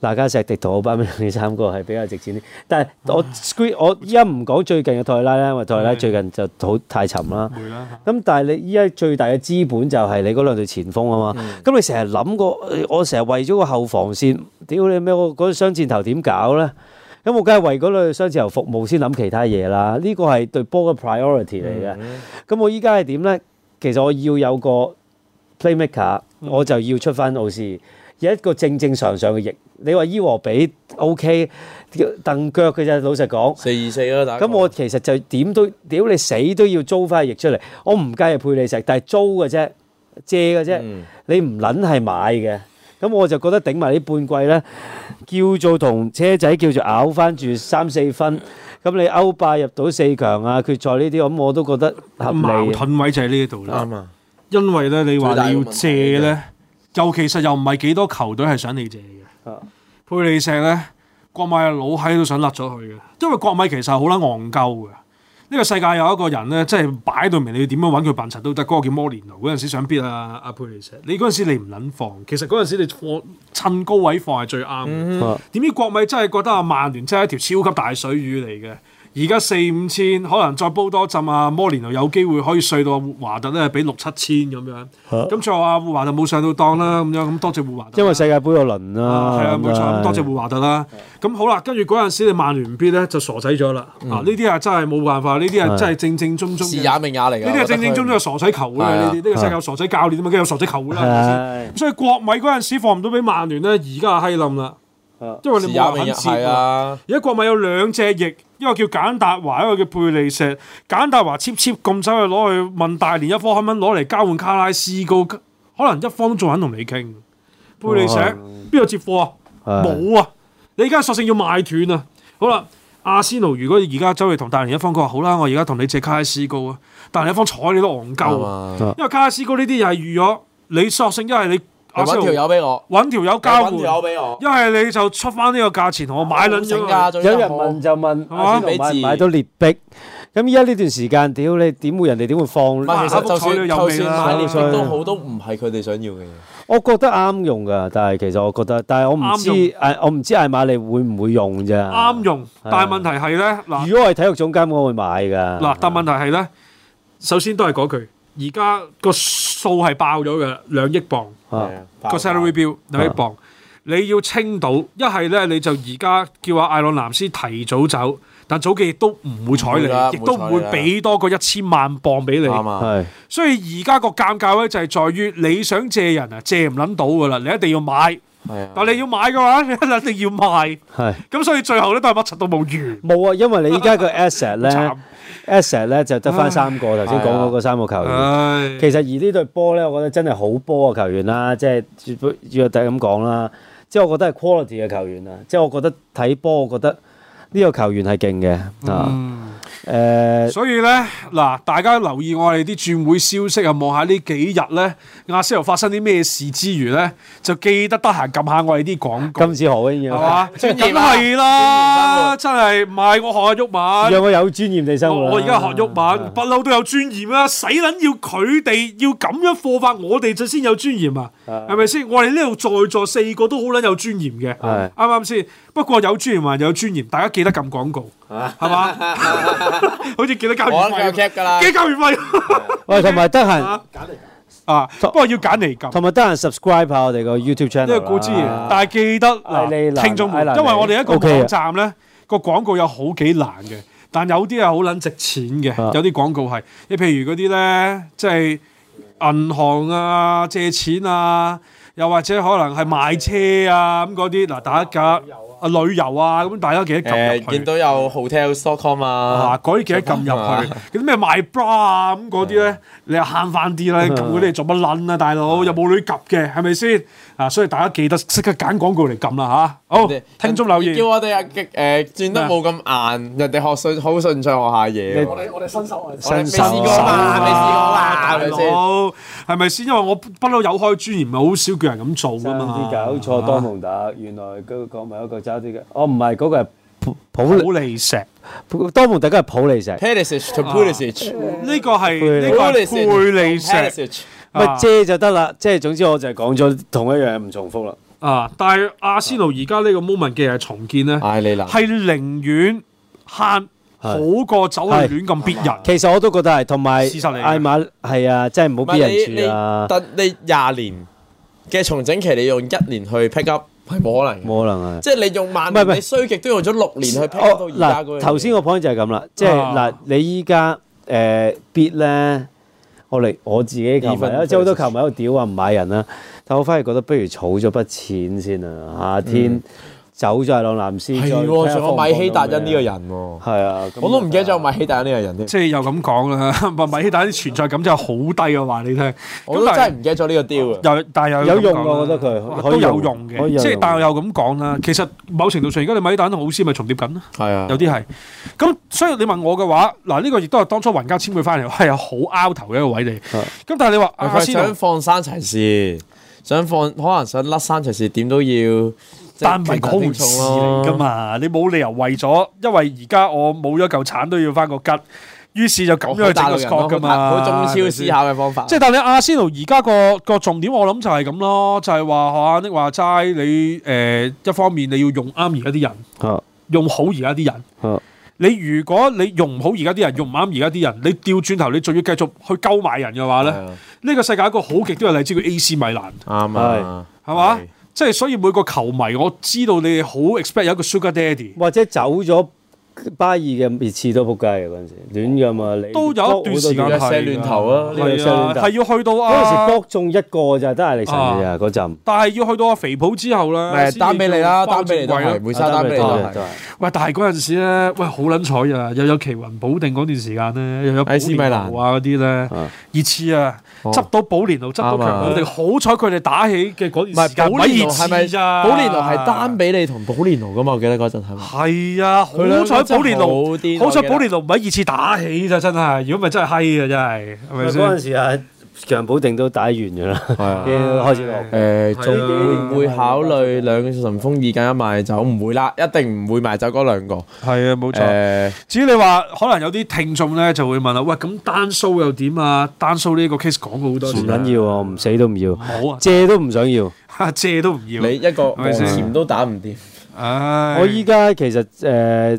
那家石迪圖奧班呢三個係比較值錢啲，但係我 Screet 我依家唔講最近嘅泰拉啦，因為泰拉最近就好太沉啦。會啦。咁但係你依家最大嘅資本就係你嗰兩隊前鋒啊嘛。咁你成日諗過，我成日為咗個後防線，屌你咩？我嗰個雙箭頭點搞咧？咁我梗係為嗰兩隊雙箭頭服務先諗其他嘢啦。呢個係對波嘅 priority 嚟嘅。咁我依家係點咧？其實我要有個 playmaker，我就要出翻奧斯，有一個正正常常嘅翼。你話依和比 O.K. 蹬腳嘅啫，老實講。四二四啦，大佬。咁我其實就點都屌你死都要租翻隻翼出嚟，我唔介意陪你食，但係租嘅啫，借嘅啫。你唔撚係買嘅，咁我就覺得頂埋呢半季咧，叫做同車仔叫做咬翻住三四分。咁你歐霸入到四強啊，決賽呢啲咁，我都覺得合理。矛盾位就喺呢度啦。啱啊，因為咧，你話要借咧，又其實又唔係幾多球隊係想你借嘅。佩利石咧，國米老喺都想甩咗佢嘅，因為國米其實好啦戇鳩嘅。呢、這個世界有一個人咧，真係擺到明你要點樣揾佢扮柒都得。嗰、那個叫摩連奴，嗰陣時想必 i 啊阿佩利石，你嗰陣時你唔捻放，其實嗰陣時你放趁高位放係最啱。點知、嗯、哼國米真係覺得阿、啊、曼聯真係一條超級大水魚嚟嘅。而家四五千，可能再煲多浸啊！摩連奴有機會可以碎到華特咧，俾六七千咁樣。咁最後阿華特冇上到檔啦，咁樣咁多謝華特。因為世界盃個輪啊。係啊，冇錯，多謝華特啦。咁好啦，跟住嗰陣時你曼聯唔必咧，就傻仔咗啦。呢啲啊真係冇辦法，呢啲啊真係正正宗宗。是也命也嚟㗎。呢啲係正正宗宗嘅傻仔球會啦，呢個世界有傻仔教練啊跟住有傻仔球會啦。咁所以國米嗰陣時放唔到俾曼聯咧，而家係閪冧啦。因為你慢很蝕啊。而家國米有兩隻翼，一個叫簡達華，一個叫貝利石。簡達華 cheap cheap 咁走去攞去問大連一方可唔可以攞嚟交換卡拉斯高？可能一方仲肯同你傾。貝利石邊度接貨、嗯、啊？冇啊的！你而家索性要賣斷啊。好啦，阿仙奴如果而家走去同大連一方講話，好啦，我而家同你借卡拉斯高啊。大連一方睬你都戇鳩、啊，的因為卡拉斯高呢啲又係預咗你索性因為你。搵條友俾我，搵條友交換。搵條友俾我，因為你就出翻呢個價錢同我買卵咗。有人問就問，買到獵逼。咁依家呢段時間，屌你點會人哋點會放？唔係就算就算買獵出都好，都唔係佢哋想要嘅嘢。我覺得啱用噶，但係其實我覺得，但係我唔知，誒，我唔知艾瑪你會唔會用啫。啱用，但係問題係咧，嗱，如果係體育總監，我會買噶。嗱，但問題係咧，首先都係嗰句。而家個數係爆咗嘅，兩億磅個 salary bill 兩億磅，你要清到一係咧，你就而家叫阿艾洛南斯提早走，但早記亦都唔會採你，亦都唔會俾多過一千萬磅俾你。所以而家個尷尬位就係在於你想借人啊，借唔撚到㗎啦，你一定要買。但你要買嘅話，你一定要賣。咁所以最後咧都係乜柒都冇完。冇啊，因為你依家個 asset 咧。Asher 咧就得返三個，頭先講嗰三個球員。唉其實而對呢對波咧，我覺得真係好波嘅球員啦，即係要要第咁講啦。即係我覺得係 quality 嘅球員啦，即係我覺得睇波，我覺得呢個球員係勁嘅啊。嗯呃、所以咧，嗱，大家留意我哋啲轉會消息啊，望下呢幾日咧亞視又發生啲咩事之餘咧，就記得得閒撳下我哋啲廣告。金子河嗰啲嘢，係嘛吧？梗係啦，真係唔係我學下鬱文，讓我有尊嚴地生活。我而家學鬱文，不嬲、啊、的都有尊嚴啊！使撚要佢哋要咁樣貨發，我哋就先有尊嚴啊！係咪先？我哋呢度在座四個都好撚有尊嚴嘅，啱啱先？的不過有尊嚴還有尊嚴，大家記得撳廣告，係嘛？好似記得交月費，幾交月費？喂，同埋得閒啊，不過要揀嚟撳。同埋得閒 subscribe 下我哋個 YouTube channel。呢個古之言，但係記得嗱，聽眾們，因為我哋一個網站咧，個廣告有好幾難嘅，但有啲係好撚值錢嘅，有啲廣告係，你譬如嗰啲咧，即係銀行啊、借錢啊，又或者可能係賣車啊咁嗰啲，嗱打一價。啊旅遊啊，咁大家記得撳入去。誒、呃、見到有 hotel.com s 啊，嗰啲記得撳入去。嗰啲咩賣 bra 啊咁嗰啲咧，那那呢 你又慳翻啲啦，撳嗰嚟做乜撚啊，大佬又冇女及嘅，係咪先？是啊！所以大家記得，即刻揀廣告嚟撳啦嚇。好，聽眾留意。叫我哋啊，極誒轉得冇咁硬，人哋學順好順暢學下嘢。我哋我哋新手啊，未試過嘛，未試過嘛，係咪先？係咪先？因為我不嬲有開專業，唔係好少叫人咁做噶嘛。搞錯多蒙特，原來嗰個咪一個渣啲嘅。哦，唔係嗰個係普普利石，多蒙特嘅係普利石。Pedestal to Pedestal，呢個係呢個佩利石。咪遮就得啦，即係總之我就係講咗同一樣嘢，唔重複啦。啊！但係阿仙奴而家呢個 moment 其實係重建咧，係你啦，係寧願慳好過走去亂咁逼人。其實我都覺得係，同埋艾馬係啊，即係唔好逼人住啊！但你廿年嘅重整期，你用一年去 pick up 係冇可能，冇可能啊！即係你用萬，唔係唔係，衰極都用咗六年去 pick 到而家嗰樣。頭先個 point 就係咁啦，即係嗱，你依家誒 bit 咧。我嚟我自己球迷，即係好多球迷喺度屌話唔買人啦、啊，但我反而覺得不如儲咗筆錢先啊！夏天。嗯走咗係羅南斯，係米希達恩呢個人喎，係啊，我都唔記得咗米希達恩呢個人，即係又咁講啦，米希達恩存在感真係好低啊！話你聽，我都真係唔記得咗呢個雕，但係有用喎，我覺得佢都有用嘅。即係但係又咁講啦，其實某程度上而家你米希達恩同老師咪重疊緊咯。係啊，有啲係。咁所以你問我嘅話，嗱呢個亦都係當初雲家簽佢翻嚟係有好拗頭嘅一個位嚟。咁但係你話阿想放山齊士，想放可能想甩山齊士，點都要。但唔係嗰回事嚟噶嘛？啊、你冇理由為咗，因為而家我冇咗嚿產都要翻個吉，於是就咁樣去整個 score 噶嘛？佢中超思、就是、考嘅方法。即係但你阿仙奴而家個個重點，我諗就係咁咯，就係話嚇你話齋，你誒、呃、一方面你要用啱而家啲人，啊、用好而家啲人。啊、你如果你用唔好而家啲人，用唔啱而家啲人，你調轉頭你仲要繼續去購買人嘅話咧，呢了個世界一個好極都係例子，叫 AC 米蘭。啱啊，係嘛？即係，所以每個球迷我知道你哋好 expect 有一個 Sugar Daddy，或者走咗。巴爾嘅熱刺都仆街嘅嗰陣時，亂嘅嘛你都有一段時間係亂頭啊，係啊，係要去到啊，嗰陣時博中一個咋，得阿力神嘅啊嗰陣，但係要去到阿肥普之後啦，單俾你啦，單俾你都係，唔會生單俾多嘅都係。喂，但係嗰陣時咧，喂好撚彩啊！又有奇雲保定嗰段時間咧，又有保連奴啊嗰啲咧，熱刺啊，執到保連奴，執到奇雲保定，好彩佢哋打起嘅嗰時間，唔係鬼熱刺，係咪咋？保連奴係單俾你同保連奴嘅嘛，我記得嗰陣係。係啊，好彩。保利奴，好彩保利奴唔係二次打起咋，真係。如果唔係真係閪啊，真係。咪嗰陣時啊，強保定都打完嘅啦。係啊，開始落。誒，會會考慮兩神鋒二間賣走，唔會啦，一定唔會賣走嗰兩個。係啊，冇錯。誒，至於你話可能有啲聽眾咧就會問啦，喂，咁單數又點啊？單數呢個 case 講過好多年。唔緊要喎，唔死都唔要。好啊。借都唔想要，借都唔要。你一個黃潛都打唔掂。唉，我依家其實誒。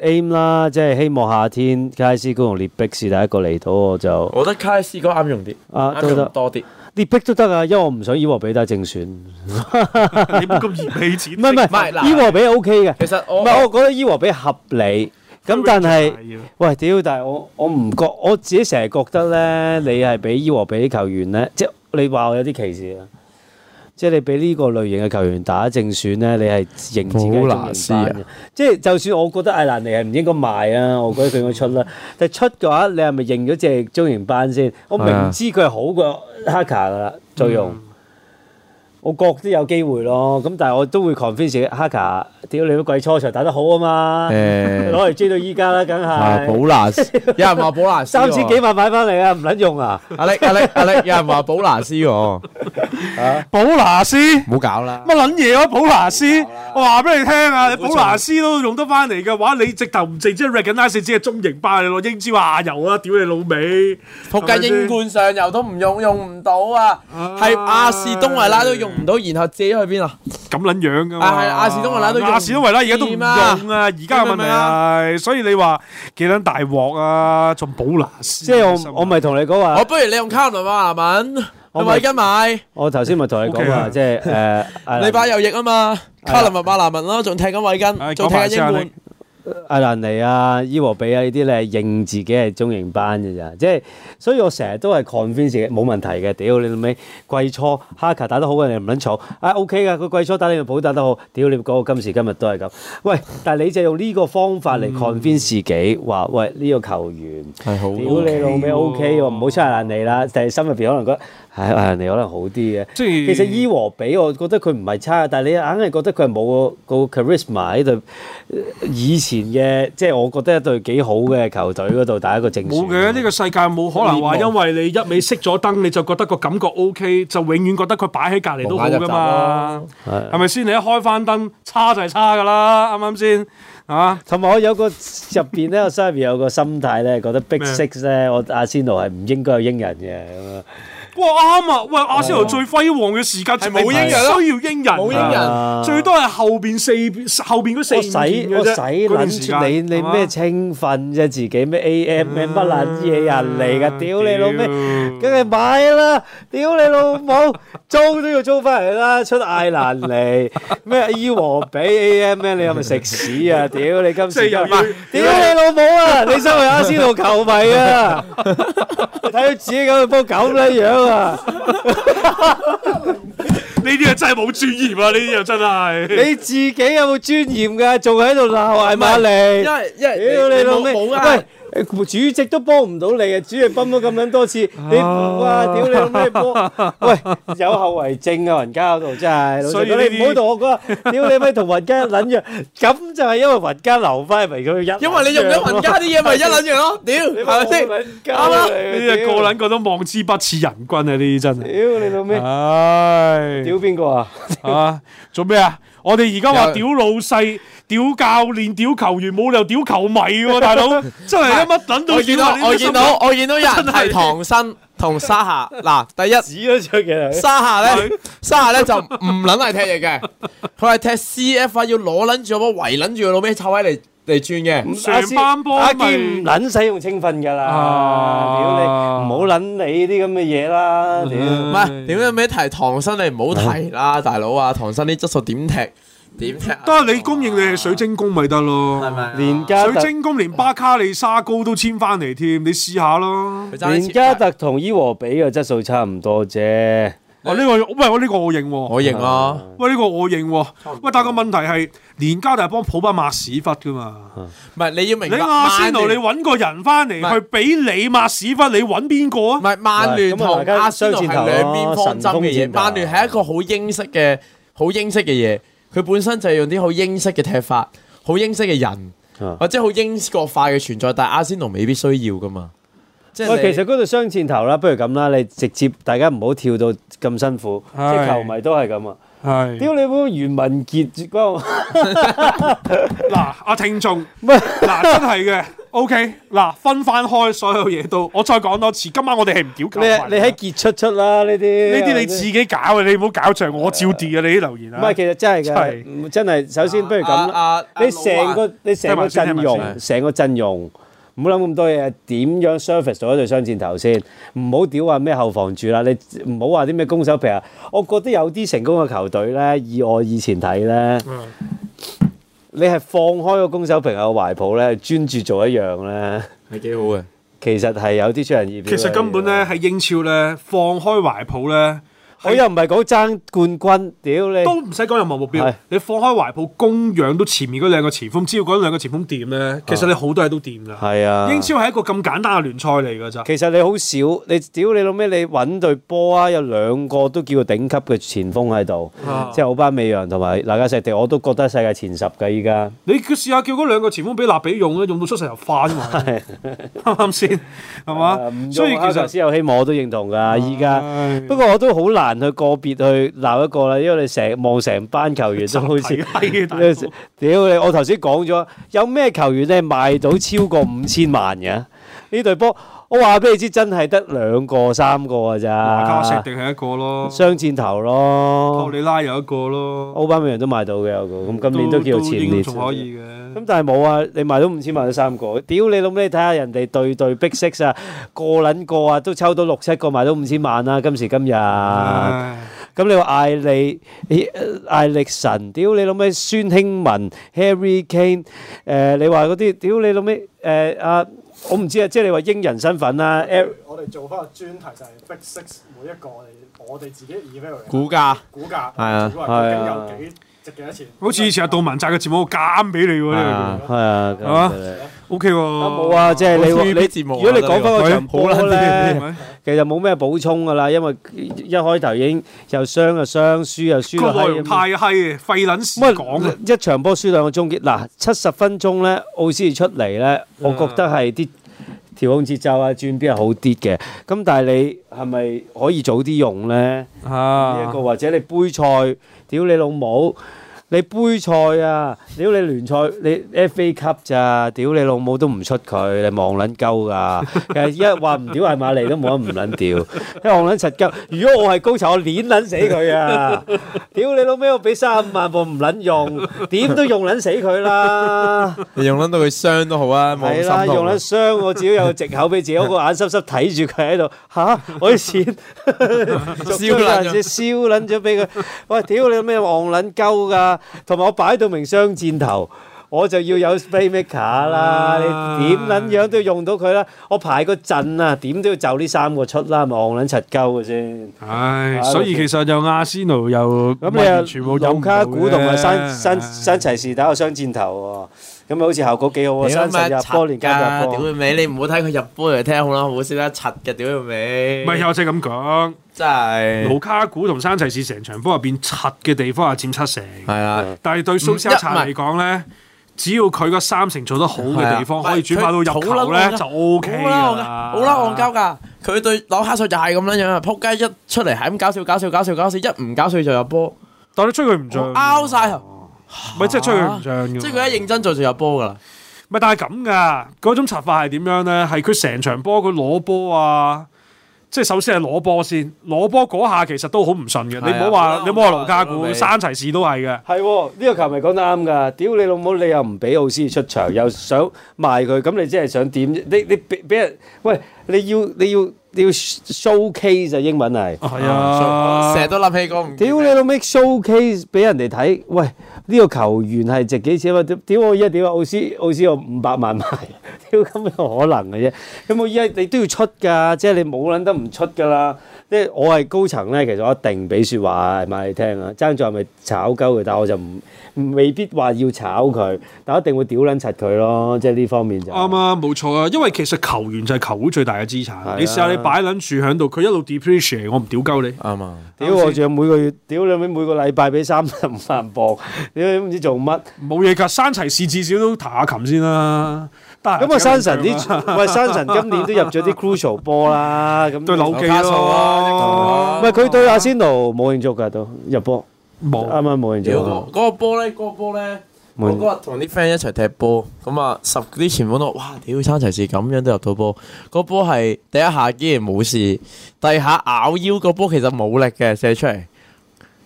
aim 啦，即係希望夏天卡西哥同列碧是第一個嚟到我就，我覺得卡西哥啱用啲，啱、啊、用多啲，啊、得得列碧都得啊，因為我唔想伊和比得正選， 你咁熱氣錢，唔係唔係，啦伊和比 O K 嘅，其實我唔係不，是我覺得伊和比合理，咁 但係，喂，屌，但係我我唔覺，我自己成日覺得咧，你係俾伊和比啲球員咧，即係你話我有啲歧視啊。即係你畀呢個類型嘅球員打正選咧，你係認自己中型班嘅。即係、啊、就算我覺得艾蘭尼係唔應該賣啊，我覺得佢應該出啦。 但係出嘅話，你係咪認咗隻中型班先？是啊、我明知佢係好過黑卡噶啦作用。嗯我覺都有機會咯，咁但係我都會 n f a r s h a c k e 屌你都季初場打得好啊嘛，攞嚟、欸、追到依家啦，梗係。保、啊、拿斯，有人話保拿斯、啊。三千幾萬買翻嚟啊，唔撚用啊！阿力阿力阿力，有人話保拿斯喎，啊保、啊啊啊啊嗯、拿斯，唔好搞啦，乜撚嘢啊保拿斯，我話俾你聽啊，保拿斯都用得翻嚟嘅話，你直頭唔直接 recognize 只係中型霸你攞英超下、啊、油啊，屌你老味，仆街英冠上游都唔用，用唔到啊，係亞士東維拉都用。唔到，然後借咗去邊啊？咁撚樣噶嘛？阿士東維拉都用，阿士東維拉而家都用啊！而家嘅問題啊，所以你話幾撚大鑊啊？仲保藍絲，即係我，我咪同你講話。我不如你用卡倫伯拿文，我咪韋根買？我頭先咪同你講啊，即係誒，你擺右翼啊嘛，卡倫伯拿文咯，仲踢緊韋根，仲踢緊阿蘭尼啊，伊和比啊，呢啲咧認自己係中型班嘅咋，即係所以我成日都係 convince 冇問題嘅。屌你老味，季初哈卡打得好嘅你唔撚嘈，啊、哎、OK 噶，佢季初打你個普打得好。屌你講到、那個、今時今日都係咁。喂，但係你就用呢個方法嚟 convince 自己話、嗯，喂呢、這個球員係好屌你老味。OK 喎，唔好出阿蘭尼啦。但係心入邊可能覺得，唉阿蘭尼可能好啲嘅。即係以其實伊和比，我覺得佢唔係差，但係你硬係覺得佢係冇個 charisma 喺度以前。嘅，即係我覺得一隊幾好嘅球隊嗰度打一個正選冇嘅，呢個世界冇可能話，因為你一味熄咗燈，你就覺得個感覺 OK，就永遠覺得佢擺喺隔離都好噶嘛，係咪先？你一開翻燈，差就係差噶啦，啱唔啱先啊？同埋我有個入邊咧，我心入邊有個心態咧，覺得 Big Six 咧，我阿仙奴係唔應該有英人嘅咁啊。哇啱啊！喂，阿仙奴最輝煌嘅時間，係冇英人，需要英人，冇英人，最多係後邊四後邊嗰四年使。我使諗住你你咩青訓啫？自己咩 AM 咩不蘭之嘢人嚟㗎？屌你老味，梗係買啦！屌你老母，租都要租翻嚟啦！出艾蘭嚟！咩 U 和比 AM 咩？你係咪食屎啊？屌你今次又屌你老母啊！你身為阿仙奴球迷啊！睇到自己咁樣幫狗一樣～啊！呢啲又真係冇尊嚴啊！呢啲又真係你自己有冇尊嚴噶？仲喺度鬧埋你？因為因為你冇保啊！喂主席都幫唔到你啊！主席幫咗咁樣多次，啊、你哇！屌你咩波？喂，有後遺症啊！雲家嗰度真係，所以你唔好同我講， 屌你咪同雲家一撚樣。咁就係因為雲家留翻嚟咪咁樣一、啊、因為你用咗雲家啲嘢、啊，咪屌一撚樣咯！是是屌，你係咪識？啱啦！呢啲個撚個都望之不似人君啊！呢啲真係。屌你老咩？唉！屌邊個啊？做咩啊？ 我哋而家話屌老細、屌教練、屌球員，冇理由屌球迷喎，大佬， 真係乜諗到？我我見到，我見到有人係唐生同沙夏！嗱， 第一沙夏咧，沙夏咧就唔捻係踢嘢嘅，佢係 踢 CF 㗎要攞捻住個圍，捻住個老味臭閪嚟。嚟轉嘅，班班就是、阿基唔撚使用青訓㗎啦，屌、啊、你，唔好撚你啲咁嘅嘢啦，屌。唔係、嗯，點解咩提唐生你提？你唔好提啦，大佬啊，唐生啲質素點踢？點踢？都係、嗯啊、你公認你係水晶宮咪得咯，係咪？水晶宮連巴卡利沙高都簽翻嚟添，你試下咯。連加特同伊和比嘅質素差唔多啫。哦，呢、啊這個喂，我、欸、呢、這個我認，我認啊！喂，呢個我認，喂、欸欸，但個問題係連加大係幫普巴抹屎忽噶嘛？唔係、欸，你要明白，阿仙奴你搵，啊、個人翻嚟去俾你抹屎忽，你搵邊個啊？唔係，曼聯同阿仙奴係兩邊方針嘅嘢。曼聯係一個好英式嘅、好英式嘅嘢，佢本身就係用啲好英式嘅踢法、好英式嘅人或者好英國化嘅存在，但係阿仙奴、哦、未必需要噶嘛。喂，其實嗰度雙箭頭啦，不如咁啦，你直接大家唔好跳到咁辛苦，即係球迷都係咁啊。係，屌你好袁文傑嗰度。嗱，阿聽眾，嗱真係嘅，OK，嗱分翻開所有嘢都，我再講多次，今晚我哋係唔屌球迷。你喺傑出出啦，呢啲呢啲你自己搞嘅，你唔好搞象我照 delete 啊！你啲留言啊。唔係，其實真係嘅，真係首先不如咁啊，你成個你成個陣容，成個陣容。唔好諗咁多嘢，點樣 surface 做一對雙箭頭先？唔好屌話咩後防住啦，你唔好話啲咩攻守平衡。我覺得有啲成功嘅球隊咧，以我以前睇咧，你係放開個攻守平衡嘅懷抱咧，專注做一樣咧，係幾好嘅。其實係有啲出人意表嘅。其實根本咧喺英超咧，放開懷抱咧。我又唔係講爭冠軍，屌你都唔使講任何目標。你放開懷抱供養，到前面嗰兩個前鋒，只要嗰兩個前鋒掂咧。其實你好多嘢都掂噶。係啊，英超係一個咁簡單嘅聯賽嚟㗎咋，其實你好少，你屌你老咩？你揾對波啊，有兩個都叫做頂級嘅前鋒喺度，即係奧巴美揚同埋拉加石地，我都覺得世界前十㗎依家。你叫試下叫嗰兩個前鋒俾納比用用到出世油化啫嘛。啱啱先？係嘛？所以其實先有希望，我都認同㗎。依家不過我都好難。難去個別去鬧一個啦，因為你成望成班球員都好似屌你。 我頭先講咗，有咩球員咧賣到超過五千萬嘅？呢隊波，我話俾你知，真係得兩個三個㗎咋？加石定係一個咯，雙箭頭咯，托里拉有一個咯，奧巴梅揚都買到嘅，咁今年都叫做前列，應該仲可以嘅。咁但係冇啊，你買到五千萬都三個，屌你老味！睇下人哋對對 Big Six 啊，過撚過啊都抽到六七個買到五千萬啦。今時今日，咁你話艾利艾力神，屌你老味！孫興文、Harry Kane，誒你話嗰啲，屌你老味！誒阿。我唔知啊，即係你話英人身份啦。我哋做翻個專題就係 Big Six 每一個我哋自己嘅、e、evaluating。股價，股價，係啊，股價、啊啊、究竟有幾、啊、值幾多錢？好似以前阿杜汶澤嘅節目，我減俾你喎。係啊，係啊，係嘛的？O K 喎，冇啊，即係你你如果你講嗰個場補咧，其實冇咩補充噶啦，因為一開頭已經又傷啊傷，輸又輸。個內容太閪，廢撚事講。唔係一場波輸兩個終結嗱，七十分鐘咧，奧斯出嚟咧，我覺得係啲調控節奏啊，轉邊係好啲嘅。咁但係你係咪可以早啲用咧？呢一個或者你杯賽屌你老母。你杯賽啊，屌你聯賽你 FA 級咋？屌你老母都唔出佢，你望撚鳩㗎！其實一話唔屌係馬嚟都冇得唔撚屌，因為我撚柒鳩。如果我係高層，我撚撚死佢啊！屌你老味，我俾三十五萬部唔撚用，點都用撚死佢啦！你用撚到佢傷都好啊，冇心痛。係啦，用得傷我只要有個藉口俾自己，我個眼濕濕睇住佢喺度嚇，我啲錢燒撚，燒撚咗俾佢。喂，屌你老味，望撚鳩㗎！同埋我擺到明雙箭頭，我就要有 space maker 啦，啊、你點撚樣，樣都要用到佢啦。我排個陣啊，點都要就呢三個出啦，望戇撚柒鳩嘅先。唉、哎，啊、所以其實又阿仙奴又咁你又、啊、全部有，有卡古同埋山山山齊士打個雙箭頭喎、啊。咁啊，好似效果幾好啊！想入波連加入波，屌你尾！你唔好睇佢入波嚟聽好啦，好笑啦，柒嘅屌你尾！唔係，我正咁講，真係。盧卡古同山齊士成場波入邊柒嘅地方係佔七成，係啊。但係對蘇斯達柒嚟講咧，只要佢個三成做得好嘅地方，可以轉化到入球咧，就 O K 啦。好啦，戇鳩㗎。佢對攞黑水就係咁樣樣，撲街一出嚟係咁搞笑搞笑搞笑搞笑，一唔搞笑就入波。但你吹佢唔進，拗晒！咪哈即係出去唔上嘅，即係佢一認真做就入波噶啦。咪但係咁噶，嗰種打法係點樣咧？係佢成場波佢攞波啊！即係首先係攞波先，攞波嗰下其實都好唔順嘅。啊、你唔好話你唔好話盧家古三齊士都係嘅。係呢、哦這個球咪講得啱噶？屌你老母！你又唔俾奧斯出場，又想賣佢，咁你即係想點啫？你你俾俾人喂你要你要。你要你要屌 showcase 啊，英文係，係啊，成日都諗起個唔掂。屌你老味 showcase 俾人哋睇，喂，呢個球員係值幾錢啊？屌我依家，屌奧斯奧斯有五百萬買，屌咁有可能嘅啫？有冇依家你都要出噶，即係你冇捻得唔出噶啦？即係我係高層咧，其實我一定俾説話買你聽啊！爭在係咪炒鳩佢？但係我就唔未必話要炒佢，但一定會屌撚柒佢咯。即係呢方面就啱啱，冇錯啊。因為其實球員就係球會最大嘅資產。啊、你試下你擺撚住喺度，佢一路 depreciate 我唔屌鳩你。啱啱屌我仲每個月屌你每每個禮拜俾三十五萬磅，你唔知做乜？冇嘢㗎，山齊士至少都彈下琴先啦。嗯咁啊，山神啲，唔 山神今年都入咗啲 crucial 波啦，咁 對老基唔係佢對阿仙奴冇、啊、興趣㗎，都入波，冇啱啱冇興趣。嗰波咧，嗰波咧，那個、我嗰日同啲 friend 一齊踢波，咁啊十啲前鋒都話，哇，屌山齊士咁樣都入到波。嗰波係第一下竟然冇事，第二下咬腰嗰波其實冇力嘅射出嚟，嗰、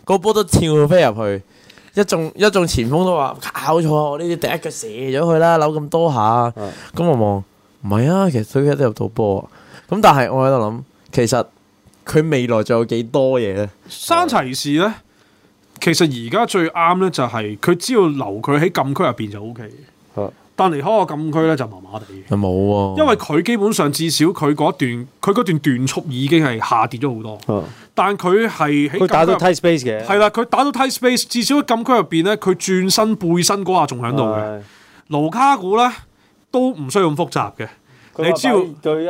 那、波、個、都跳飛入去。一眾一眾前鋒都話：搞錯，呢啲第一腳射咗佢啦，扭咁多下。咁、嗯、我望唔係啊，其實追佢都入到波啊。咁但係我喺度諗，其實佢未來仲有幾多嘢咧？山齊士咧，其實而家最啱咧就係、是、佢只要留佢喺禁區入邊就 O K。嗯、但離開個禁區咧就麻麻地。又冇，因為佢基本上至少佢嗰段，佢嗰段段速已經係下跌咗好多。嗯嗯但佢係喺禁區，係啦，佢打到 type space，至少喺禁區入邊咧，佢轉身背身嗰下仲喺度嘅。盧卡古咧都唔需要咁複雜嘅，你只要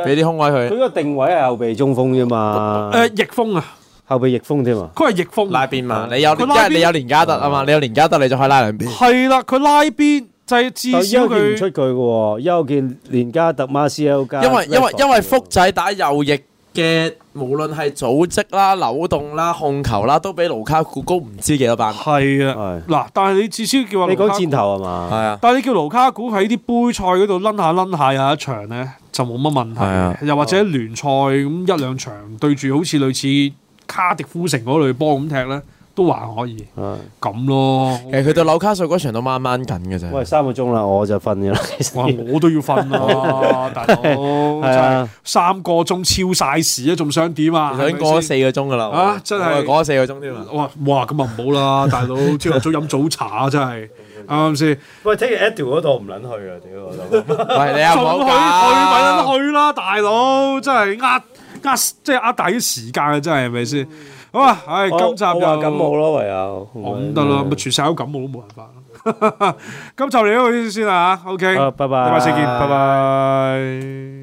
俾啲空位佢。佢個定位係後備中鋒啫嘛。誒，翼鋒啊，後備翼鋒添啊。佢係翼鋒拉邊嘛？你有即係你有連加特啊嘛？你有連加特，你就可以拉兩邊。係啦，佢拉邊就係至少佢。唔出佢嘅喎，又見連加特馬斯又加。因為因為因為福仔打右翼嘅。無論係組織啦、扭動啦、控球啦，都比盧卡古高唔知幾多班。係啊的，嗱的，但係你至少叫話你講箭頭係嘛？係啊。但係你叫盧卡古喺啲杯賽嗰度掄下掄下，下有一場咧，就冇乜問題。啊的。又或者聯賽咁一兩場對住好似類似卡迪夫城嗰類波咁踢咧。都還可以，咁咯。誒，佢到紐卡素嗰場都掹掹緊嘅啫。喂，三個鐘啦，我就瞓咗。我話我都要瞓咯，大佬，三個鐘超晒時啊，仲想點啊？已經過咗四個鐘噶啦，啊，真係過咗四個鐘添！哇哇，咁啊唔好啦，大佬，朝頭早飲早茶啊，真係啱啱先？喂，聽日 Ado 嗰度唔撚去啊，屌！唔喂，你阿母啊，去咪去啦，大佬，真係呃呃，即係呃大啲時間啊，真係係咪先？好啊，唉，我今集又感冒咯，唯有，咁得啦，咪、哦、但全晒都感冒都冇辦法 今集嚟到呢先啦吓，OK，拜拜，拜拜，拜拜。Bye bye